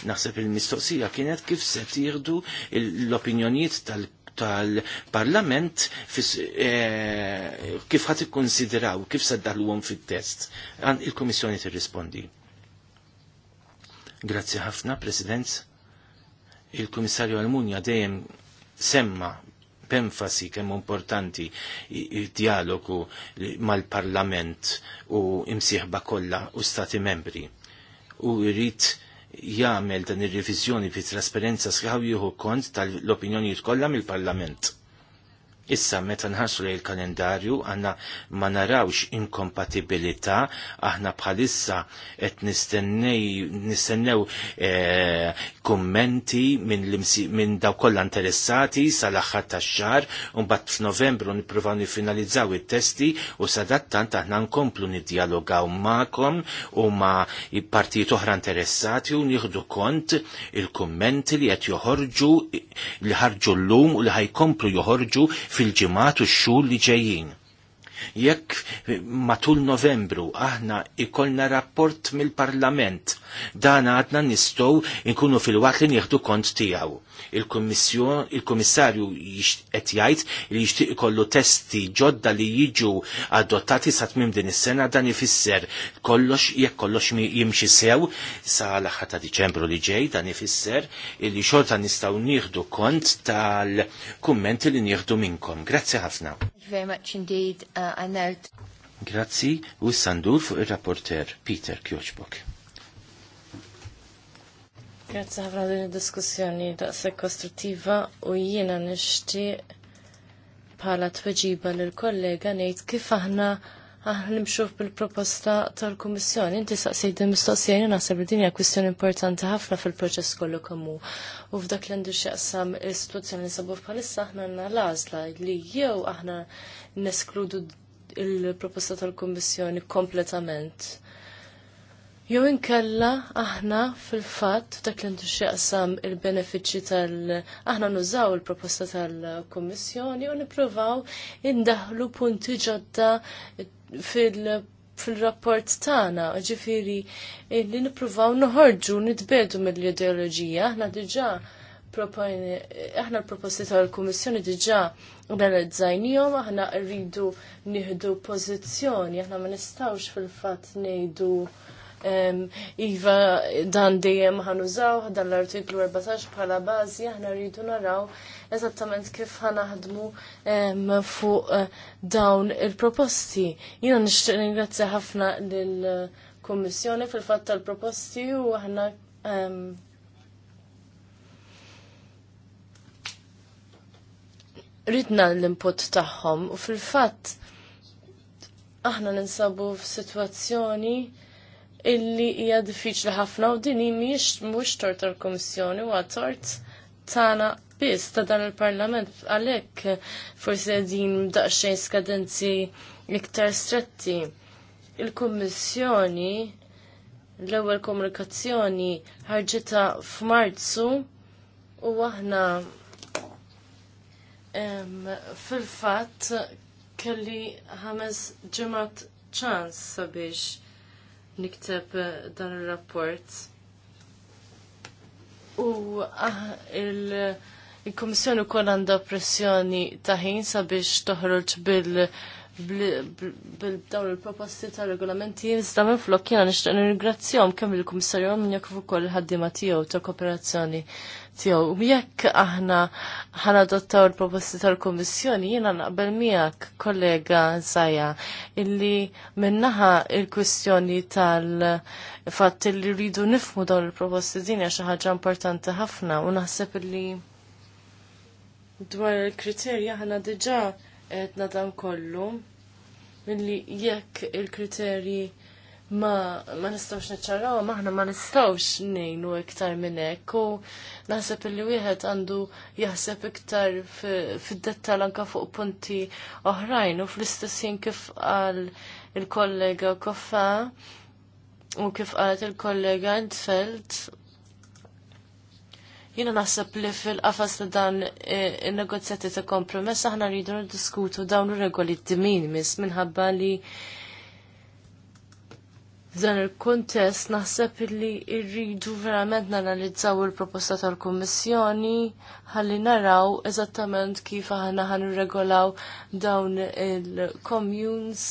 Naħseb il-mistoqsija kienet kif se tieħdu l-opinjonijiet tal- tal-parlament eh, kif ħat ikkonsidraw, kif saddaħluhom fit-test. Għan il-Komissjoni tirrispondi. Grazzi ħafna, President. Il-Kummissarju Almunja dejjem semma b'enfasi kemm importanti dialogu mal-Parlament u imsieħba kollha u Stati membri. U jrid jagħmel dan ir-reviżjoni fi trasparenza sħaħ jieħu kont tal-opinjonijiet kollha mill-Parlament Issa meta nħarsu lejn il-kalendarju għanna ma narawx inkompatibilità aħna bħalissa qed nistennew eh, kummenti minn daw kollha interessati sal-aħħar tax-xahar u mbagħad f'Novembru nippruvaw nifinalizzaw it-testi u sadattant aħna nkomplu niddialogaw magħkom u ma' partijiet oħra interessati u nieħdu kont il-kummenti li qed joħorġu li ħarġu llum u li ħajkomplu joħorġu fil-ġimgħat u x-xhur li ġejjin. Jekk matul novembru aħna ikollna rapport mill-parlament, dan għadna nistow inkunu fil-waqt li nieħdu kont tiegħu. Il-komissarju qed jgħid li jixtieq ikollu testi ġodda li jiġu adottati sa tmim din is-sena dan ifisser kollox jekk kollox jimxi sew sa l-aħħar ta' Diċembru li ġej dan ifisser li xorta nistgħu nieħdu kont tal-kummenti li nieħdu minnkom. Grazzi ħafna. Very much indeed. Uh għanert. Grazzi u sandur fuq il-rapporter Peter Kjoċbok. Grazzi ħafna din id-diskussjoni se kostruttiva u jiena nixtieq bħala tweġiba lill kollega nejt kif aħna nimxu bil-proposta tal-Kummissjoni. Inti saqsejt mistoqsijajn naħseb li din hija kwistjoni importanti ħafna fil-proċess kollu komu. U f'dak li għandu x'jaqsam is-sitwazzjoni li sabu bħalissa aħna għandna l-għażla li jew aħna neskludu il-proposta tal-Kummissjoni kompletament. Jew inkella aħna fil-fatt dak li għandu xieqsam il-benefiċċji tal- aħna nużaw il-proposta tal-Kummissjoni u nippruvaw indaħlu punti ġodda fil-rapport fil tana, tagħna, li nippruvaw noħorġu nitbedu mill-ideoloġija, aħna diġà proponi, aħna l-proposti tal-Kummissjoni diġà analizzajnijhom, aħna rridu nieħdu pożizzjoni, aħna ma nistgħux fil-fatt ngħidu Iva dan dejjem ħanużaw dan l-artiklu 14 bħala bażi aħna rridu naraw eżattament kif ħanaħdmu fuq eh, dawn il-proposti. Jiena nixtieq ningrazzja ħafna lill-Kummissjoni fil-fatt tal-proposti u aħna ridna l-input tagħhom u fil-fatt aħna ninsabu f'sitwazzjoni illi hija diffiċli ħafna u din mhijiex mhux tort tal-Kummissjoni huwa tort tagħna biss ta' dan il-Parlament għalhekk forsi qegħdin daqsxejn skadenzi iktar stretti. Il-Kummissjoni l-ewwel komunikazzjoni ħarġitha f'Marzu u aħna fil-fatt kelli ħames ġimgħat ċans sabiex nikteb eh, dan ir-rapport. U ah, il- il-Komissjoni wkoll għandha pressjoni ta' ħin sabiex toħroġ bil- bil-dawn il-proposti ta' regolamenti iżda minn flok jena nixtaq nirringrazzjom kemm il-Kummissarju minn jekk ukoll il-ħaddima tiegħu ta' kooperazzjoni tiegħu. Jekk aħna ħana adottaw il-proposti tal-Kummissjoni jiena naqbel miegħek kollega Zaja illi minnaħa il-kwistjoni tal- fatt illi rridu nifmu dawn il-proposti dini xi ħaġa importanti ħafna u naħseb illi dwar il-kriterja ħana diġà etna dan kollu milli jekk il-kriterji ma, ma nistawx neċċaraw, maħna ma nistawx nejnu iktar minn hekk u naħseb li wieħed għandu jaħseb iktar fid-dettal anka fuq punti oħrajn u fl-istessin kif qal il-kollega Koffa u kif qalet il-kollega Entfeld Jina naħseb li fil-qafas ta' dan e, il-negozjati ta' kompromess aħna rridu diskutu dawn ir-regoli d diminimis minħabba li dan il-kontest naħseb li rridu verament nanalizzaw il-proposta tal-Kummissjoni ħalli naraw eżattament kif aħna ħan regolaw dawn il-communes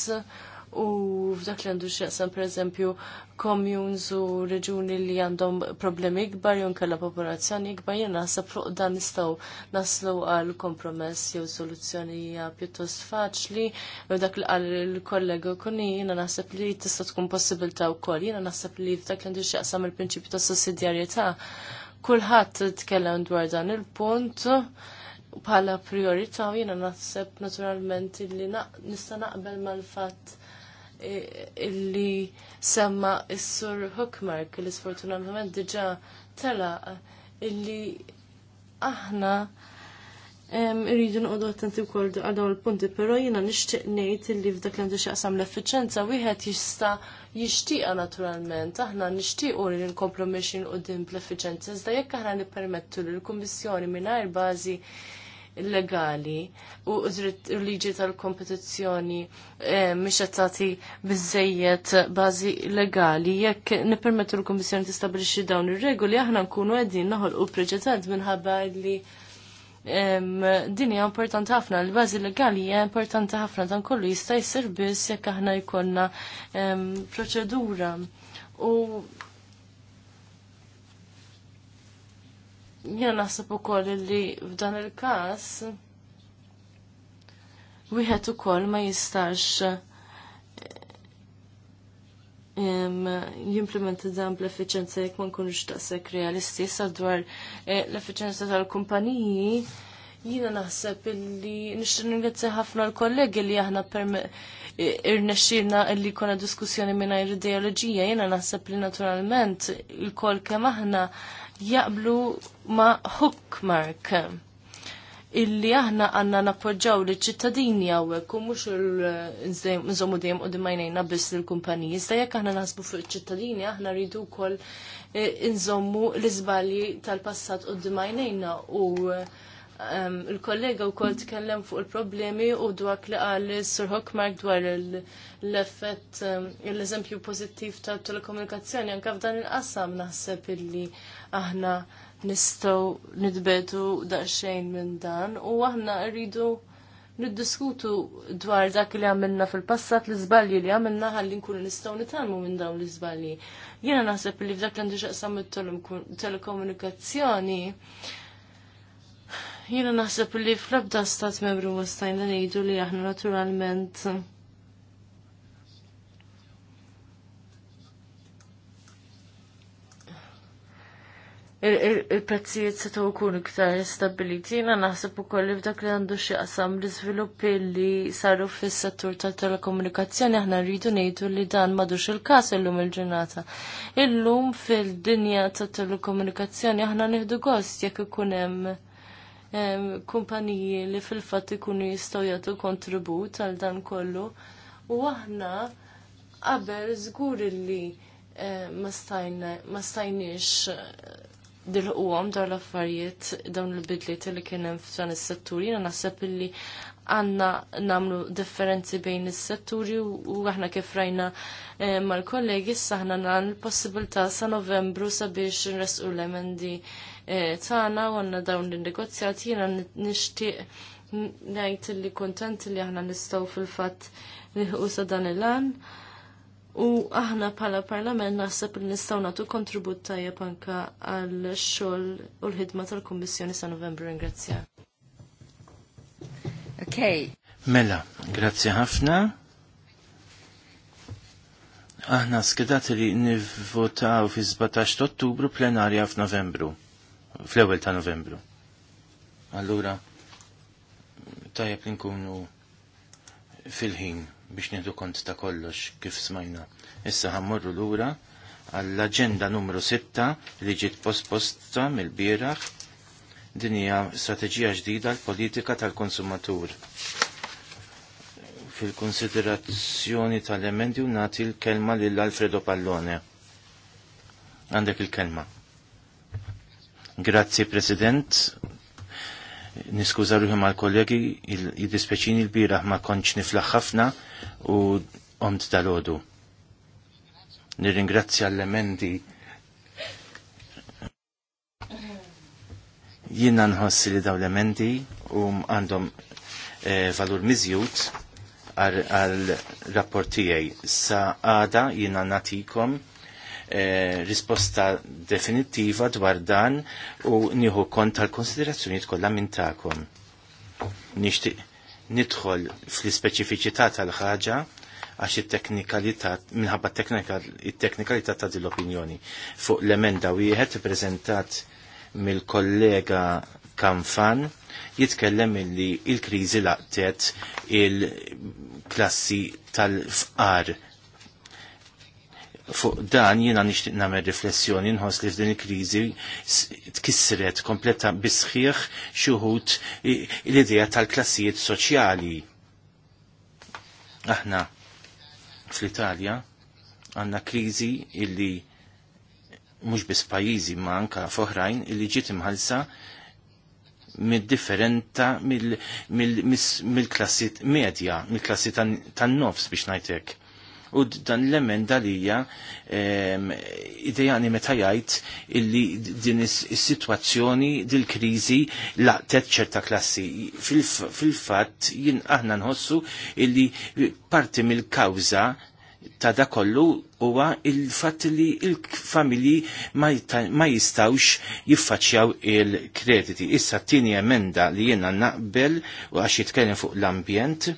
u f'dak li għandu x'jaqsam pereżempju komjuns u reġuni li għandhom problemi gbar, jew nkella popolazzjoni ikbar jien naħseb fuq dan nistgħu naslu għal kompromess jew soluzzjoni pjuttost faċli u dak li qal il-kollega kuni jiena naħseb li tista' tkun possibilità wkoll. Jina naħseb li f'dak li għandu x'jaqsam il-prinċipju ta' sussidjarjetà kulħadd tkellem dwar dan il-punt bħala priorita u jiena naħseb naturalment li nista' naqbel mal-fatt illi semma s-sur Hookmark li sfortunatament diġa tala illi aħna irridu nqodu attenti wkoll għal dawn il-punti, però jiena nixtieq ngħid illi f'dak li għandu x'aqsam l-effiċenza wieħed jista' jixtieqha naturalment. Aħna nixtiequ li nkomplu mexjin qudiem bl-effiċenza, iżda jekk aħna nippermettu lill kummissjoni mingħajr bażi legali u liġi tal-kompetizzjoni eh, mhix qed tagħti biżejjed bażi legali jekk nippermettu l-Kummissjoni tistabbilixxi dawn ir-regoli aħna nkunu qegħdin naħolqu preċedent minħabba li din hija importanti ħafna, l-bażi legali hija importanti ħafna dan kollu jista' jsir biss jekk aħna jkollna proċedura. U Jena naħseb ukoll li f'dan il-każ wieħed ukoll ma jistax jimplementa dan bl-effiċenza jekk ma nkunux daqshekk realisti sa dwar eh, l-effiċenza tal-kumpaniji jina naħseb illi nixtieq ningrazzja ħafna l-kollegi li aħna eh, irnexxilna illi jkollna diskussjoni mingħajr ideoloġija jiena naħseb li naturalment il-kol kemm aħna jaqblu ma' Hookmark illi aħna għanna nappoġġaw li ċittadini għawek u mux il-nżomu eh, dejjem u dimajnejna biss l-kumpaniji. Iżda jekk aħna nasbu fuq ċittadini aħna rridu kol eh, nżommu l-izbalji tal-passat u dimajnejna ehm, u il-kollega u kol tkellem fuq il-problemi u dwar li għal Sir Hockmark dwar l-effett, ehm, l-eżempju pozittiv tal telekomunikazzjoni anka f'dan il-qasam naħseb illi aħna nistgħu nidbedu daqsxejn minn dan u aħna rridu niddiskutu dwar dak li għamilna fil-passat l-izbalji li għamilna għallin kun nistaw nitalmu minn dawn l-izbalji. Jena naħseb li f'dak l-għandu xaqsam telekomunikazzjoni. Jena naħseb li fl-abda stat membru mustajn li li aħna naturalment il-prezzijiet se taw ikunu iktar stabiliti, jina naħseb ukoll li f'dak li għandu xi qasam l iżviluppi li saru fis-settur tal-telekomunikazzjoni aħna rridu ngħidu li dan madux il-każ illum il-ġurnata. Illum fil-dinja tat-telekomunikazzjoni aħna nieħdu gost jekk ikun hemm kumpaniji li fil-fatt ikunu jistgħu jagħtu kontribut għal dan kollu. U aħna qabel żgur li eh, ma stajniex dilħuhom dawn l-affarijiet dawn il-bidliet li kien hemm f'dan is-settur. Jiena naħseb illi għandna nagħmlu differenzi bejn is-setturi u aħna kif rajna eh, mal-kollegi issa aħna nagħmlu l-possibilità sa Novembru sabiex nresqu l-emendi eh, tagħna u għandna dawn il-negozjati jiena nixtieq ngħid li kuntent li aħna nistgħu fil-fatt nilħu sa dan il-għan U aħna bħala parlament naħseb li nistgħu nagħtu kontribut tajjeb anke għal xogħol u l-ħidma tal-Kummissjoni sa' Novembru ingrazzja. Ok. Mela, grazzi ħafna. Aħna skedat li nivvotaw fi 17 Ottubru plenarja f'Novembru, fl-ewwel ta' Novembru. Allura, tajja nkunu fil-ħin biex nieħdu kont ta' kollox kif smajna. Issa ħammorru lura għall-agenda numru 6 li ġiet posposta mill-bieraħ din hija strateġija ġdida l-politika tal-konsumatur. Fil-konsiderazzjoni tal-emendi u nagħti l-kelma lil Alfredo Pallone. Għandek il-kelma. Grazzi President, niskuża ruħi l kollegi jidispeċini l-biraħ ma konċ niflaħ ħafna u omt dal-ħodu. Nirringrazzja l-emendi jina nħossi li daw l-emendi u għandhom eh, valur mizjut għal rapportijaj. Sa għada jina natikom eh, risposta definittiva dwar dan u nieħu kont tal-konsiderazzjonijiet kollha minn tagħkom. Nixtieq nidħol fl-ispeċifiċità tal-ħaġa għax it-teknikalità minħabba it-teknikalità ta' din l-opinjoni. Fuq l-emenda wieħed ippreżentat mill-kollega Kanfan jitkellem illi il-kriżi laqtet il-klassi tal-fqar fuq dan jiena nixtieq nagħmel riflessjoni nħoss li f'din il-kriżi tkissret kompletta bisħieħ xi wħud l-idea tal-klassijiet soċjali. Aħna fl-Italja għandna kriżi illi mhux biss pajjiżi ma anka f'oħrajn illi ġiet imħalsa mid-differenta mill-klassi medja, mill-klassi tan-nofs biex ngħidlek u dan l-emenda li hija ehm, idejani meta jgħid illi din is-sitwazzjoni dil kriżi laqtet ċerta klassi. Fil-fatt jien aħna nħossu illi parti mill-kawża ta' da kollu huwa il-fatt li il-familji ma jistawx jiffaċċjaw il-krediti. Issa t-tieni emenda li jiena naqbel u għax jitkellem fuq l-ambjent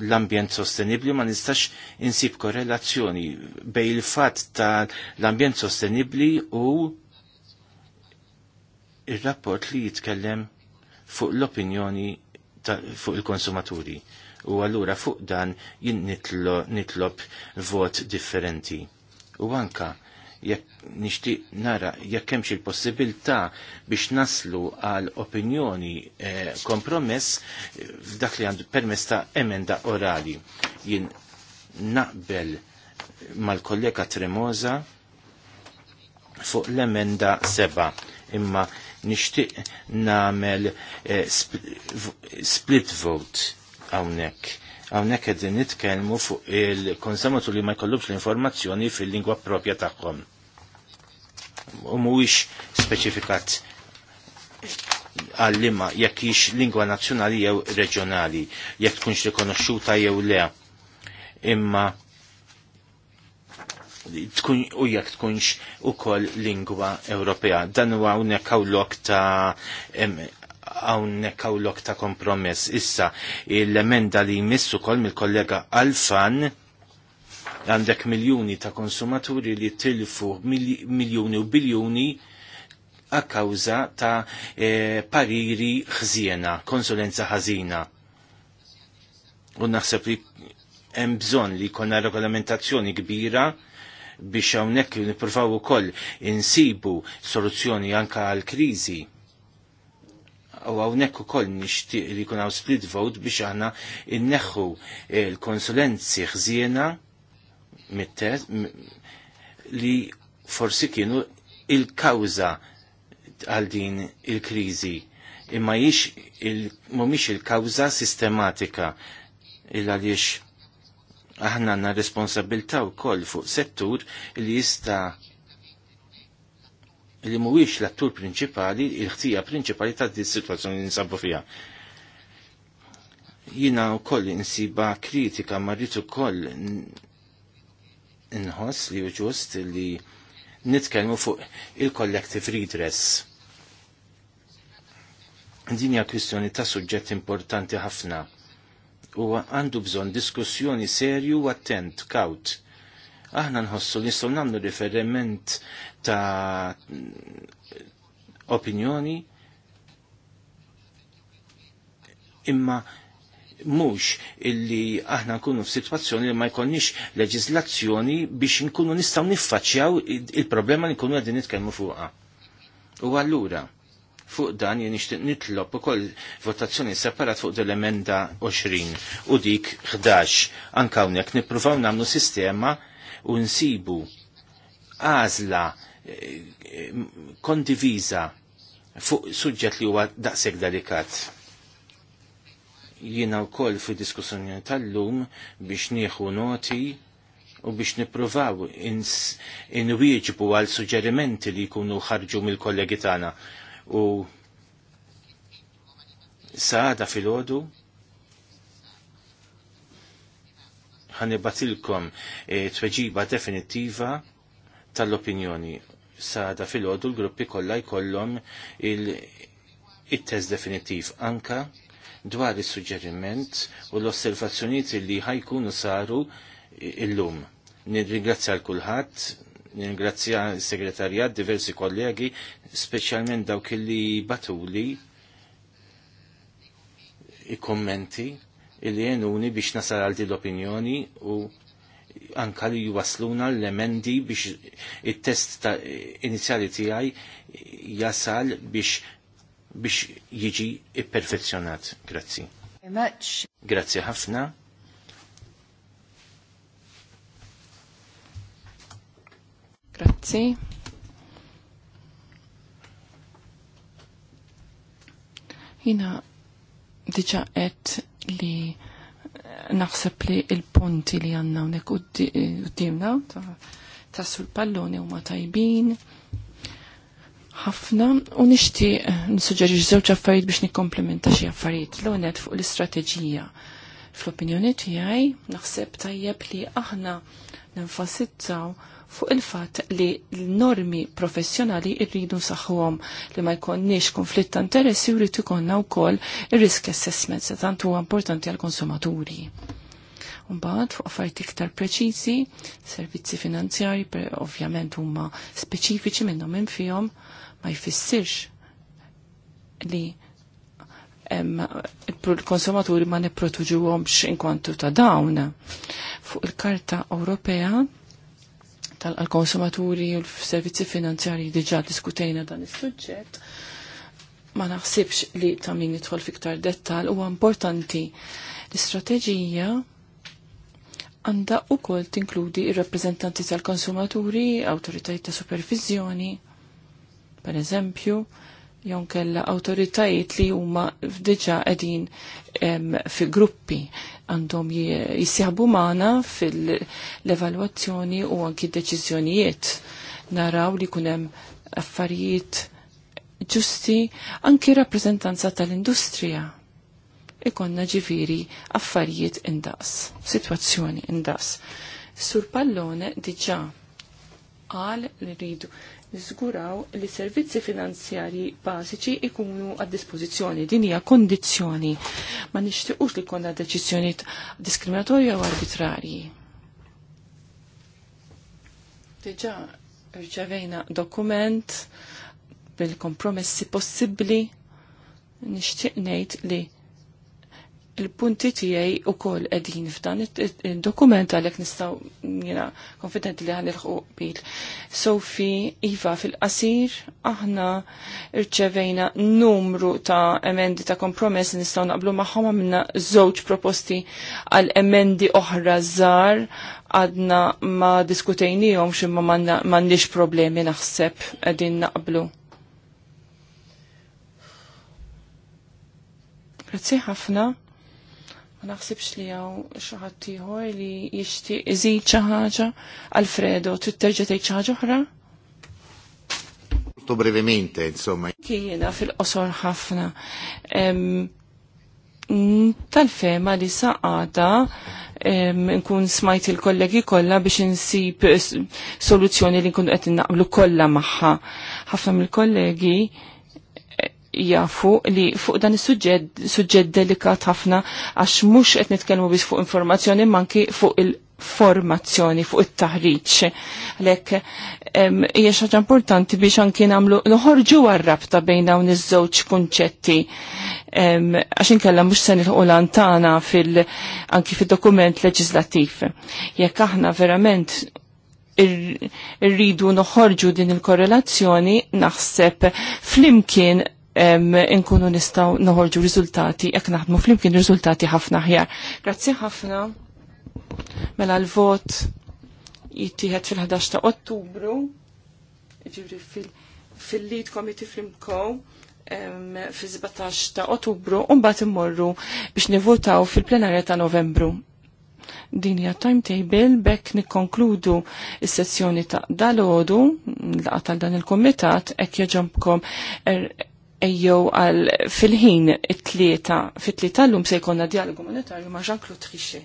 l-ambjent sostenibli ma nistax insib korrelazzjoni bej il-fat ta' l-ambjent sostenibli u il-rapport li jitkellem fuq l-opinjoni fuq il-konsumaturi. U allura fuq dan jinn nitlob vot differenti. U anka jekk nixtieq nara jekk hemmx il-possibilità biex naslu għal opinjoni eh, kompromess eh, f'dak li għandu permess ta' emenda orali. Jien naqbel mal-kollega Tremosa fuq l-emenda seba imma nixtieq nagħmel eh, split vote hawnhekk Hawnhekk qegħdin nitkellmu fuq il-konsumatur li ma jkollux l-informazzjoni fil-lingwa propja tagħhom u mhuwiex speċifikat għallima jekk hix lingwa nazzjonali jew reġjonali, jekk tkunx rikonoxxuta jew le. Imma tkun u jekk tkunx ukoll lingwa Ewropea. Dan huwa hawnhekk hawnlok ta' hawnhekk hawnlok ta' kompromess. Issa l-emenda li jmissu ukoll mill-kollega Alfan għandek miljoni ta' konsumaturi li tilfu miljoni u biljoni kawza ta' eh, pariri ħżiena, konsulenza ħażina. U naħseb li hemm bżonn li jkollna regolamentazzjoni kbira biex hawnhekk nippruvaw ukoll insibu soluzzjoni anke għal kriżi. U hawnhekk ukoll nixtieq li jkun hawn split vote biex aħna inneħħu l-konsulenzi ħżiena mit li forsi kienu il-kawza għal din il-krizi imma jiex il, mumiex il-kawza sistematika il għaliex aħna għanna responsabilta u koll fuq settur li jista li mhuwiex l-attur prinċipali, il-ħtija prinċipali ta' din situazzjoni li nsabu fija. Jina u koll insiba kritika marritu koll nħoss li ġust li nitkellmu fuq il-collective redress. Din hija kwistjoni ta' suġġett importanti ħafna u għandu bżonn diskussjoni serju u attent, kaut. Aħna nħossu li nistgħu nagħmlu riferiment ta' opinjoni imma mux illi aħna nkunu f-situazzjoni li ma jkonnix leġizlazzjoni biex nkunu nistaw niffaċċjaw il-problema li nkunu għadin nitkellmu fuqa. U għallura, fuq dan jien nixtieq nitlob ukoll votazzjoni separat fuq dell-emenda 20 u dik 11. Anka hawnhekk nippruvaw nagħmlu sistema u nsibu għażla eh, kondiviża fuq suġġett li huwa daqshekk delikat Jiena wkoll fi diskussjoni tal-lum biex nieħu noti u biex nippruvaw inwieġbu in għal suġġerimenti li jkunu ħarġu mill-kollegi tagħna. U saħda fil-ħodu ħanibatilkom e, tweġiba definittiva tal-opinjoni. Saħda fil-ħodu l-gruppi kollha jkollhom il-test definitiv anka dwar is-suġġeriment u l-osservazzjonijiet li ħajkunu saru illum. Nirringrazzja l kulħadd nirringrazzja s-segretarjat, diversi kollegi, speċjalment dawk li batuli i-kommenti illi jenuni biex nasal għaldi l-opinjoni u anka li jwasluna l-emendi biex il-test ta' inizjali tijaj jasal biex biex jiġi ipperfezzjonat. Grazzi. Grazzi ħafna. Grazzi. Jina diġa qed li naħseb li il-punti li għanna unek u d-dimna ta' sul palloni u ma tajbin ħafna u nixtieq nissuġġeri żewġ affarijiet biex nikkomplementa xi affarijiet. L-għonet fuq l-istrateġija fl-opinjoni tiegħi naħseb tajjeb li aħna nenfasizzaw fuq il-fatt li l-normi professjonali rridu saħħuhom li ma jkollniex konflitt ta' interessi u rrid ikollna wkoll ir-risk assessment se tant huwa importanti għall konsumaturi Mbagħad fuq affarijiet iktar preċiżi, servizzi finanzjari ovvjament huma speċifiċi minnhom minn fihom, ma jfissirx li il-konsumaturi ma għomx inkwantu ta' dawn. Fuq il-Karta Ewropea tal-konsumaturi u l-servizzi finanzjari diġa diskutejna dan is-suġġett, ma naħsibx li ta' min jidħol fiktar dettal huwa importanti l-istrateġija għandha kol tinkludi il rappreżentanti tal-konsumaturi, awtoritajiet ta' supervizjoni, per eżempju, jew kella autoritajiet li huma diġà qegħdin fi gruppi għandhom jissieħbu magħna fil-evalwazzjoni u anki deċiżjonijiet naraw li kun hemm affarijiet ġusti anki rappreżentanza tal-industrija. Ikonna ġifiri affarijiet indas, situazzjoni indas. Sur pallone diġà qal li rridu niżguraw li servizzi finanzjarji bażiċi ikunu għad dispożizzjoni din hija kondizzjoni ma nixtiequx li konna deċiżjonijiet diskriminatorja u arbitrarji. Diġa' rċevejna dokument bil-kompromessi possibbli nixtieq ngħid li il-punti tijaj u kol edin f'dan il-dokument għalek nistaw njena konfident li għan il bil. Sofi, Iva, fil-qasir, aħna rċevejna numru ta' emendi ta' kompromess nistaw naqblu maħħom minna zoċ proposti għal emendi oħra zar għadna ma diskutejnijom ximma mannix problemi naħseb edin naqblu. Grazie ħafna. Ma naħsibx li hawn xi ħadd ieħor li jishti iżid xi ħaġa. Alfredo, trid terġa' tgħid xi ħaġa oħra? Molto brevemente, insomma. Kiena fil-qosor ħafna. Tal-fema li saqada nkun smajt il-kollegi kollha biex insib soluzzjoni li nkun qed naqblu kollha magħha. Ħafna mill-kollegi jafu li fuq dan is-suġġett delikat ħafna għax mhux qed nitkellmu biss fuq informazzjoni manki fuq il-formazzjoni, fuq it-taħriġ. Lek, hija ħaġa importanti biex anki nagħmlu noħorġu għar-rabta bejn dawn iż-żewġ kunċetti għax inkella mhux se nilħu lantana fil anki fid-dokument leġislattiv. Jekk aħna verament irridu noħorġu din il-korrelazzjoni naħseb flimkien nkunu nistaw noħorġu riżultati, jekk naħdmu flimkien riżultati ħafna ħjar. Grazzi ħafna. Mela l-vot jittieħed fil-11 ta' Ottubru, ġivri fil-Lead Committee Flimco, fi 17 ta' Ottubru, u mbagħad immorru biex nivvotaw fil-plenarja ta' Novembru. Din hija timetable bekk nikkonkludu is-sessjoni ta' dalodu, laqgħa qatal dan il-kumitat, hekk jaġobkom er ejjew għal fil-ħin it-tlieta, fit-tlieta l-lum se jkollna dialogu monetarju ma' Jean-Claude Trichet.